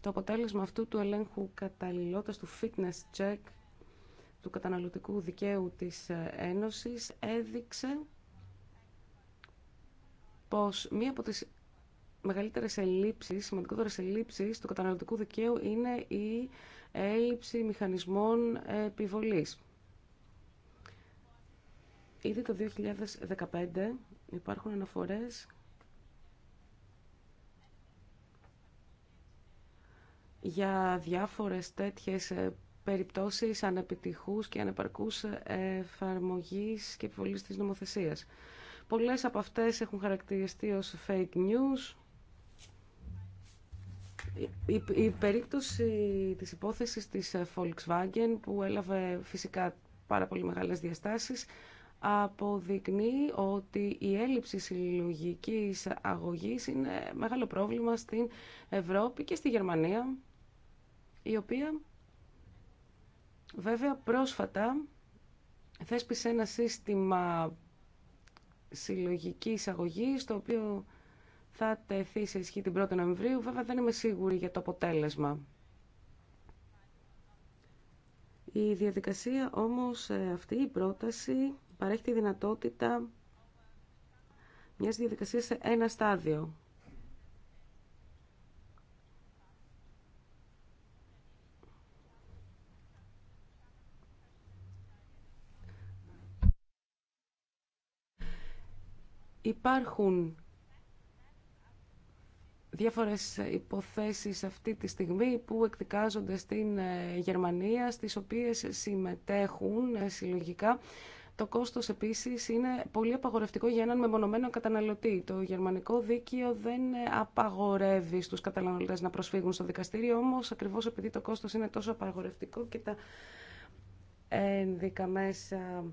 το αποτέλεσμα αυτού του ελέγχου καταλληλότητας του fitness check του καταναλωτικού δικαίου της ε, Ένωσης έδειξε πως μία από τις μεγαλύτερες ελλείψεις, σημαντικότερες ελλείψεις του καταναλωτικού δικαίου είναι η έλλειψη μηχανισμών επιβολής. Ήδη το 2015 υπάρχουν αναφορές για διάφορες τέτοιες ε, περιπτώσεις ανεπιτυχούς και ανεπαρκούς εφαρμογής και επιβολής της νομοθεσίας. Πολλές από αυτές έχουν χαρακτηριστεί ως fake news. Η, περίπτωση της υπόθεσης της ε, Volkswagen που έλαβε φυσικά πάρα πολύ μεγάλες διαστάσεις αποδεικνύει ότι η έλλειψη συλλογικής αγωγής είναι μεγάλο πρόβλημα στην Ευρώπη και στη Γερμανία η οποία βέβαια πρόσφατα θέσπισε ένα σύστημα συλλογική εισαγωγή, το οποίο θα τεθεί σε ισχύ την 1η Νοεμβρίου. Βέβαια δεν είμαι σίγουρη για το αποτέλεσμα. Η διαδικασία όμως ε, αυτή η πρόταση παρέχει τη δυνατότητα μιας διαδικασίας σε ένα στάδιο. Υπάρχουν διάφορες υποθέσεις αυτή τη στιγμή που εκδικάζονται στην ε, Γερμανία, στις οποίες συμμετέχουν ε, συλλογικά. Το κόστος επίσης είναι πολύ απαγορευτικό για έναν μεμονωμένο καταναλωτή. Το γερμανικό δίκαιο δεν απαγορεύει στους καταναλωτές να προσφύγουν στο δικαστήριο, όμως ακριβώς επειδή το κόστος είναι τόσο απαγορευτικό και τα ένδικα μέσα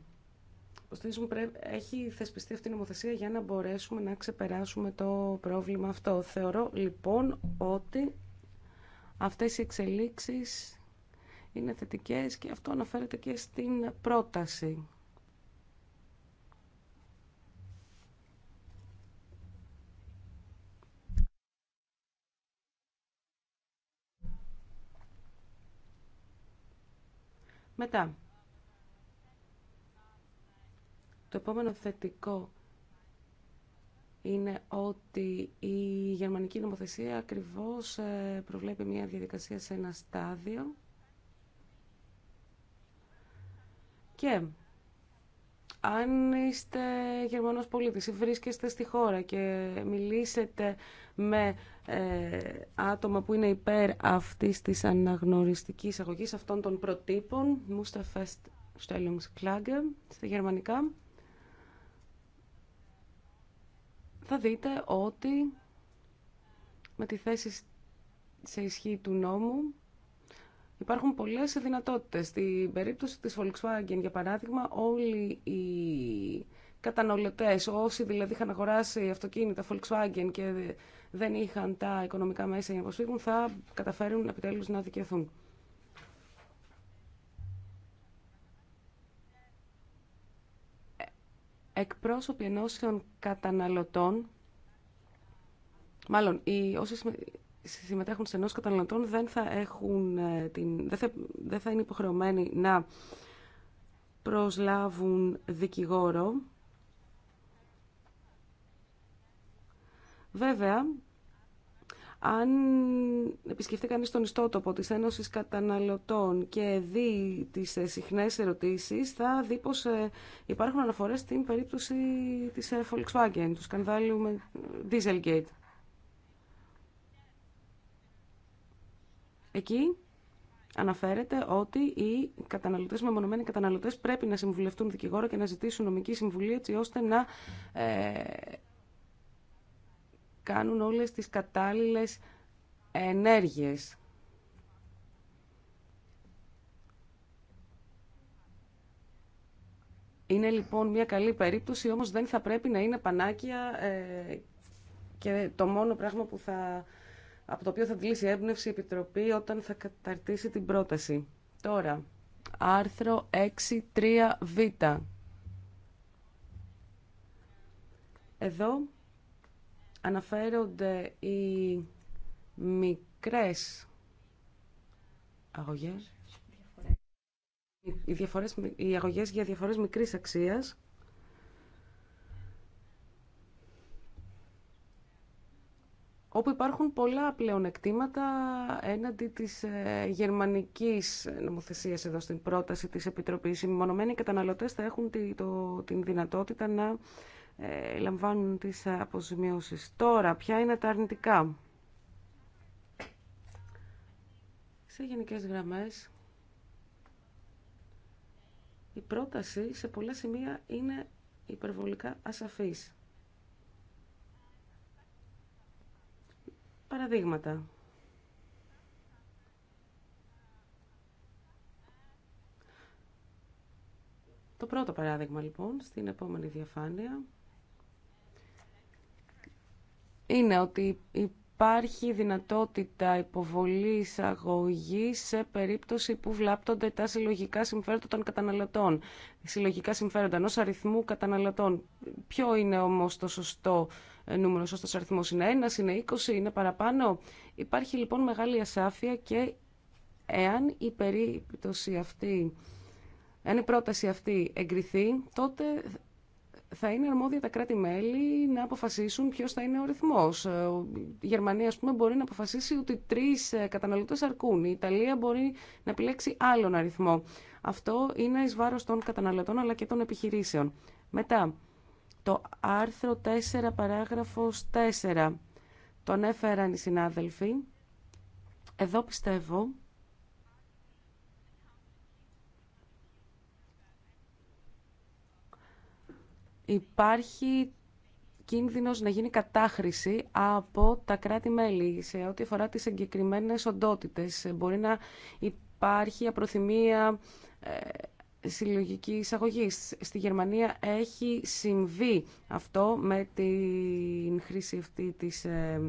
πρέπει, έχει θεσπιστεί αυτή η νομοθεσία για να μπορέσουμε να ξεπεράσουμε το πρόβλημα αυτό. Θεωρώ λοιπόν ότι αυτές οι εξελίξεις είναι θετικές και αυτό αναφέρεται και στην πρόταση. Μετά, το επόμενο θετικό είναι ότι η γερμανική νομοθεσία ακριβώς ε, προβλέπει μια διαδικασία σε ένα στάδιο και αν είστε γερμανός πολίτης ή βρίσκεστε στη χώρα και μιλήσετε με ε, άτομα που είναι υπέρ αυτής της αναγνωριστικής αγωγής αυτών των προτύπων Musterfest Stellungsklage στα γερμανικά θα δείτε ότι με τη θέση σε ισχύ του νόμου υπάρχουν πολλές δυνατότητες. Στην περίπτωση της Volkswagen, για παράδειγμα, όλοι οι καταναλωτές, όσοι δηλαδή είχαν αγοράσει αυτοκίνητα Volkswagen και δεν είχαν τα οικονομικά μέσα για να προσφύγουν, θα καταφέρουν επιτέλους να δικαιωθούν. εκπρόσωποι ενώσεων καταναλωτών, μάλλον οι όσοι συμμετέχουν σε ενώσεις καταναλωτών δεν θα, έχουν ε, την, δεν, θα, δεν θα είναι υποχρεωμένοι να προσλάβουν δικηγόρο. Βέβαια, αν επισκεφτεί κανείς τον ιστότοπο της Ένωσης Καταναλωτών και δει τις ε, συχνές ερωτήσεις, θα δει πως ε, υπάρχουν αναφορές στην περίπτωση της ε, Volkswagen, του σκανδάλου με Dieselgate. Εκεί αναφέρεται ότι οι καταναλωτές με μεμονωμένοι καταναλωτές πρέπει να συμβουλευτούν δικηγόρο και να ζητήσουν νομική συμβουλή έτσι ώστε να κάνουν όλες τις κατάλληλες ενέργειες. Είναι λοιπόν μια καλή περίπτωση, όμως δεν θα πρέπει να είναι πανάκια ε, και το μόνο πράγμα που θα, από το οποίο θα δηλήσει έμπνευση η Επιτροπή όταν θα καταρτήσει την πρόταση. Τώρα, άρθρο 6.3β. Εδώ αναφέρονται οι μικρές αγωγές, οι, διαφορές, οι αγωγές για διαφορές μικρής αξίας, όπου υπάρχουν πολλά πλεονεκτήματα έναντι της ε, γερμανικής νομοθεσίας εδώ στην πρόταση της Επιτροπής. Οι μονομένοι καταναλωτές θα έχουν τη, την δυνατότητα να ε, λαμβάνουν τις αποζημιώσεις. Τώρα, ποια είναι τα αρνητικά. Σε γενικές γραμμές, η πρόταση σε πολλά σημεία είναι υπερβολικά ασαφής. Παραδείγματα. Το πρώτο παράδειγμα λοιπόν, στην επόμενη διαφάνεια, είναι ότι υπάρχει δυνατότητα υποβολής αγωγής σε περίπτωση που βλάπτονται τα συλλογικά συμφέροντα των καταναλωτών. Συλλογικά συμφέροντα ενό αριθμού καταναλωτών. Ποιο είναι όμως το σωστό νούμερο, σωστός αριθμός είναι ένα, είναι 20, είναι παραπάνω. Υπάρχει λοιπόν μεγάλη ασάφεια και εάν η περίπτωση αυτή, εάν η πρόταση αυτή εγκριθεί, τότε θα είναι αρμόδια τα κράτη-μέλη να αποφασίσουν ποιο θα είναι ο ρυθμό. Ε, η Γερμανία, α πούμε, μπορεί να αποφασίσει ότι τρει ε, καταναλωτέ αρκούν. Η Ιταλία μπορεί να επιλέξει άλλον αριθμό. Αυτό είναι ει βάρο των καταναλωτών αλλά και των επιχειρήσεων. Μετά, το άρθρο 4, παράγραφος 4. Τον έφεραν οι συνάδελφοι. Εδώ πιστεύω υπάρχει κίνδυνος να γίνει κατάχρηση από τα κράτη-μέλη σε ό,τι αφορά τις συγκεκριμένε οντότητες. Μπορεί να υπάρχει απροθυμία ε, συλλογική εισαγωγή. Στη Γερμανία έχει συμβεί αυτό με την χρήση αυτή της, ε,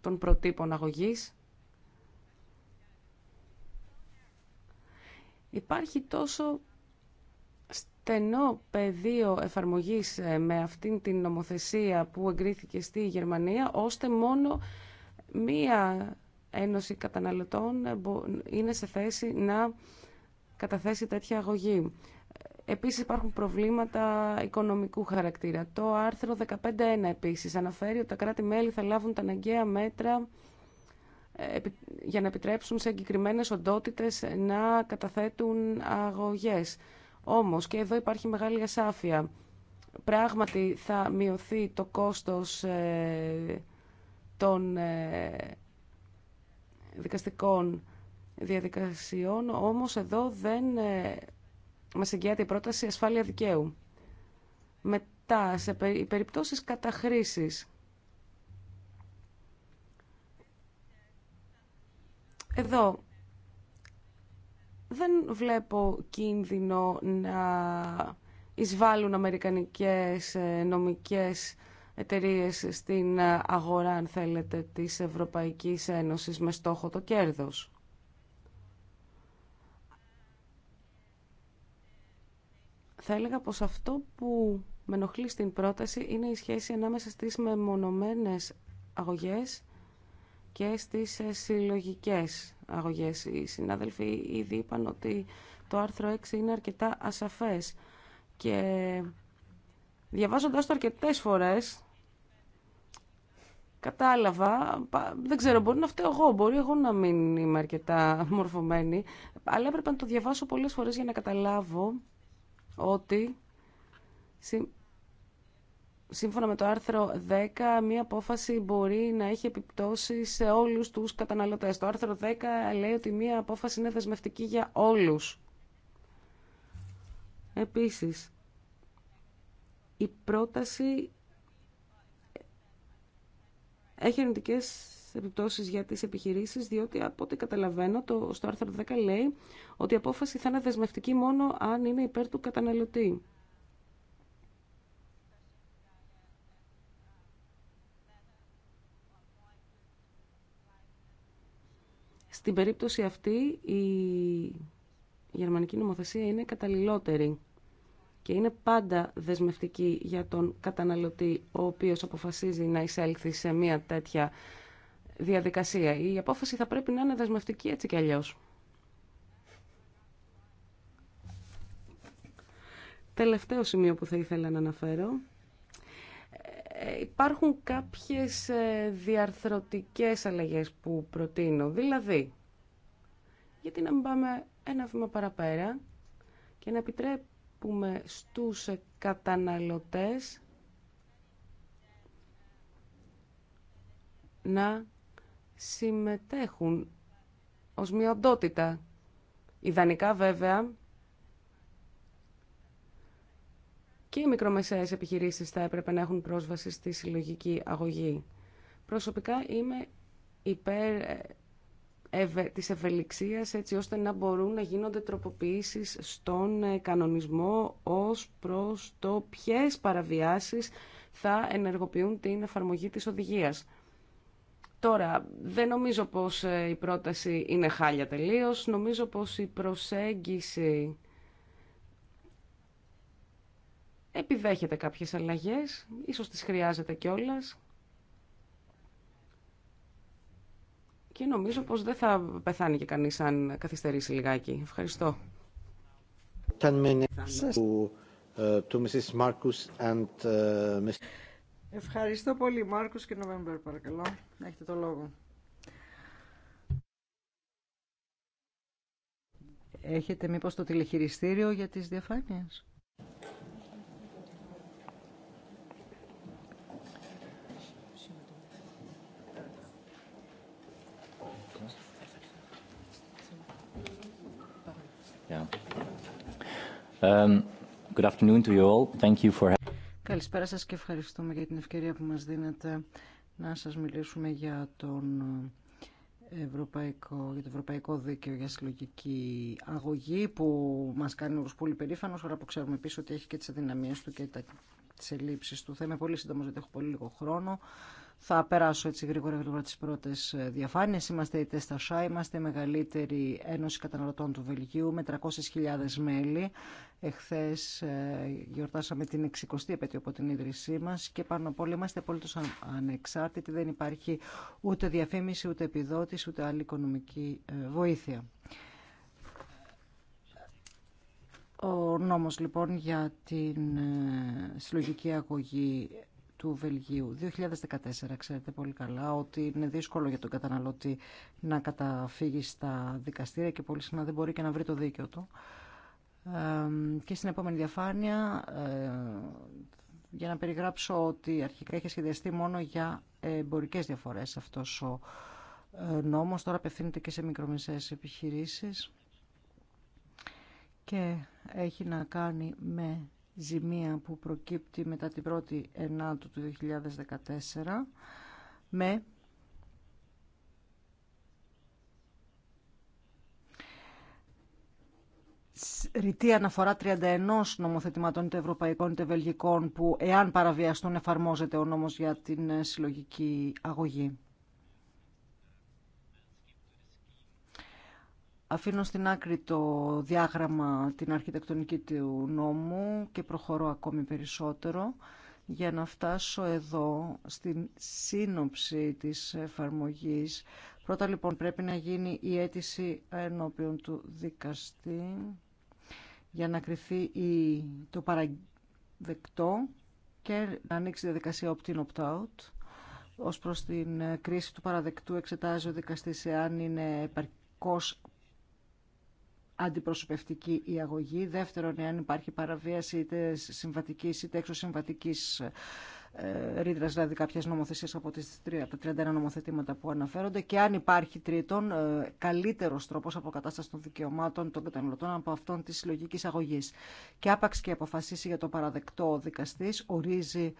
των προτύπων αγωγής. Υπάρχει τόσο στενό πεδίο εφαρμογής ε, με αυτήν την νομοθεσία που εγκρίθηκε στη Γερμανία, ώστε μόνο μία ένωση καταναλωτών ε, είναι σε θέση να καταθέσει τέτοια αγωγή. Επίσης υπάρχουν προβλήματα οικονομικού χαρακτήρα. Το άρθρο 15.1 επίσης αναφέρει ότι τα κράτη-μέλη θα λάβουν τα αναγκαία μέτρα ε, για να επιτρέψουν σε εγκεκριμένες οντότητες να καταθέτουν αγωγές. Όμως, και εδώ υπάρχει μεγάλη ασάφεια, πράγματι θα μειωθεί το κόστος ε, των ε, δικαστικών διαδικασιών, όμως εδώ δεν ε, μας εγγυάται η πρόταση ασφάλεια δικαίου. Μετά, σε περιπτώσεις καταχρήσης, εδώ δεν βλέπω κίνδυνο να εισβάλλουν αμερικανικές ε, νομικές εταιρείες στην ε, αγορά, αν θέλετε, της Ευρωπαϊκής Ένωσης με στόχο το κέρδος. Θα έλεγα πως αυτό που με ενοχλεί στην πρόταση είναι η σχέση ανάμεσα στις μεμονωμένες αγωγές και στις ε, συλλογικές αγωγές. Οι συνάδελφοι ήδη είπαν ότι το άρθρο 6 είναι αρκετά ασαφές και διαβάζοντας το αρκετές φορές κατάλαβα, δεν ξέρω, μπορεί να φταίω εγώ, μπορεί εγώ να μην είμαι αρκετά μορφωμένη, αλλά έπρεπε να το διαβάσω πολλές φορές για να καταλάβω ότι σύμφωνα με το άρθρο 10, μία απόφαση μπορεί να έχει επιπτώσει σε όλους τους καταναλωτές. Το άρθρο 10 λέει ότι μία απόφαση είναι δεσμευτική για όλους. Επίσης, η πρόταση έχει αρνητικέ επιπτώσεις για τις επιχειρήσεις, διότι από ό,τι καταλαβαίνω, το, στο άρθρο 10 λέει ότι η απόφαση θα είναι δεσμευτική μόνο αν είναι υπέρ του καταναλωτή. Στην περίπτωση αυτή η γερμανική νομοθεσία είναι καταλληλότερη και είναι πάντα δεσμευτική για τον καταναλωτή ο οποίος αποφασίζει να εισέλθει σε μια τέτοια διαδικασία. Η απόφαση θα πρέπει να είναι δεσμευτική έτσι κι αλλιώς. Τελευταίο σημείο που θα ήθελα να αναφέρω υπάρχουν κάποιες ε, διαρθρωτικές αλλαγές που προτείνω. Δηλαδή, γιατί να μην πάμε ένα βήμα παραπέρα και να επιτρέπουμε στους καταναλωτές να συμμετέχουν ως μια οντότητα. Ιδανικά βέβαια και οι μικρομεσαίες επιχειρήσεις θα έπρεπε να έχουν πρόσβαση στη συλλογική αγωγή. Προσωπικά είμαι υπέρ ε, της ευελιξίας έτσι ώστε να μπορούν να γίνονται τροποποιήσεις στον ε, κανονισμό ως προς το ποιες παραβιάσεις θα ενεργοποιούν την εφαρμογή της οδηγίας. Τώρα, δεν νομίζω πως ε, η πρόταση είναι χάλια τελείως, νομίζω πως η προσέγγιση Επιδέχεται κάποιες αλλαγές, ίσως τις χρειάζεται κιόλα. Και νομίζω πως δεν θα πεθάνει και κανείς αν καθυστερήσει λιγάκι. Ευχαριστώ. Uh, uh, Ευχαριστώ πολύ, Μάρκους και Νοβέμπερ, παρακαλώ. Έχετε το λόγο. Έχετε μήπως το τηλεχειριστήριο για τις διαφάνειες. Um, Καλησπέρα σας και ευχαριστούμε για την ευκαιρία που μας δίνετε να σας μιλήσουμε για τον ε, Ευρωπαϊκό, για το Ευρωπαϊκό Δίκαιο για Συλλογική Αγωγή που μας κάνει όλους πολύ περήφανος, ώρα που ξέρουμε επίσης ότι έχει και τις αδυναμίες του και τα τις ελλείψεις του. Θα είμαι πολύ σύντομος γιατί έχω πολύ λίγο χρόνο. Θα περάσω έτσι γρήγορα γρήγορα τις πρώτες ε, διαφάνειες. Είμαστε η Τεστασά, είμαστε η μεγαλύτερη Ένωση Καταναλωτών του Βελγίου με 300.000 μέλη. Εχθές ε, γιορτάσαμε την 60η επέτειο από την ίδρυσή μας και πάνω από όλα είμαστε απόλυτος ανεξάρτητοι. Δεν υπάρχει ούτε διαφήμιση, ούτε επιδότηση, ούτε άλλη οικονομική ε, βοήθεια. Ο νόμος λοιπόν για την συλλογική αγωγή του Βελγίου 2014. Ξέρετε πολύ καλά ότι είναι δύσκολο για τον καταναλωτή να καταφύγει στα δικαστήρια και πολύ συχνά δεν μπορεί και να βρει το δίκαιο του. και στην επόμενη διαφάνεια, ε, για να περιγράψω ότι αρχικά είχε σχεδιαστεί μόνο για εμπορικές διαφορές αυτός ο ε, νόμος, τώρα απευθύνεται και σε μικρομεσαίες επιχειρήσεις και έχει να κάνει με ζημία που προκύπτει μετά την 1η Ενάτου του 2014 με ρητή αναφορά 31 νομοθετημάτων είτε ευρωπαϊκών είτε βελγικών που εάν παραβιαστούν εφαρμόζεται ο νόμος για την ε, συλλογική αγωγή. Αφήνω στην άκρη το διάγραμμα την αρχιτεκτονική του νόμου και προχωρώ ακόμη περισσότερο για να φτάσω εδώ στην σύνοψη της εφαρμογής. Πρώτα λοιπόν πρέπει να γίνει η αίτηση ενώπιον του δικαστή για να κρυθεί το παραδεκτό και να ανοίξει η διαδικασία opt-in, opt-out. Ως προς την κρίση του παραδεκτού εξετάζει ο δικαστής εάν είναι επαρκή αντιπροσωπευτική η αγωγή. Δεύτερον, εάν υπάρχει παραβίαση είτε συμβατική είτε εξωσυμβατικής ε, ρήτρα, δηλαδή κάποιε νομοθεσίε από τις 3, τα 31 νομοθετήματα που αναφέρονται. Και αν υπάρχει τρίτον, ε, καλύτερο τρόπο αποκατάσταση των δικαιωμάτων των καταναλωτών από αυτών τη συλλογική αγωγή. Και άπαξ και αποφασίσει για το παραδεκτό ο δικαστή, ορίζει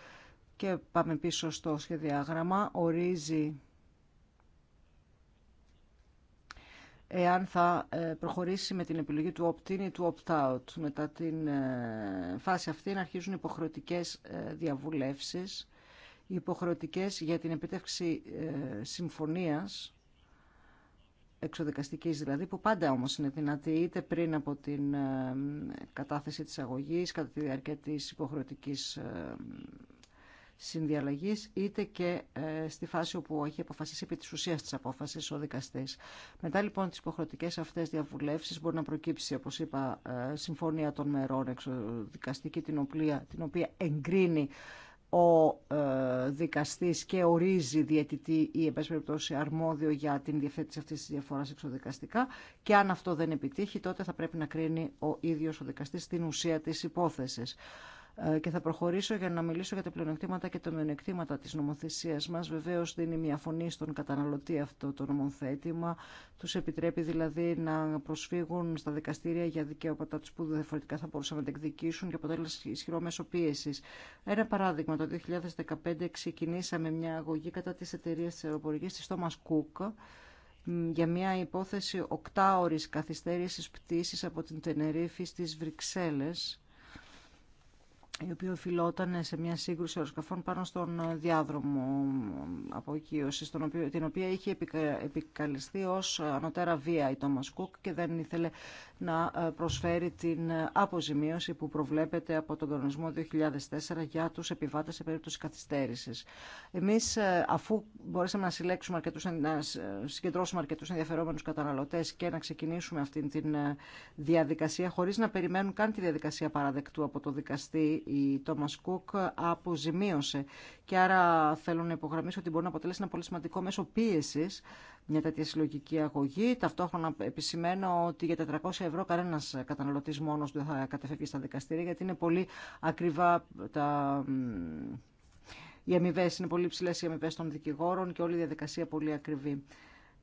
και πάμε πίσω στο σχεδιάγραμμα, ορίζει εάν θα ε, προχωρήσει με την επιλογή του opt-in ή του opt-out. Μετά την ε, φάση αυτή να αρχίζουν υποχρεωτικές ε, διαβουλεύσεις, υποχρεωτικές για την επιτεύξη συμφωνίας, εξοδικαστικής δηλαδή, που πάντα όμως είναι δυνατή είτε πριν από την κατάθεση της αγωγής, κατά τη διάρκεια της υποχρεωτικής συνδιαλλαγή, είτε και ε, στη φάση όπου έχει αποφασίσει επί τη ουσία τη απόφαση ο δικαστή. Μετά λοιπόν τι υποχρεωτικέ αυτέ διαβουλευσει μπορεί να προκύψει όπω είπα ε, συμφωνία των μερών εξοδικαστική την οποία, την οποία εγκρίνει ο ε, δικαστής και ορίζει διαιτητή ή εν αρμόδιο για την διευθέτηση αυτή τη διαφορά εξοδικαστικά και αν αυτό δεν επιτύχει τότε θα πρέπει να κρίνει ο ίδιο ο δικαστή την ουσία τη υπόθεση. Ε, και θα προχωρήσω για να μιλήσω για τα πλεονεκτήματα και τα μειονεκτήματα της νομοθεσίας μας. Βεβαίως δίνει μια φωνή στον καταναλωτή αυτό το νομοθέτημα. Τους επιτρέπει δηλαδή να προσφύγουν στα δικαστήρια για δικαιώματα τους που διαφορετικά θα μπορούσαν να διεκδικήσουν και αποτέλεσε ισχυρό μέσο πίεση. Ένα παράδειγμα, το 2015 ξεκινήσαμε μια αγωγή κατά της εταιρεία της αεροπορικής της Thomas Cook για μια υπόθεση οκτάωρης καθυστέρησης πτήσης από την Τενερίφη στις Βρυξέλλες η οποία οφειλόταν σε μια σύγκρουση αεροσκαφών πάνω στον διάδρομο αποκείωσης, την οποία είχε επικαλυστεί ω ανωτέρα βία η Thomas Κουκ και δεν ήθελε να ε, προσφέρει την αποζημίωση που προβλέπεται από τον κανονισμό 2004 για του επιβάτε σε περίπτωση καθυστέρηση. Εμείς, ε, αφού μπορέσαμε να, συλλέξουμε αρκετούς, να συγκεντρώσουμε αρκετού ενδιαφερόμενου καταναλωτέ και να ξεκινήσουμε αυτή την ε, διαδικασία, χωρί να περιμένουν καν τη διαδικασία παραδεκτού από το δικαστή η Thomas Cook αποζημίωσε. Και άρα θέλω να υπογραμμίσω ότι μπορεί να αποτελέσει ένα πολύ σημαντικό μέσο πίεσης μια τέτοια συλλογική αγωγή. Ταυτόχρονα επισημαίνω ότι για 400 ευρώ κανένα καταναλωτή μόνο δεν θα κατεφεύγει στα δικαστήρια, γιατί είναι πολύ ακριβά τα. Οι αμοιβέ είναι πολύ ψηλέ οι αμοιβέ των δικηγόρων και όλη η διαδικασία πολύ ακριβή.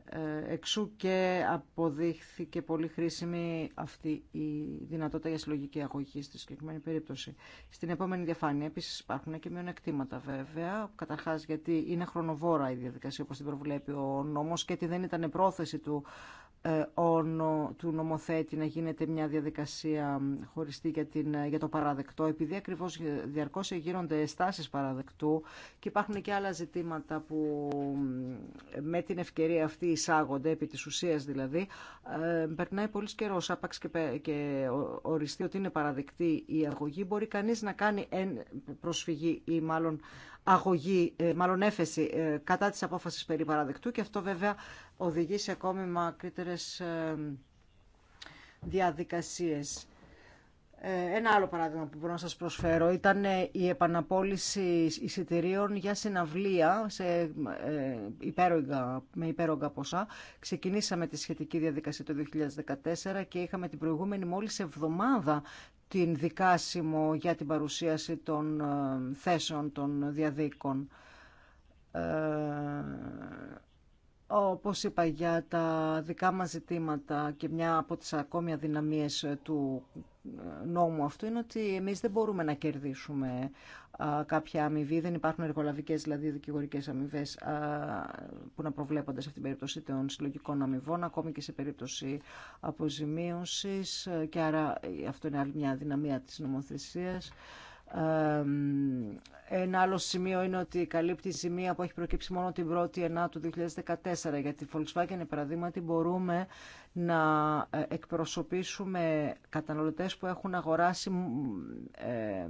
Ε, εξού και αποδείχθηκε πολύ χρήσιμη αυτή η δυνατότητα για συλλογική αγωγή στη συγκεκριμένη περίπτωση. Στην επόμενη διαφάνεια επίση υπάρχουν και μειονεκτήματα βέβαια, καταρχά γιατί είναι χρονοβόρα η διαδικασία όπω την προβλέπει ο νόμο και ότι δεν ήταν πρόθεση του ε, όνο του νομοθέτη να γίνεται μια διαδικασία χωριστή ε, για, το παραδεκτό, επειδή ακριβώς ε, διαρκώς γίνονται στάσεις παραδεκτού και υπάρχουν και άλλα ζητήματα που με την ευκαιρία αυτή εισάγονται, επί της ουσίας δηλαδή, περνάει πολύ καιρό άπαξ και, και οριστεί ότι είναι παραδεκτή η αγωγή, μπορεί κανείς να κάνει προσφυγή ή μάλλον αγωγή, μάλλον έφεση κατά της απόφασης περί παραδεκτού και αυτό βέβαια οδηγεί σε ακόμη μακρύτερες ε, διαδικασίες. Ε, ένα άλλο παράδειγμα που μπορώ να σας προσφέρω ήταν ε, η επαναπόληση εισιτηρίων για συναυλία σε υπέρογκα, με υπέρογκα ποσά. Ξεκινήσαμε τη σχετική διαδικασία το 2014 και είχαμε την προηγούμενη μόλις εβδομάδα την δικάσιμο για την παρουσίαση των θέσεων των διαδίκων όπως είπα για τα δικά μας ζητήματα και μια από τις ακόμη αδυναμίες του ε, νόμου αυτού είναι ότι εμείς δεν μπορούμε να κερδίσουμε κάποια αμοιβή, δεν υπάρχουν εργολαβικές δηλαδή δικηγορικές αμοιβέ που να προβλέπονται σε αυτήν την περίπτωση των συλλογικών αμοιβών, ακόμη και σε περίπτωση αποζημίωσης ε, και άρα ε, αυτό είναι άλλη μια αδυναμία της νομοθεσίας. Ένα άλλο σημείο είναι ότι καλύπτει η ζημία που έχει προκύψει μόνο την 1η του 2014. Για τη Volkswagen, παραδείγματι, μπορούμε να ε, εκπροσωπήσουμε καταναλωτές που έχουν αγοράσει ε,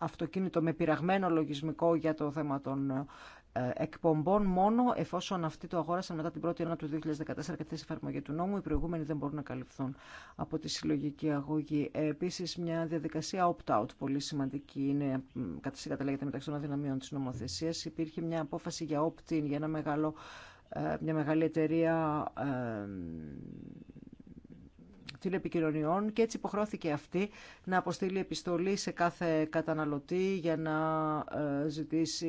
αυτοκίνητο με πειραγμένο λογισμικό για το θέμα των ε, εκπομπών μόνο εφόσον αυτοί το αγόρασαν μετά την 1η Ιανουαρίου του 2014 και εφαρμογή του νόμου. Οι προηγούμενοι δεν μπορούν να καλυφθούν από τη συλλογική αγωγή. Ε, Επίση, μια διαδικασία opt-out πολύ σημαντική είναι, κατά συγκαταλέγεται μεταξύ των αδυναμιών τη νομοθεσία. Υπήρχε μια απόφαση για opt-in για μεγάλο ε, μια μεγάλη εταιρεία τηλεπικοινωνιών και έτσι υποχρεώθηκε αυτή να αποστείλει επιστολή σε κάθε καταναλωτή για να ε, ζητήσει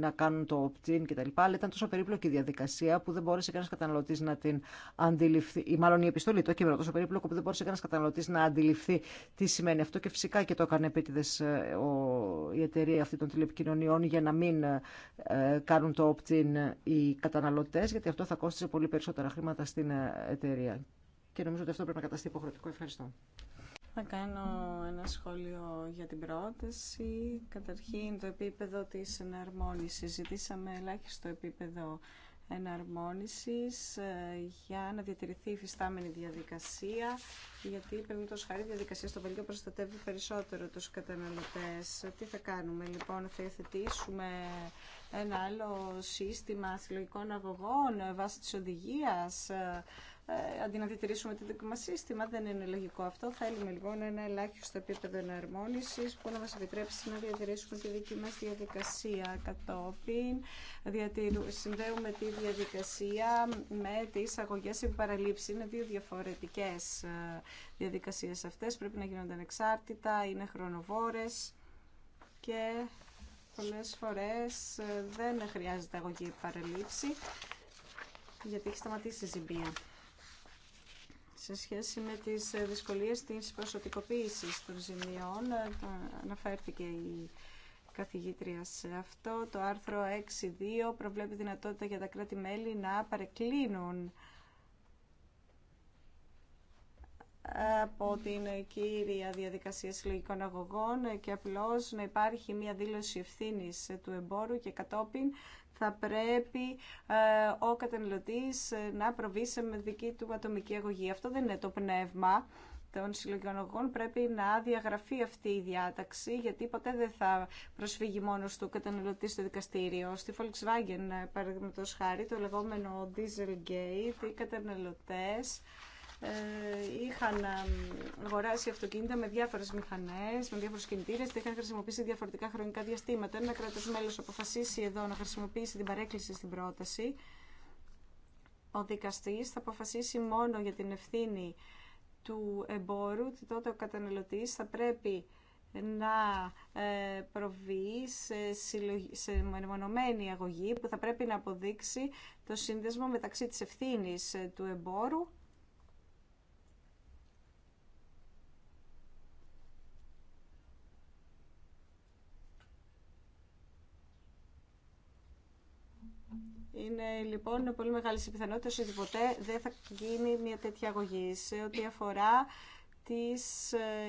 να κάνουν το opt-in κτλ. Αλλά ήταν τόσο περίπλοκη η διαδικασία που δεν μπόρεσε κανένα καταναλωτή να την αντιληφθεί. Ή μάλλον η επιστολή, το κείμενο τόσο περίπλοκο που δεν μπόρεσε κανένα καταναλωτή να αντιληφθεί τι σημαίνει αυτό και φυσικά και το έκανε επίτηδε ε, η εταιρεία αυτή των τηλεπικοινωνιών για να μην ε, κάνουν το opt-in οι καταναλωτέ, γιατί αυτό θα κόστησε πολύ περισσότερα χρήματα στην εταιρεία και νομίζω ότι αυτό πρέπει να καταστεί υποχρεωτικό. Ευχαριστώ. Θα κάνω ένα σχόλιο για την πρόταση. Καταρχήν, το επίπεδο της εναρμόνισης. Ζητήσαμε ελάχιστο επίπεδο εναρμόνισης ε, για να διατηρηθεί η φυστάμενη διαδικασία γιατί περίπτωση χάρη η διαδικασία στο Βελγίο προστατεύει περισσότερο τους καταναλωτές. Τι θα κάνουμε λοιπόν, θα υιοθετήσουμε ένα άλλο σύστημα συλλογικών αγωγών ε, βάσει τη οδηγία. Ε, ε, αντί να διατηρήσουμε το δικό μα σύστημα. Δεν είναι λογικό αυτό. Θέλουμε λοιπόν ένα ελάχιστο επίπεδο εναρμόνιση που να μα επιτρέψει να διατηρήσουμε τη δική μα διαδικασία. Κατόπιν, συνδέουμε τη διαδικασία με τι αγωγέ επιπαραλήψη. Είναι δύο διαφορετικέ ε, διαδικασίε αυτέ. Πρέπει να γίνονται ανεξάρτητα, είναι χρονοβόρε και πολλές φορές ε, δεν χρειάζεται αγωγή παραλήψη γιατί έχει σταματήσει η ζημία σε σχέση με τις ε, δυσκολίες της προσωπικοποίησης των ζημιών. Ε, αναφέρθηκε η καθηγήτρια σε αυτό. Το άρθρο 6.2 προβλέπει δυνατότητα για τα κράτη-μέλη να παρεκκλίνουν από την κύρια διαδικασία συλλογικών αγωγών και απλώς να υπάρχει μια δήλωση ευθύνης του εμπόρου και κατόπιν θα πρέπει ε, ο καταναλωτής ε, να προβεί σε δική του ατομική αγωγή. Αυτό δεν είναι το πνεύμα των συλλογικών Πρέπει να διαγραφεί αυτή η διάταξη, γιατί ποτέ δεν θα προσφύγει μόνο του καταναλωτή στο δικαστήριο. Στη Volkswagen, ε, παραδείγματο χάρη, το λεγόμενο Dieselgate, οι καταναλωτέ ε, είχαν αγοράσει αυτοκίνητα με διάφορε μηχανέ, με διάφορου κινητήρε τα είχαν χρησιμοποιήσει διαφορετικά χρονικά διαστήματα. Ένα κράτο μέλο αποφασίσει εδώ να χρησιμοποιήσει την παρέκκληση στην πρόταση. Ο δικαστή θα αποφασίσει μόνο για την ευθύνη του εμπόρου, ότι τότε ο καταναλωτή θα πρέπει να ε, προβεί σε, συλλογή, σε αγωγή που θα πρέπει να αποδείξει το σύνδεσμο μεταξύ της ευθύνης ε, του εμπόρου Είναι λοιπόν πολύ μεγάλη η πιθανότητα ότι ποτέ δεν θα γίνει μια τέτοια αγωγή σε ό,τι αφορά τι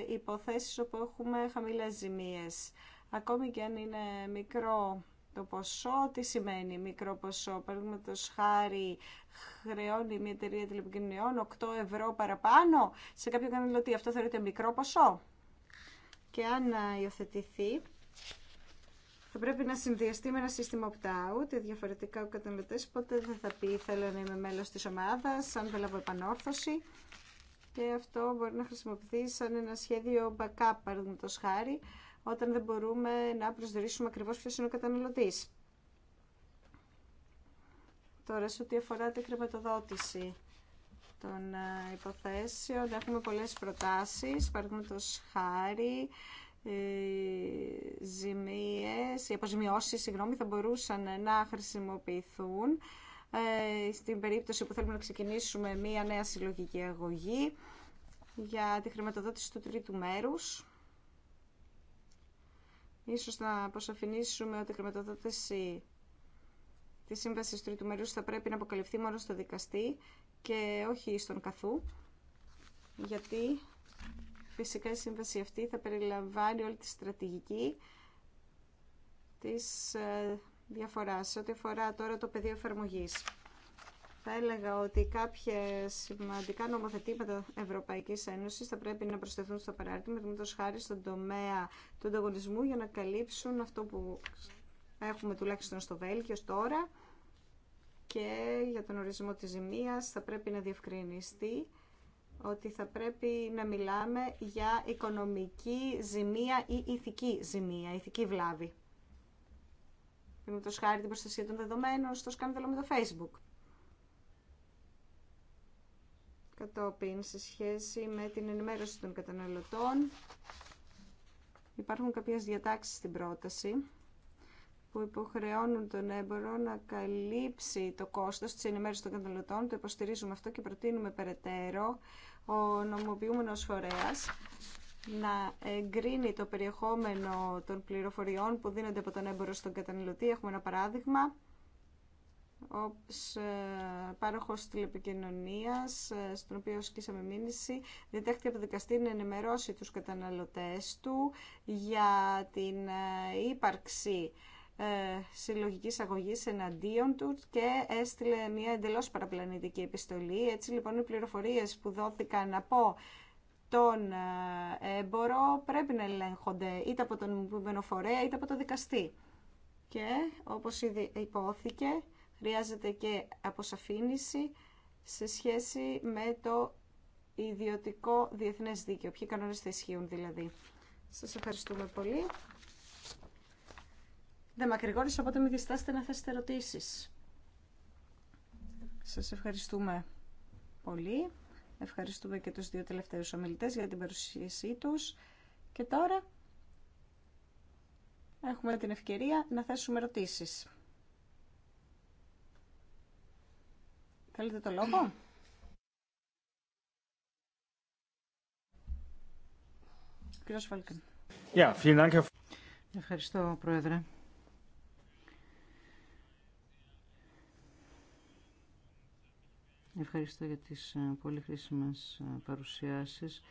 ε, υποθέσει όπου έχουμε χαμηλές ζημίες. Ακόμη και αν είναι μικρό το ποσό, τι σημαίνει μικρό ποσό. Παραδείγματο χάρη χρεώνει μια εταιρεία τηλεπικοινωνιών 8 ευρώ παραπάνω. Σε κάποιο καταναλωτή αυτό θεωρείται μικρό ποσό. Και αν ε, υιοθετηθεί, θα πρέπει να συνδυαστεί με ένα σύστημα opt-out, διαφορετικά ο καταναλωτής ποτέ δεν θα πει θέλω να είμαι μέλος της ομάδας, αν δεν λάβω επανόρθωση και αυτό μπορεί να χρησιμοποιηθεί σαν ένα σχέδιο backup, παραδείγματο χάρη, όταν δεν μπορούμε να προσδιορίσουμε ακριβώς ποιο είναι ο καταναλωτή. Τώρα, σε ό,τι αφορά τη χρηματοδότηση των ε, υποθέσεων, έχουμε πολλές προτάσεις, παραδείγματο χάρη, οι ε, ζημίες, οι αποζημιώσεις, συγγνώμη, θα μπορούσαν να χρησιμοποιηθούν ε, στην περίπτωση που θέλουμε να ξεκινήσουμε μία νέα συλλογική αγωγή για τη χρηματοδότηση του τρίτου μέρους. Ίσως να αποσαφηνίσουμε ότι η χρηματοδότηση της σύμβασης τρίτου μέρους θα πρέπει να αποκαλυφθεί μόνο στο δικαστή και όχι στον καθού, γιατί Φυσικά η σύμβαση αυτή θα περιλαμβάνει όλη τη στρατηγική της ε, διαφοράς. Ό,τι αφορά τώρα το πεδίο εφαρμογή. Θα έλεγα ότι κάποια σημαντικά νομοθετήματα Ευρωπαϊκής Ένωσης θα πρέπει να προσθεθούν στο παράρτημα, δηλαδή χάρη στον τομέα του ανταγωνισμού για να καλύψουν αυτό που έχουμε τουλάχιστον στο Βέλγιο τώρα και για τον ορισμό της ζημίας θα πρέπει να διευκρινιστεί ότι θα πρέπει να μιλάμε για οικονομική ζημία ή ηθική ζημία, ηθική βλάβη. Είναι το χάρη την προστασία των δεδομένων στο σκάνδαλο με το Facebook. Κατόπιν, σε σχέση με την ενημέρωση των καταναλωτών, υπάρχουν κάποιες διατάξεις στην πρόταση που υποχρεώνουν τον έμπορο να καλύψει το κόστος της ενημέρωσης των καταναλωτών. Το υποστηρίζουμε αυτό και προτείνουμε περαιτέρω ο νομοποιούμενος φορέας να εγκρίνει το περιεχόμενο των πληροφοριών που δίνονται από τον έμπορο στον καταναλωτή. Έχουμε ένα παράδειγμα Ο ε, πάροχος τηλεπικοινωνίας, ε, στον οποίο σκίσαμε μήνυση, διτέχθηκε από το δικαστήριο να ενημερώσει τους καταναλωτές του για την ε, ύπαρξη ε, Συλλογική αγωγή εναντίον του και έστειλε μια εντελώς παραπλανητική επιστολή. Έτσι λοιπόν οι πληροφορίες που δόθηκαν από τον ε, έμπορο πρέπει να ελέγχονται είτε από τον υπουργμένο είτε από το δικαστή. Και όπως ήδη υπόθηκε χρειάζεται και αποσαφήνιση σε σχέση με το ιδιωτικό διεθνές δίκαιο. Ποιοι κανόνες θα ισχύουν δηλαδή. Σας ευχαριστούμε πολύ. Δεν μακρηγόρησα, οπότε μην διστάσετε να θέσετε ερωτήσεις. Σας ευχαριστούμε πολύ. Ευχαριστούμε και τους δύο τελευταίους ομιλητές για την παρουσίασή τους. Και τώρα έχουμε την ευκαιρία να θέσουμε ερωτήσεις. Θέλετε το λόγο? Κύριος Φάλκεν. Yeah, Ευχαριστώ, Πρόεδρε. Ευχαριστώ για τις ε, πολύ χρήσιμες ε, παρουσιάσεις.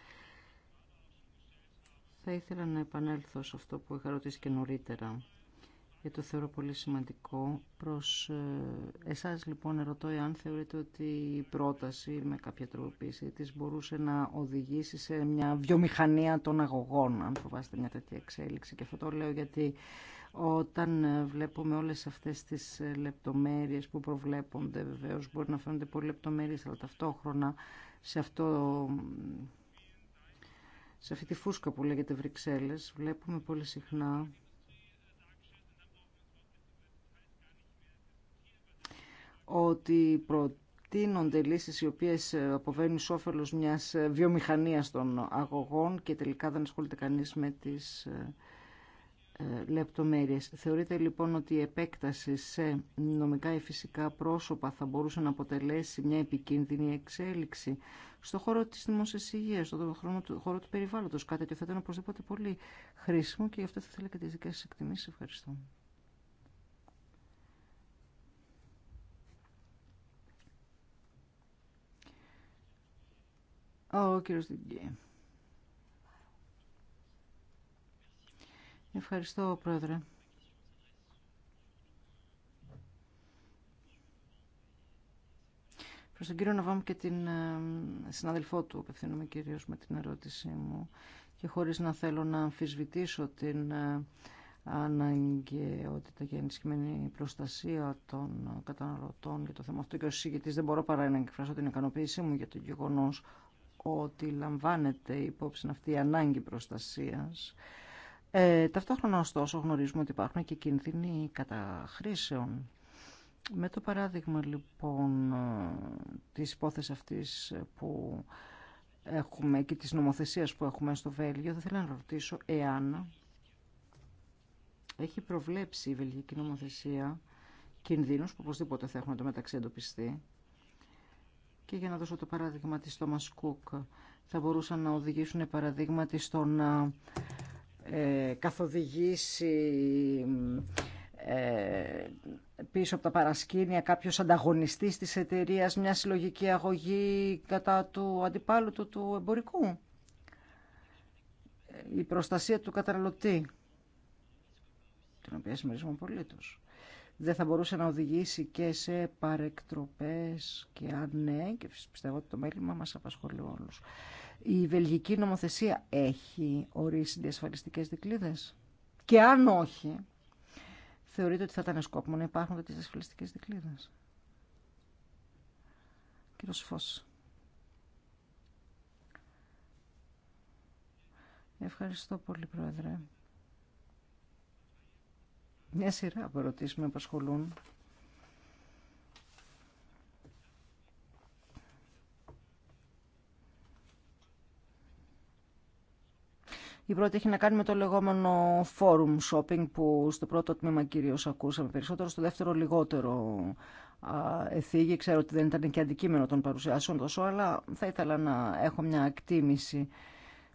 Θα ήθελα να επανέλθω σε αυτό που είχα ρωτήσει και νωρίτερα, γιατί το θεωρώ πολύ σημαντικό. Προς ε, εσάς λοιπόν ρωτώ εάν θεωρείτε ότι η πρόταση με κάποια τροποποίηση της μπορούσε να οδηγήσει σε μια βιομηχανία των αγωγών, αν φοβάστε μια τέτοια εξέλιξη. Και αυτό το λέω γιατί όταν ε, βλέπουμε όλες αυτές τις ε, λεπτομέρειες που προβλέπονται, βεβαίως μπορεί να φαίνονται πολύ λεπτομέρειες, αλλά ταυτόχρονα σε, αυτό, σε αυτή τη φούσκα που λέγεται Βρυξέλλες, βλέπουμε πολύ συχνά ότι προτείνονται λύσεις οι οποίες ε, αποβαίνουν σ' μιας βιομηχανίας των αγωγών και τελικά δεν ασχολείται κανείς με τις λεπτομέρειες. Θεωρείτε λοιπόν ότι η επέκταση σε νομικά ή φυσικά πρόσωπα θα μπορούσε να αποτελέσει μια επικίνδυνη εξέλιξη στον χώρο της δημόσιας υγείας, στον χώρο του, χώρο του περιβάλλοντος, κάτι τέτοιο θα ήταν οπωσδήποτε πολύ χρήσιμο και γι' αυτό θα ήθελα και τις δικές σας εκτιμήσεις. Ευχαριστώ. Ο κύριος Ευχαριστώ, Πρόεδρε. Προς τον κύριο Ναβάμ και την ε, συναδελφό του απευθύνομαι κυρίως με την ερώτησή μου και χωρίς να θέλω να αμφισβητήσω την ε, αναγκαιότητα για ενισχυμένη προστασία των καταναλωτών για το θέμα αυτό και ως συγκεκριτής δεν μπορώ παρά να εκφράσω την ικανοποίησή μου για το γεγονός ότι λαμβάνεται υπόψη αυτή η ανάγκη προστασίας ε, ταυτόχρονα ωστόσο γνωρίζουμε ότι υπάρχουν και κίνδυνοι καταχρήσεων. Με το παράδειγμα λοιπόν ε, της υπόθεσης αυτής που έχουμε και της νομοθεσίας που έχουμε στο Βέλγιο, θα ήθελα να ρωτήσω εάν έχει προβλέψει η βελγική νομοθεσία κινδύνους που οπωσδήποτε θα έχουν το μεταξύ εντοπιστεί. Και για να δώσω το παράδειγμα της Thomas Cook, θα μπορούσαν να οδηγήσουν παραδείγματι στο να ε, καθοδηγήσει ε, πίσω από τα παρασκήνια κάποιος ανταγωνιστής της εταιρείας μια συλλογική αγωγή κατά του αντιπάλου του, του εμπορικού. Η προστασία του καταναλωτή, την οποία συμμερίζουμε τους, δεν θα μπορούσε να οδηγήσει και σε παρεκτροπές και αν ναι, και πιστεύω ότι το μέλημα μας απασχολεί όλους η βελγική νομοθεσία έχει ορίσει διασφαλιστικές δικλείδες. Και αν όχι, θεωρείτε ότι θα ήταν σκόπιμο να υπάρχουν τέτοιες διασφαλιστικές δικλίδες. Κύριος Φώσης. Ευχαριστώ πολύ, Πρόεδρε. Μια σειρά από ερωτήσεις με απασχολούν. Η πρώτη έχει να κάνει με το λεγόμενο forum shopping που στο πρώτο τμήμα κυρίως ακούσαμε περισσότερο, στο δεύτερο λιγότερο εθίγη. Ξέρω ότι δεν ήταν και αντικείμενο των παρουσιάσεων τόσο, αλλά θα ήθελα να έχω μια εκτίμηση.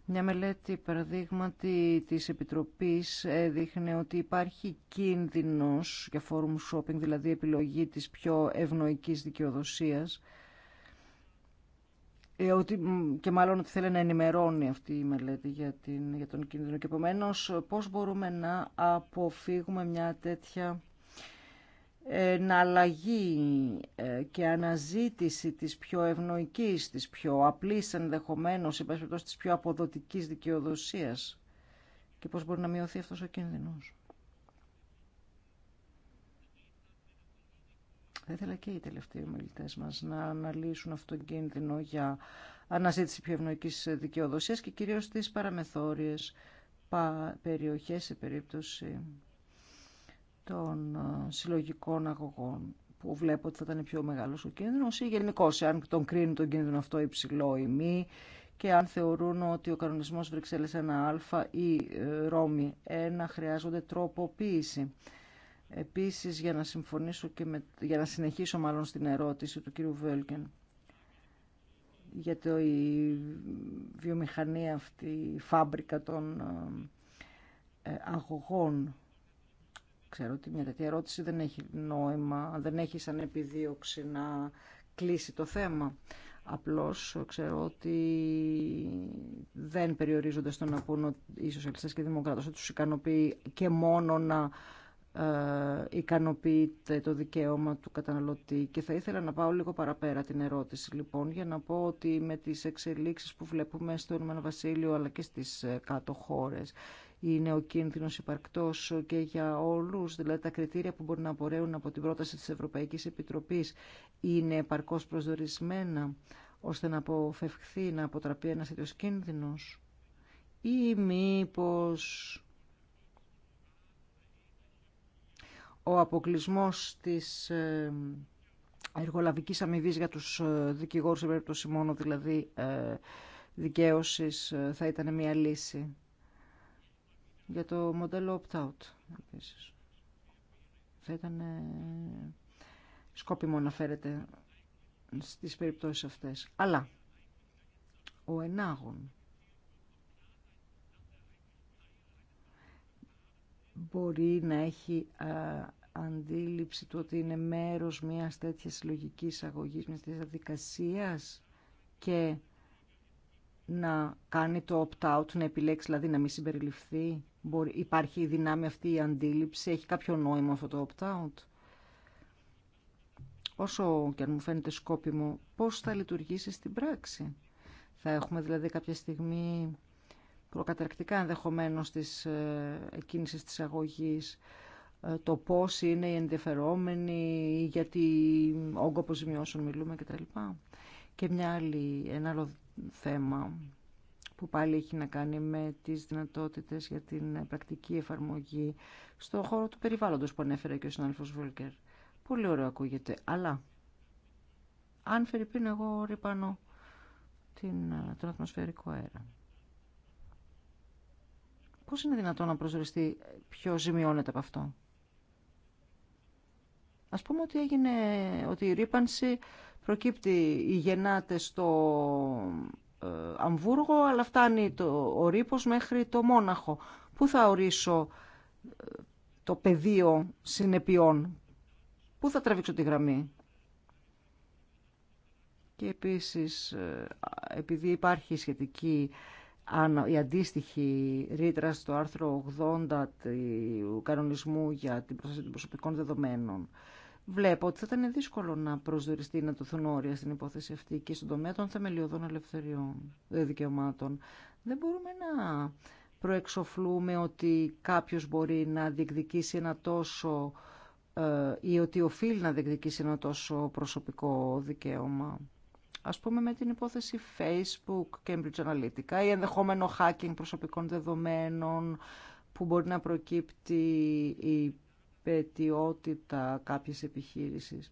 Μια μελέτη παραδείγματι της Επιτροπής έδειχνε ότι υπάρχει κίνδυνος για forum shopping, δηλαδή επιλογή της πιο ευνοϊκής δικαιοδοσίας ε, ότι, και μάλλον ότι θέλει να ενημερώνει αυτή η μελέτη για, την, για τον κίνδυνο. Και επομένω, πώ μπορούμε να αποφύγουμε μια τέτοια ε, εναλλαγή ε, και αναζήτηση της πιο ευνοϊκής, της πιο απλής ενδεχομένως, εν πάση της πιο αποδοτικής δικαιοδοσίας και πώς μπορεί να μειωθεί αυτός ο κίνδυνος. Θα ήθελα και οι τελευταίοι ομιλητέ μα να αναλύσουν αυτόν τον κίνδυνο για αναζήτηση πιο ευνοϊκή δικαιοδοσία και κυρίως τις παραμεθόριες περιοχέ σε περίπτωση των ε, συλλογικών αγωγών που βλέπω ότι θα ήταν πιο μεγάλο ο κίνδυνο ή γενικώ αν τον κρίνει τον κίνδυνο αυτό υψηλό ή μη και αν θεωρούν ότι ο κανονισμός Βρυξέλλες 1α ή ε, Ρώμη 1 χρειάζονται τροποποίηση. Επίσης, για να συμφωνήσω και με, για να συνεχίσω μάλλον στην ερώτηση του κύριου Βέλκεν, για το, βιομηχανία αυτή, η φάμπρικα των ε, ε, αγωγών. Ξέρω ότι μια τέτοια ερώτηση δεν έχει νόημα, δεν έχει σαν επιδίωξη να κλείσει το θέμα. Απλώς ξέρω ότι δεν περιορίζονται στο να πούν οι σοσιαλιστές και οι δημοκράτες ότι τους ικανοποιεί και μόνο να ε, ικανοποιείται το δικαίωμα του καταναλωτή. Και θα ήθελα να πάω λίγο παραπέρα την ερώτηση λοιπόν για να πω ότι με τις εξελίξεις που βλέπουμε στο Ηνωμένο Βασίλειο αλλά και στις ε, κάτω χώρες είναι ο κίνδυνο υπαρκτό και για όλου, δηλαδή τα κριτήρια που μπορεί να απορρέουν από την πρόταση τη Ευρωπαϊκή Επιτροπή είναι επαρκώ προσδορισμένα ώστε να αποφευχθεί να αποτραπεί ένα τέτοιο κίνδυνο. Ή μήπω. ο αποκλεισμός της ε, εργολαβικής αμοιβή για τους ε, δικηγόρους σε περίπτωση μόνο δηλαδή ε, δικαίωσης θα ήταν μια λύση για το μοντέλο opt-out επίσης. Θα ήταν σκόπιμο να φέρετε στις περιπτώσεις αυτές. Αλλά ο ενάγων μπορεί να έχει αντίληψη του ότι είναι μέρος μιας τέτοιας συλλογική αγωγής, μιας τέτοιας διαδικασίας και να κάνει το opt-out, να επιλέξει δηλαδή να μην συμπεριληφθεί. Μπορεί, υπάρχει η δυνάμει αυτή η αντίληψη, έχει κάποιο νόημα αυτό το opt-out. Όσο και αν μου φαίνεται σκόπιμο, πώς θα λειτουργήσει στην πράξη. Θα έχουμε δηλαδή κάποια στιγμή προκαταρκτικά ενδεχομένως της ε, εκκίνησης της αγωγής, ε, το πώς είναι οι ενδιαφερόμενοι, γιατί όγκο αποζημιώσεων μιλούμε κτλ. Και μια άλλη, ένα άλλο θέμα που πάλι έχει να κάνει με τις δυνατότητες για την πρακτική εφαρμογή στον χώρο του περιβάλλοντος που ανέφερε και ο συνάδελφος Βούλκερ. Πολύ ωραίο ακούγεται, αλλά αν φερειπίνω εγώ ρηπάνω ε, τον ατμοσφαιρικό αέρα Πώς είναι δυνατόν να προσδοριστεί ε, ποιο ζημιώνεται από αυτό. Ας πούμε ότι έγινε, ότι η ρήπανση προκύπτει, η γεννάτε στο ε, Αμβούργο, αλλά φτάνει το, ο ρήπος μέχρι το Μόναχο. Πού θα ορίσω ε, το πεδίο συνεπειών, πού θα τραβήξω τη γραμμή. Και επίσης, επειδή υπάρχει σχετική αν η αντίστοιχη ρήτρα στο άρθρο 80 του κανονισμού για την προστασία των προσωπικών δεδομένων. Βλέπω ότι θα ήταν δύσκολο να προσδιοριστεί να το όρια στην υπόθεση αυτή και στον τομέα των θεμελιωδών ελευθεριών ε, δικαιωμάτων. Δεν μπορούμε να προεξοφλούμε ότι κάποιος μπορεί να διεκδικήσει ένα τόσο ε, ή ότι οφείλει να διεκδικήσει ένα τόσο προσωπικό δικαίωμα ας πούμε με την υπόθεση Facebook, Cambridge Analytica ή ενδεχόμενο hacking προσωπικών δεδομένων που μπορεί να προκύπτει η πετιότητα κάποιες επιχείρησης.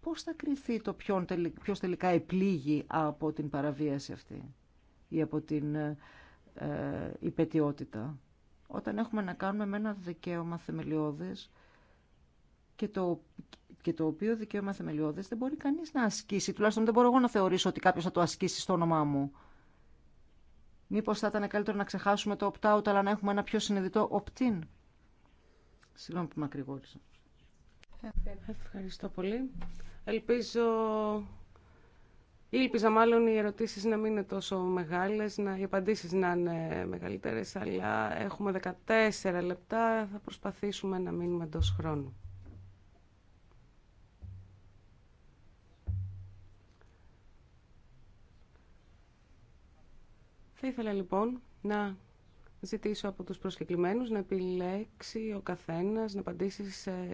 Πώς θα κριθεί το ποιος τελικά επλήγει από την παραβίαση αυτή ή από την ε, υπετιότητα. Ε, όταν έχουμε να κάνουμε με ένα δικαίωμα θεμελιώδες και το και το οποίο δικαίωμα θεμελιώδε δεν μπορεί κανεί να ασκήσει. Τουλάχιστον δεν μπορώ εγώ να θεωρήσω ότι κάποιο θα το ασκήσει στο όνομά μου. Μήπω θα ήταν καλύτερο να ξεχάσουμε το opt-out, αλλά να έχουμε ένα πιο συνειδητό opt-in. Συγγνώμη που με μακρηγόρησα. Ευχαριστώ πολύ. Ελπίζω. Ήλπιζα μάλλον οι ερωτήσει να μην είναι τόσο μεγάλε, να, οι απαντήσει να είναι μεγαλύτερε. αλλά έχουμε 14 λεπτά, θα προσπαθήσουμε να μείνουμε εντό χρόνου. Θα ήθελα λοιπόν να ζητήσω από τους προσκεκλημένους να επιλέξει ο καθένας να απαντήσει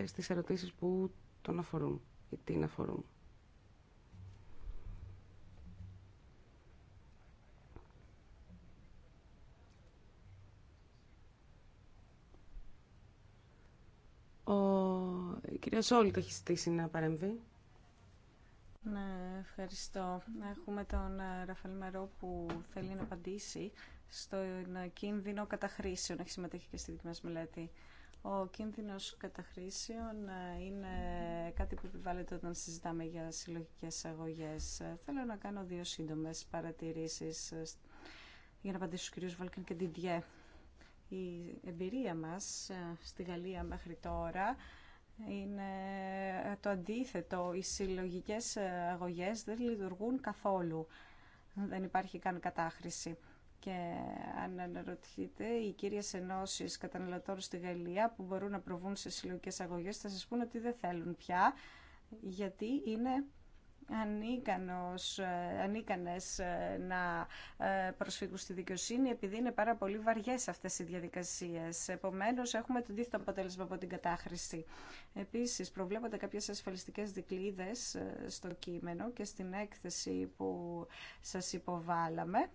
στις ερωτήσεις που τον αφορούν ή την αφορούν. Ο κύριος Σόλτ έχει στήσει να παρέμβει. Ναι, ευχαριστώ. Έχουμε τον ε, Ραφαλ Μερό που θέλει να απαντήσει στον ε, κίνδυνο καταχρήσεων. Έχει συμμετέχει και στη δική μας μελέτη. Ο κίνδυνος καταχρήσεων ε, είναι κάτι που επιβάλλεται όταν συζητάμε για συλλογικές αγωγές. Θέλω να κάνω δύο σύντομες παρατηρήσεις για να απαντήσω στους κυρίους Βαλκαν και Ντιντιέ. Η εμπειρία μας στη Γαλλία μέχρι τώρα είναι το αντίθετο. Οι συλλογικές αγωγές δεν λειτουργούν καθόλου. Δεν υπάρχει καν κατάχρηση. Και αν αναρωτηθείτε, οι κύριε ενώσει καταναλωτών στη Γαλλία που μπορούν να προβούν σε συλλογικέ αγωγέ θα σα πούνε ότι δεν θέλουν πια, γιατί είναι ανίκανος, ε, ανίκανες ε, να ε, προσφύγουν στη δικαιοσύνη επειδή είναι πάρα πολύ βαριές αυτές οι διαδικασίες. Επομένως έχουμε το αντίθετο αποτέλεσμα από την κατάχρηση. Επίσης προβλέπονται κάποιες ασφαλιστικές δικλείδες στο κείμενο και στην έκθεση που σας υποβάλαμε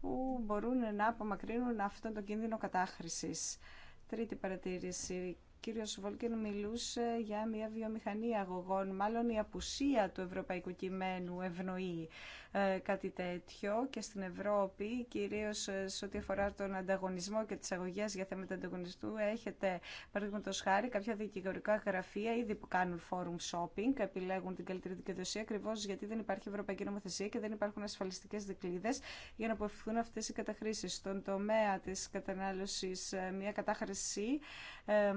που μπορούν να απομακρύνουν αυτόν τον κίνδυνο κατάχρησης. Τρίτη παρατήρηση κύριος Βόλκεν μιλούσε για μια βιομηχανία αγωγών. Μάλλον η απουσία του ευρωπαϊκού κειμένου ευνοεί ε, κάτι τέτοιο και στην Ευρώπη, κυρίως ε, σε ό,τι αφορά τον ανταγωνισμό και τις αγωγές για θέματα ανταγωνιστού, έχετε, παραδείγματο χάρη, κάποια δικηγορικά γραφεία ήδη που κάνουν forum shopping, επιλέγουν την καλύτερη δικαιοδοσία ακριβώ γιατί δεν υπάρχει ευρωπαϊκή νομοθεσία και δεν υπάρχουν ασφαλιστικέ δικλείδε για να αποφευθούν αυτέ οι καταχρήσει. Στον τομέα τη κατανάλωση, ε, μια κατάχρηση ε,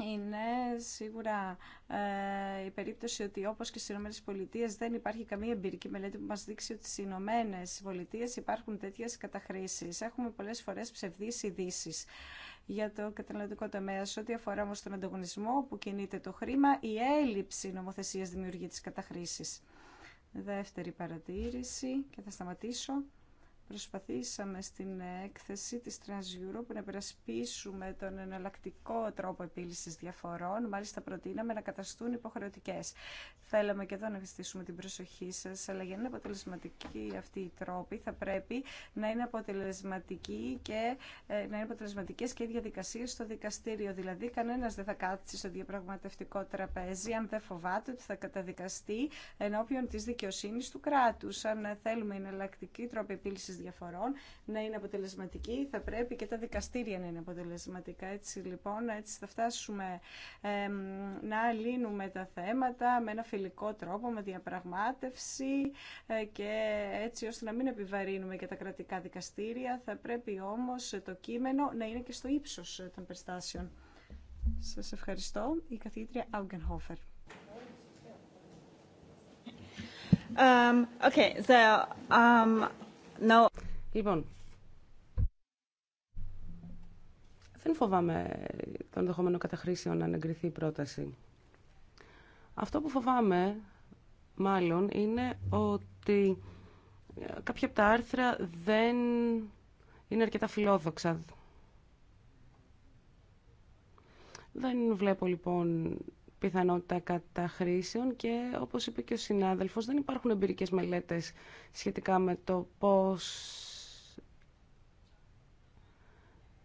είναι σίγουρα ε, η περίπτωση ότι όπως και στις Ηνωμένες Πολιτείες δεν υπάρχει καμία εμπειρική μελέτη που μας δείξει ότι στις Ηνωμένες Πολιτείες υπάρχουν τέτοιες καταχρήσεις. Έχουμε πολλές φορές ψευδείς ειδήσει για το καταναλωτικό τομέα. Σε ό,τι αφορά όμως τον ανταγωνισμό που κινείται το χρήμα, η έλλειψη νομοθεσίας δημιουργεί τις καταχρήσεις. Δεύτερη παρατήρηση και θα σταματήσω. Προσπαθήσαμε στην έκθεση της Trans Europe να περασπίσουμε τον εναλλακτικό τρόπο επίλυσης διαφορών. Μάλιστα προτείναμε να καταστούν υποχρεωτικές. Θέλαμε και εδώ να ευχαριστήσουμε την προσοχή σας, αλλά για να είναι αποτελεσματική αυτή η τρόπη θα πρέπει να είναι, αποτελεσματική και, ε, να είναι αποτελεσματικές και οι διαδικασίες στο δικαστήριο. Δηλαδή κανένας δεν θα κάτσει στο διαπραγματευτικό τραπέζι αν δεν φοβάται ότι θα καταδικαστεί ενώπιον της δικαιοσύνης του κράτους. Αν θέλουμε εναλλακτική τρόπο επίλυσης διαφορών να είναι αποτελεσματική, θα πρέπει και τα δικαστήρια να είναι αποτελεσματικά. Έτσι λοιπόν, έτσι θα φτάσουμε να λύνουμε τα θέματα με ένα φιλικό τρόπο, με διαπραγμάτευση ε, και έτσι ώστε να μην επιβαρύνουμε και τα κρατικά δικαστήρια. Θα πρέπει όμως το κείμενο να είναι και στο ύψος των περιστάσεων. Σας ευχαριστώ. Η καθηγήτρια Augenhofer. Um, um Λοιπόν, δεν φοβάμαι τον ενδεχόμενο καταχρήσεων να εγκριθεί η πρόταση. Αυτό που φοβάμαι, μάλλον, είναι ότι ε, κάποια από τα άρθρα δεν είναι αρκετά φιλόδοξα. Δεν βλέπω, λοιπόν, πιθανότητα καταχρήσεων και όπως είπε και ο συνάδελφος δεν υπάρχουν εμπειρικές μελέτες σχετικά με το πώς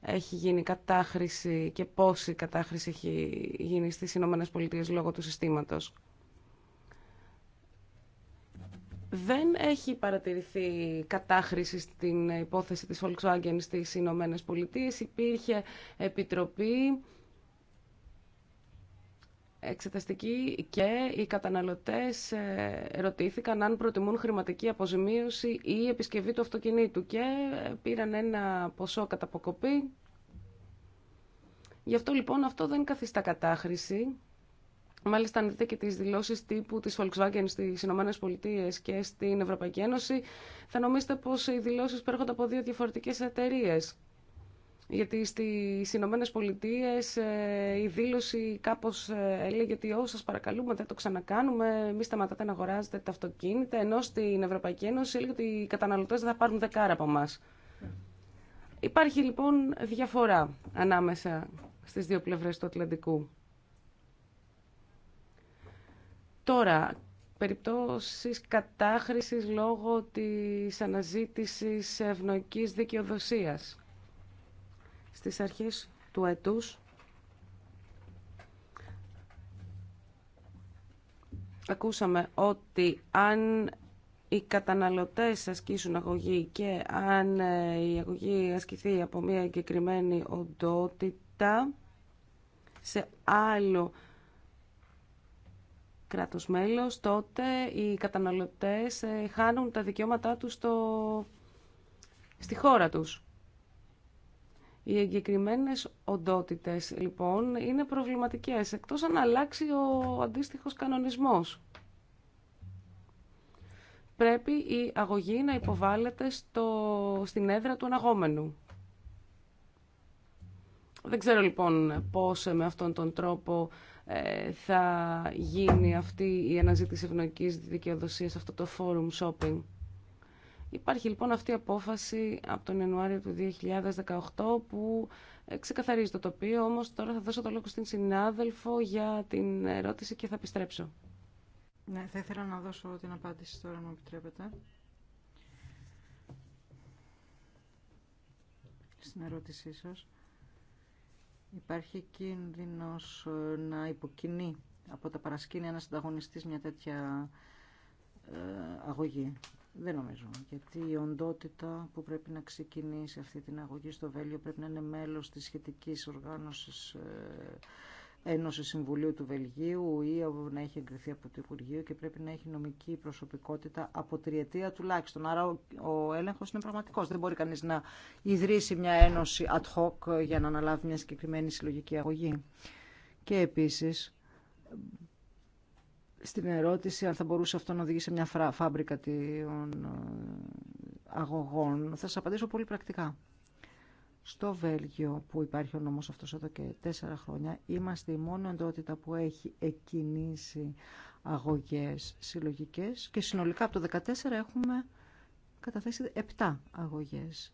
έχει γίνει κατάχρηση και πόση κατάχρηση έχει γίνει στις Ηνωμένες Πολιτείες λόγω του συστήματος. Δεν έχει παρατηρηθεί κατάχρηση στην υπόθεση της Volkswagen στις Ηνωμένες Πολιτείες. Υπήρχε επιτροπή εξεταστική και οι καταναλωτές ε, ρωτήθηκαν αν προτιμούν χρηματική αποζημίωση ή επισκευή του αυτοκινήτου και ε, πήραν ένα ποσό κατά αποκοπή. Γι' αυτό λοιπόν αυτό δεν καθιστά κατάχρηση. Μάλιστα, αν δείτε και τις δηλώσεις τύπου της Volkswagen στις Ηνωμένες Πολιτείες και στην Ευρωπαϊκή Ένωση, θα νομίζετε πως οι δηλώσεις προέρχονται από δύο διαφορετικές εταιρείε. Γιατί στις Ηνωμένε Πολιτείε ε, η δήλωση κάπως ε, έλεγε ότι «Ω, σας παρακαλούμε, δεν το ξανακάνουμε, μη σταματάτε να αγοράζετε τα αυτοκίνητα», ενώ στην Ευρωπαϊκή Ένωση έλεγε ότι οι καταναλωτές δεν θα πάρουν δεκάρα από εμά. Υπάρχει λοιπόν διαφορά ανάμεσα στις δύο πλευρές του Ατλαντικού. Τώρα, περιπτώσεις κατάχρησης λόγω της αναζήτησης ευνοϊκής δικαιοδοσίας στις αρχές του έτους ακούσαμε ότι αν οι καταναλωτές ασκήσουν αγωγή και αν ε, η αγωγή ασκηθεί από μια εγκεκριμένη οντότητα σε άλλο κράτος μέλος, τότε οι καταναλωτές ε, χάνουν τα δικαιώματά τους στο... στη χώρα τους. Οι εγκεκριμένε οντότητε λοιπόν είναι προβληματικέ εκτό αν αλλάξει ο αντίστοιχο κανονισμό. Πρέπει η αγωγή να υποβάλλεται στο, στην έδρα του αναγόμενου. Δεν ξέρω λοιπόν πώς με αυτόν τον τρόπο ε, θα γίνει αυτή η αναζήτηση ευνοϊκής δικαιοδοσίας, αυτό το forum shopping. Υπάρχει λοιπόν αυτή η απόφαση από τον Ιανουάριο του 2018 που ε, ξεκαθαρίζει το τοπίο, όμως τώρα θα δώσω το λόγο στην συνάδελφο για την ερώτηση και θα επιστρέψω. Ναι, θα ήθελα να δώσω την απάντηση τώρα, αν μου επιτρέπετε. Στην ερώτησή σας. Υπάρχει κίνδυνος ε, να υποκινεί από τα παρασκήνια ένας ανταγωνιστής μια τέτοια ε, αγωγή. Δεν νομίζω. Γιατί η οντότητα που πρέπει να ξεκινήσει αυτή την αγωγή στο Βέλγιο πρέπει να είναι μέλο τη σχετική οργάνωση ε, Ένωση Συμβουλίου του Βελγίου ή να έχει εγκριθεί από το Υπουργείο και πρέπει να έχει νομική προσωπικότητα από τριετία τουλάχιστον. Άρα ο, ο έλεγχο είναι πραγματικό. Δεν μπορεί κανεί να ιδρύσει μια ένωση ad hoc για να αναλάβει μια συγκεκριμένη συλλογική αγωγή. Και επίση στην ερώτηση αν θα μπορούσε αυτό να οδηγήσει σε μια φάμπρικα των ε, αγωγών. Θα σας απαντήσω πολύ πρακτικά. Στο Βέλγιο που υπάρχει ο νόμος αυτός εδώ και τέσσερα χρόνια είμαστε η μόνη εντότητα που έχει εκκινήσει αγωγές συλλογικές και συνολικά από το 2014 έχουμε καταθέσει 7 αγωγές.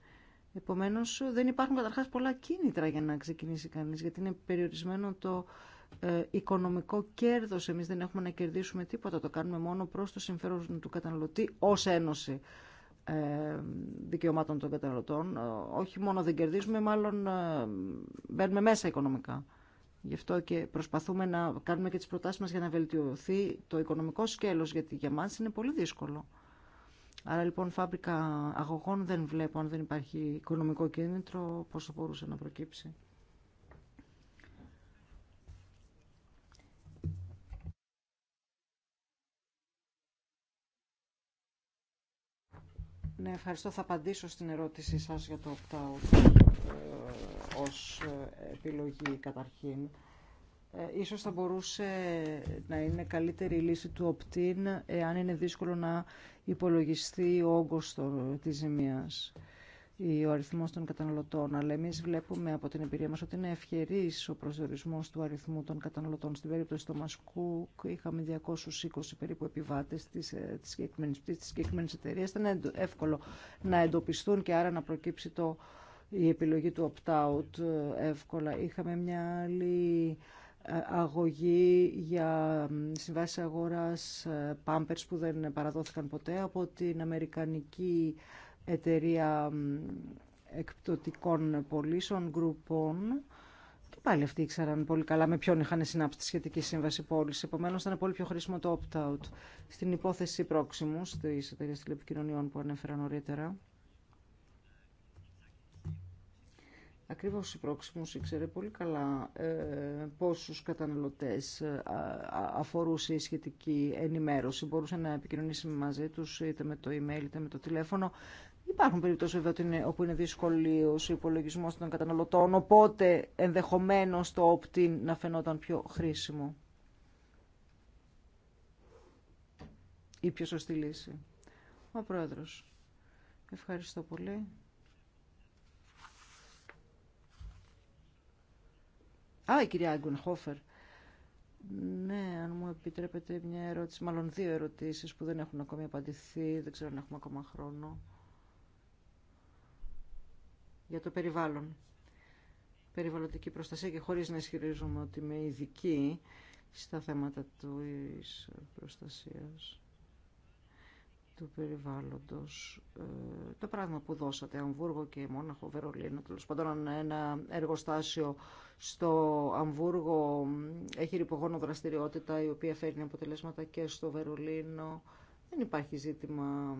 Επομένως δεν υπάρχουν καταρχάς πολλά κίνητρα για να ξεκινήσει κανείς γιατί είναι περιορισμένο το ε, οικονομικό κέρδος. Εμείς δεν έχουμε να κερδίσουμε τίποτα, το κάνουμε μόνο προς το συμφέρον του καταναλωτή ως Ένωση ε, Δικαιωμάτων των Καταναλωτών. Ε, όχι μόνο δεν κερδίζουμε, μάλλον μπαίνουμε μέσα οικονομικά. Γι' αυτό και προσπαθούμε να κάνουμε και τις προτάσεις μας για να βελτιωθεί το οικονομικό σκέλος, γιατί για μας είναι πολύ δύσκολο. Άρα λοιπόν φάμπρικα αγωγών δεν βλέπω αν δεν υπάρχει οικονομικό κίνητρο θα μπορούσε να προκύψει. Ναι, ευχαριστώ. Θα απαντήσω στην ερώτησή σας για το opt-out ε, ως ε, επιλογή καταρχήν. Ε, ίσως θα μπορούσε να είναι καλύτερη η λύση του opt-in εάν είναι δύσκολο να υπολογιστεί ο όγκος της ζημίας ο αριθμός των καταναλωτών, αλλά εμείς βλέπουμε από την εμπειρία μας ότι είναι ευχερής ο προσδιορισμός του αριθμού των καταναλωτών. Στην περίπτωση του Μασκού είχαμε 220 περίπου επιβάτες της, ε, της συγκεκριμένης της συγκεκριμένης εταιρείας. Ήταν εύκολο να εντοπιστούν και άρα να προκύψει το, η επιλογή του opt-out ε, εύκολα. Είχαμε μια άλλη ε, αγωγή για συμβάσεις αγοράς, Pampers που δεν παραδόθηκαν ποτέ από την Αμερικανική εταιρεία εκπτωτικών πωλήσεων, γκρουπών. Και πάλι αυτοί ήξεραν πολύ καλά με ποιον είχαν συνάψει τη σχετική σύμβαση πώληση. Επομένω, ήταν πολύ πιο χρήσιμο το opt-out. Στην υπόθεση πρόξιμου τη εταιρεία τηλεπικοινωνιών που ανέφερα νωρίτερα, Ακριβώ η πρόξιμο ήξερε πολύ καλά ε, πόσους καταναλωτές ε, αφορούσε η σχετική ενημέρωση. Μπορούσε να επικοινωνήσει μαζί του είτε με το email είτε με το τηλέφωνο Υπάρχουν περιπτώσει βέβαια είναι, όπου είναι δύσκολο ο υπολογισμό των καταναλωτών, οπότε ενδεχομένω το opt να φαινόταν πιο χρήσιμο. Η πιο σωστή λύση. Ο Πρόεδρος. Ευχαριστώ πολύ. Α, η κυρία Άγκουνχόφερ. Ναι, αν μου επιτρέπετε μια ερώτηση, μάλλον δύο ερωτήσεις που δεν έχουν ακόμη απαντηθεί, δεν ξέρω αν έχουμε ακόμα χρόνο για το περιβάλλον. Περιβαλλοντική προστασία και χωρίς να ισχυρίζομαι ότι είμαι ειδική στα θέματα της προστασίας του περιβάλλοντος. Ε, το πράγμα που δώσατε, Αμβούργο και Μόναχο, Βερολίνο, τέλο πάντων ένα εργοστάσιο στο Αμβούργο ε, έχει ρηπογόνο δραστηριότητα η οποία φέρνει αποτελέσματα και στο Βερολίνο. Δεν υπάρχει ζήτημα,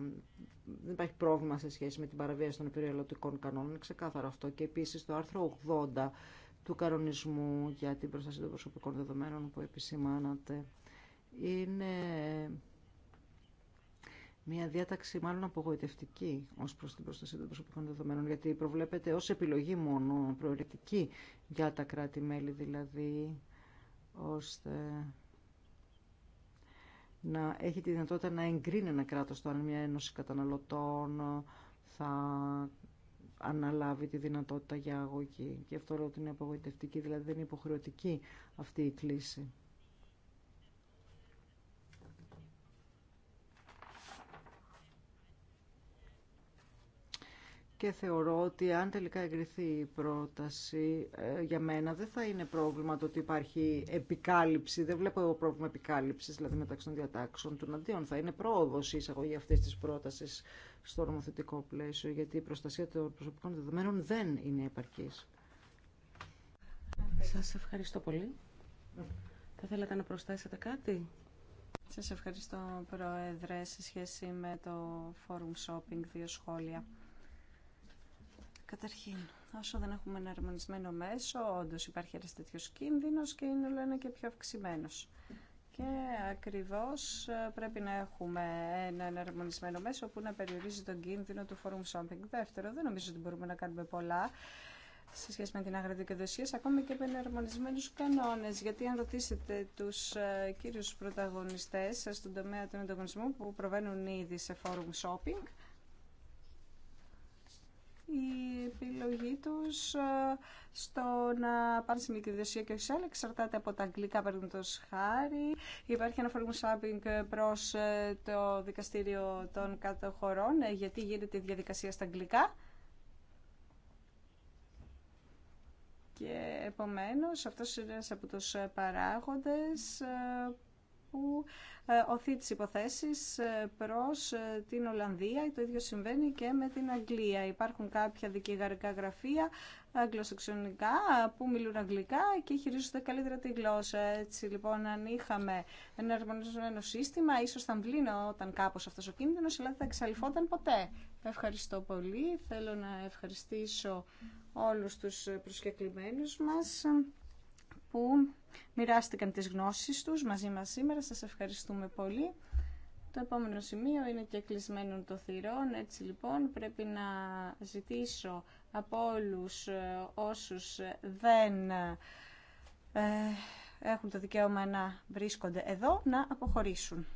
δεν υπάρχει πρόβλημα σε σχέση με την παραβίαση των περιελωτικών κανόνων, είναι ξεκάθαρο αυτό. Και επίσης το άρθρο 80 του κανονισμού για την προστασία των προσωπικών δεδομένων που επισημάνατε είναι μια διάταξη μάλλον απογοητευτική ως προς την προστασία των προσωπικών δεδομένων, γιατί προβλέπεται ως επιλογή μόνο προαιρετική για τα κράτη-μέλη δηλαδή, να έχει τη δυνατότητα να εγκρίνει ένα κράτος το αν μια ένωση καταναλωτών θα αναλάβει τη δυνατότητα για αγωγή. Και αυτό λέω ότι είναι απογοητευτική, δηλαδή δεν είναι υποχρεωτική αυτή η κλίση. και θεωρώ ότι αν τελικά εγκριθεί η πρόταση ε, για μένα δεν θα είναι πρόβλημα το ότι υπάρχει επικάλυψη, δεν βλέπω εγώ πρόβλημα επικάλυψης δηλαδή μεταξύ των διατάξεων του αντίον. θα είναι πρόοδο η εισαγωγή αυτή τη πρόταση στο νομοθετικό πλαίσιο γιατί η προστασία των προσωπικών δεδομένων δεν είναι επαρκή. Σα ευχαριστώ πολύ. Θα θέλατε να προσθέσετε κάτι. Σας ευχαριστώ, Πρόεδρε, σε σχέση με το Forum Shopping, δύο σχόλια. Καταρχήν, όσο δεν έχουμε ένα αρμονισμένο μέσο, όντω υπάρχει ένα τέτοιο κίνδυνο και είναι όλο ένα και πιο αυξημένο. Και ακριβώ ε, πρέπει να έχουμε ένα εναρμονισμένο μέσο που να περιορίζει τον κίνδυνο του forum shopping. Δεύτερο, δεν νομίζω ότι μπορούμε να κάνουμε πολλά σε σχέση με την άγρια δικαιοδοσία, ακόμη και με εναρμονισμένου κανόνε. Γιατί, αν ρωτήσετε του ε, κύριου πρωταγωνιστέ στον τομέα του ανταγωνισμού που προβαίνουν ήδη σε forum shopping, η επιλογή τους ε, στο να πάνε στη μικρή και όχι σε άλλα εξαρτάται από τα αγγλικά παραδείγματο χάρη. Υπάρχει ένα forum shopping προς ε, το δικαστήριο των κάτω ε, γιατί γίνεται η διαδικασία στα αγγλικά. Και επομένως αυτός είναι ένας από τους παράγοντες που ε, οθεί τις υποθέσεις ε, προς ε, την Ολλανδία. Το ίδιο συμβαίνει και με την Αγγλία. Υπάρχουν κάποια δικηγαρικά γραφεία αγγλοσεξιονικά που μιλούν αγγλικά και χειρίζονται καλύτερα τη γλώσσα. Έτσι λοιπόν αν είχαμε ένα αρμονισμένο σύστημα ίσως θα όταν κάπως αυτός ο κίνδυνος αλλά δεν θα εξαλειφόταν ποτέ. Ευχαριστώ πολύ. Θέλω να ευχαριστήσω όλους τους προσκεκλημένους μας που μοιράστηκαν τις γνώσεις τους μαζί μας σήμερα. Σας ευχαριστούμε πολύ. Το επόμενο σημείο είναι και κλεισμένο το θυρών, έτσι λοιπόν πρέπει να ζητήσω από όλους ε, όσους δεν ε, έχουν το δικαίωμα να βρίσκονται εδώ να αποχωρήσουν.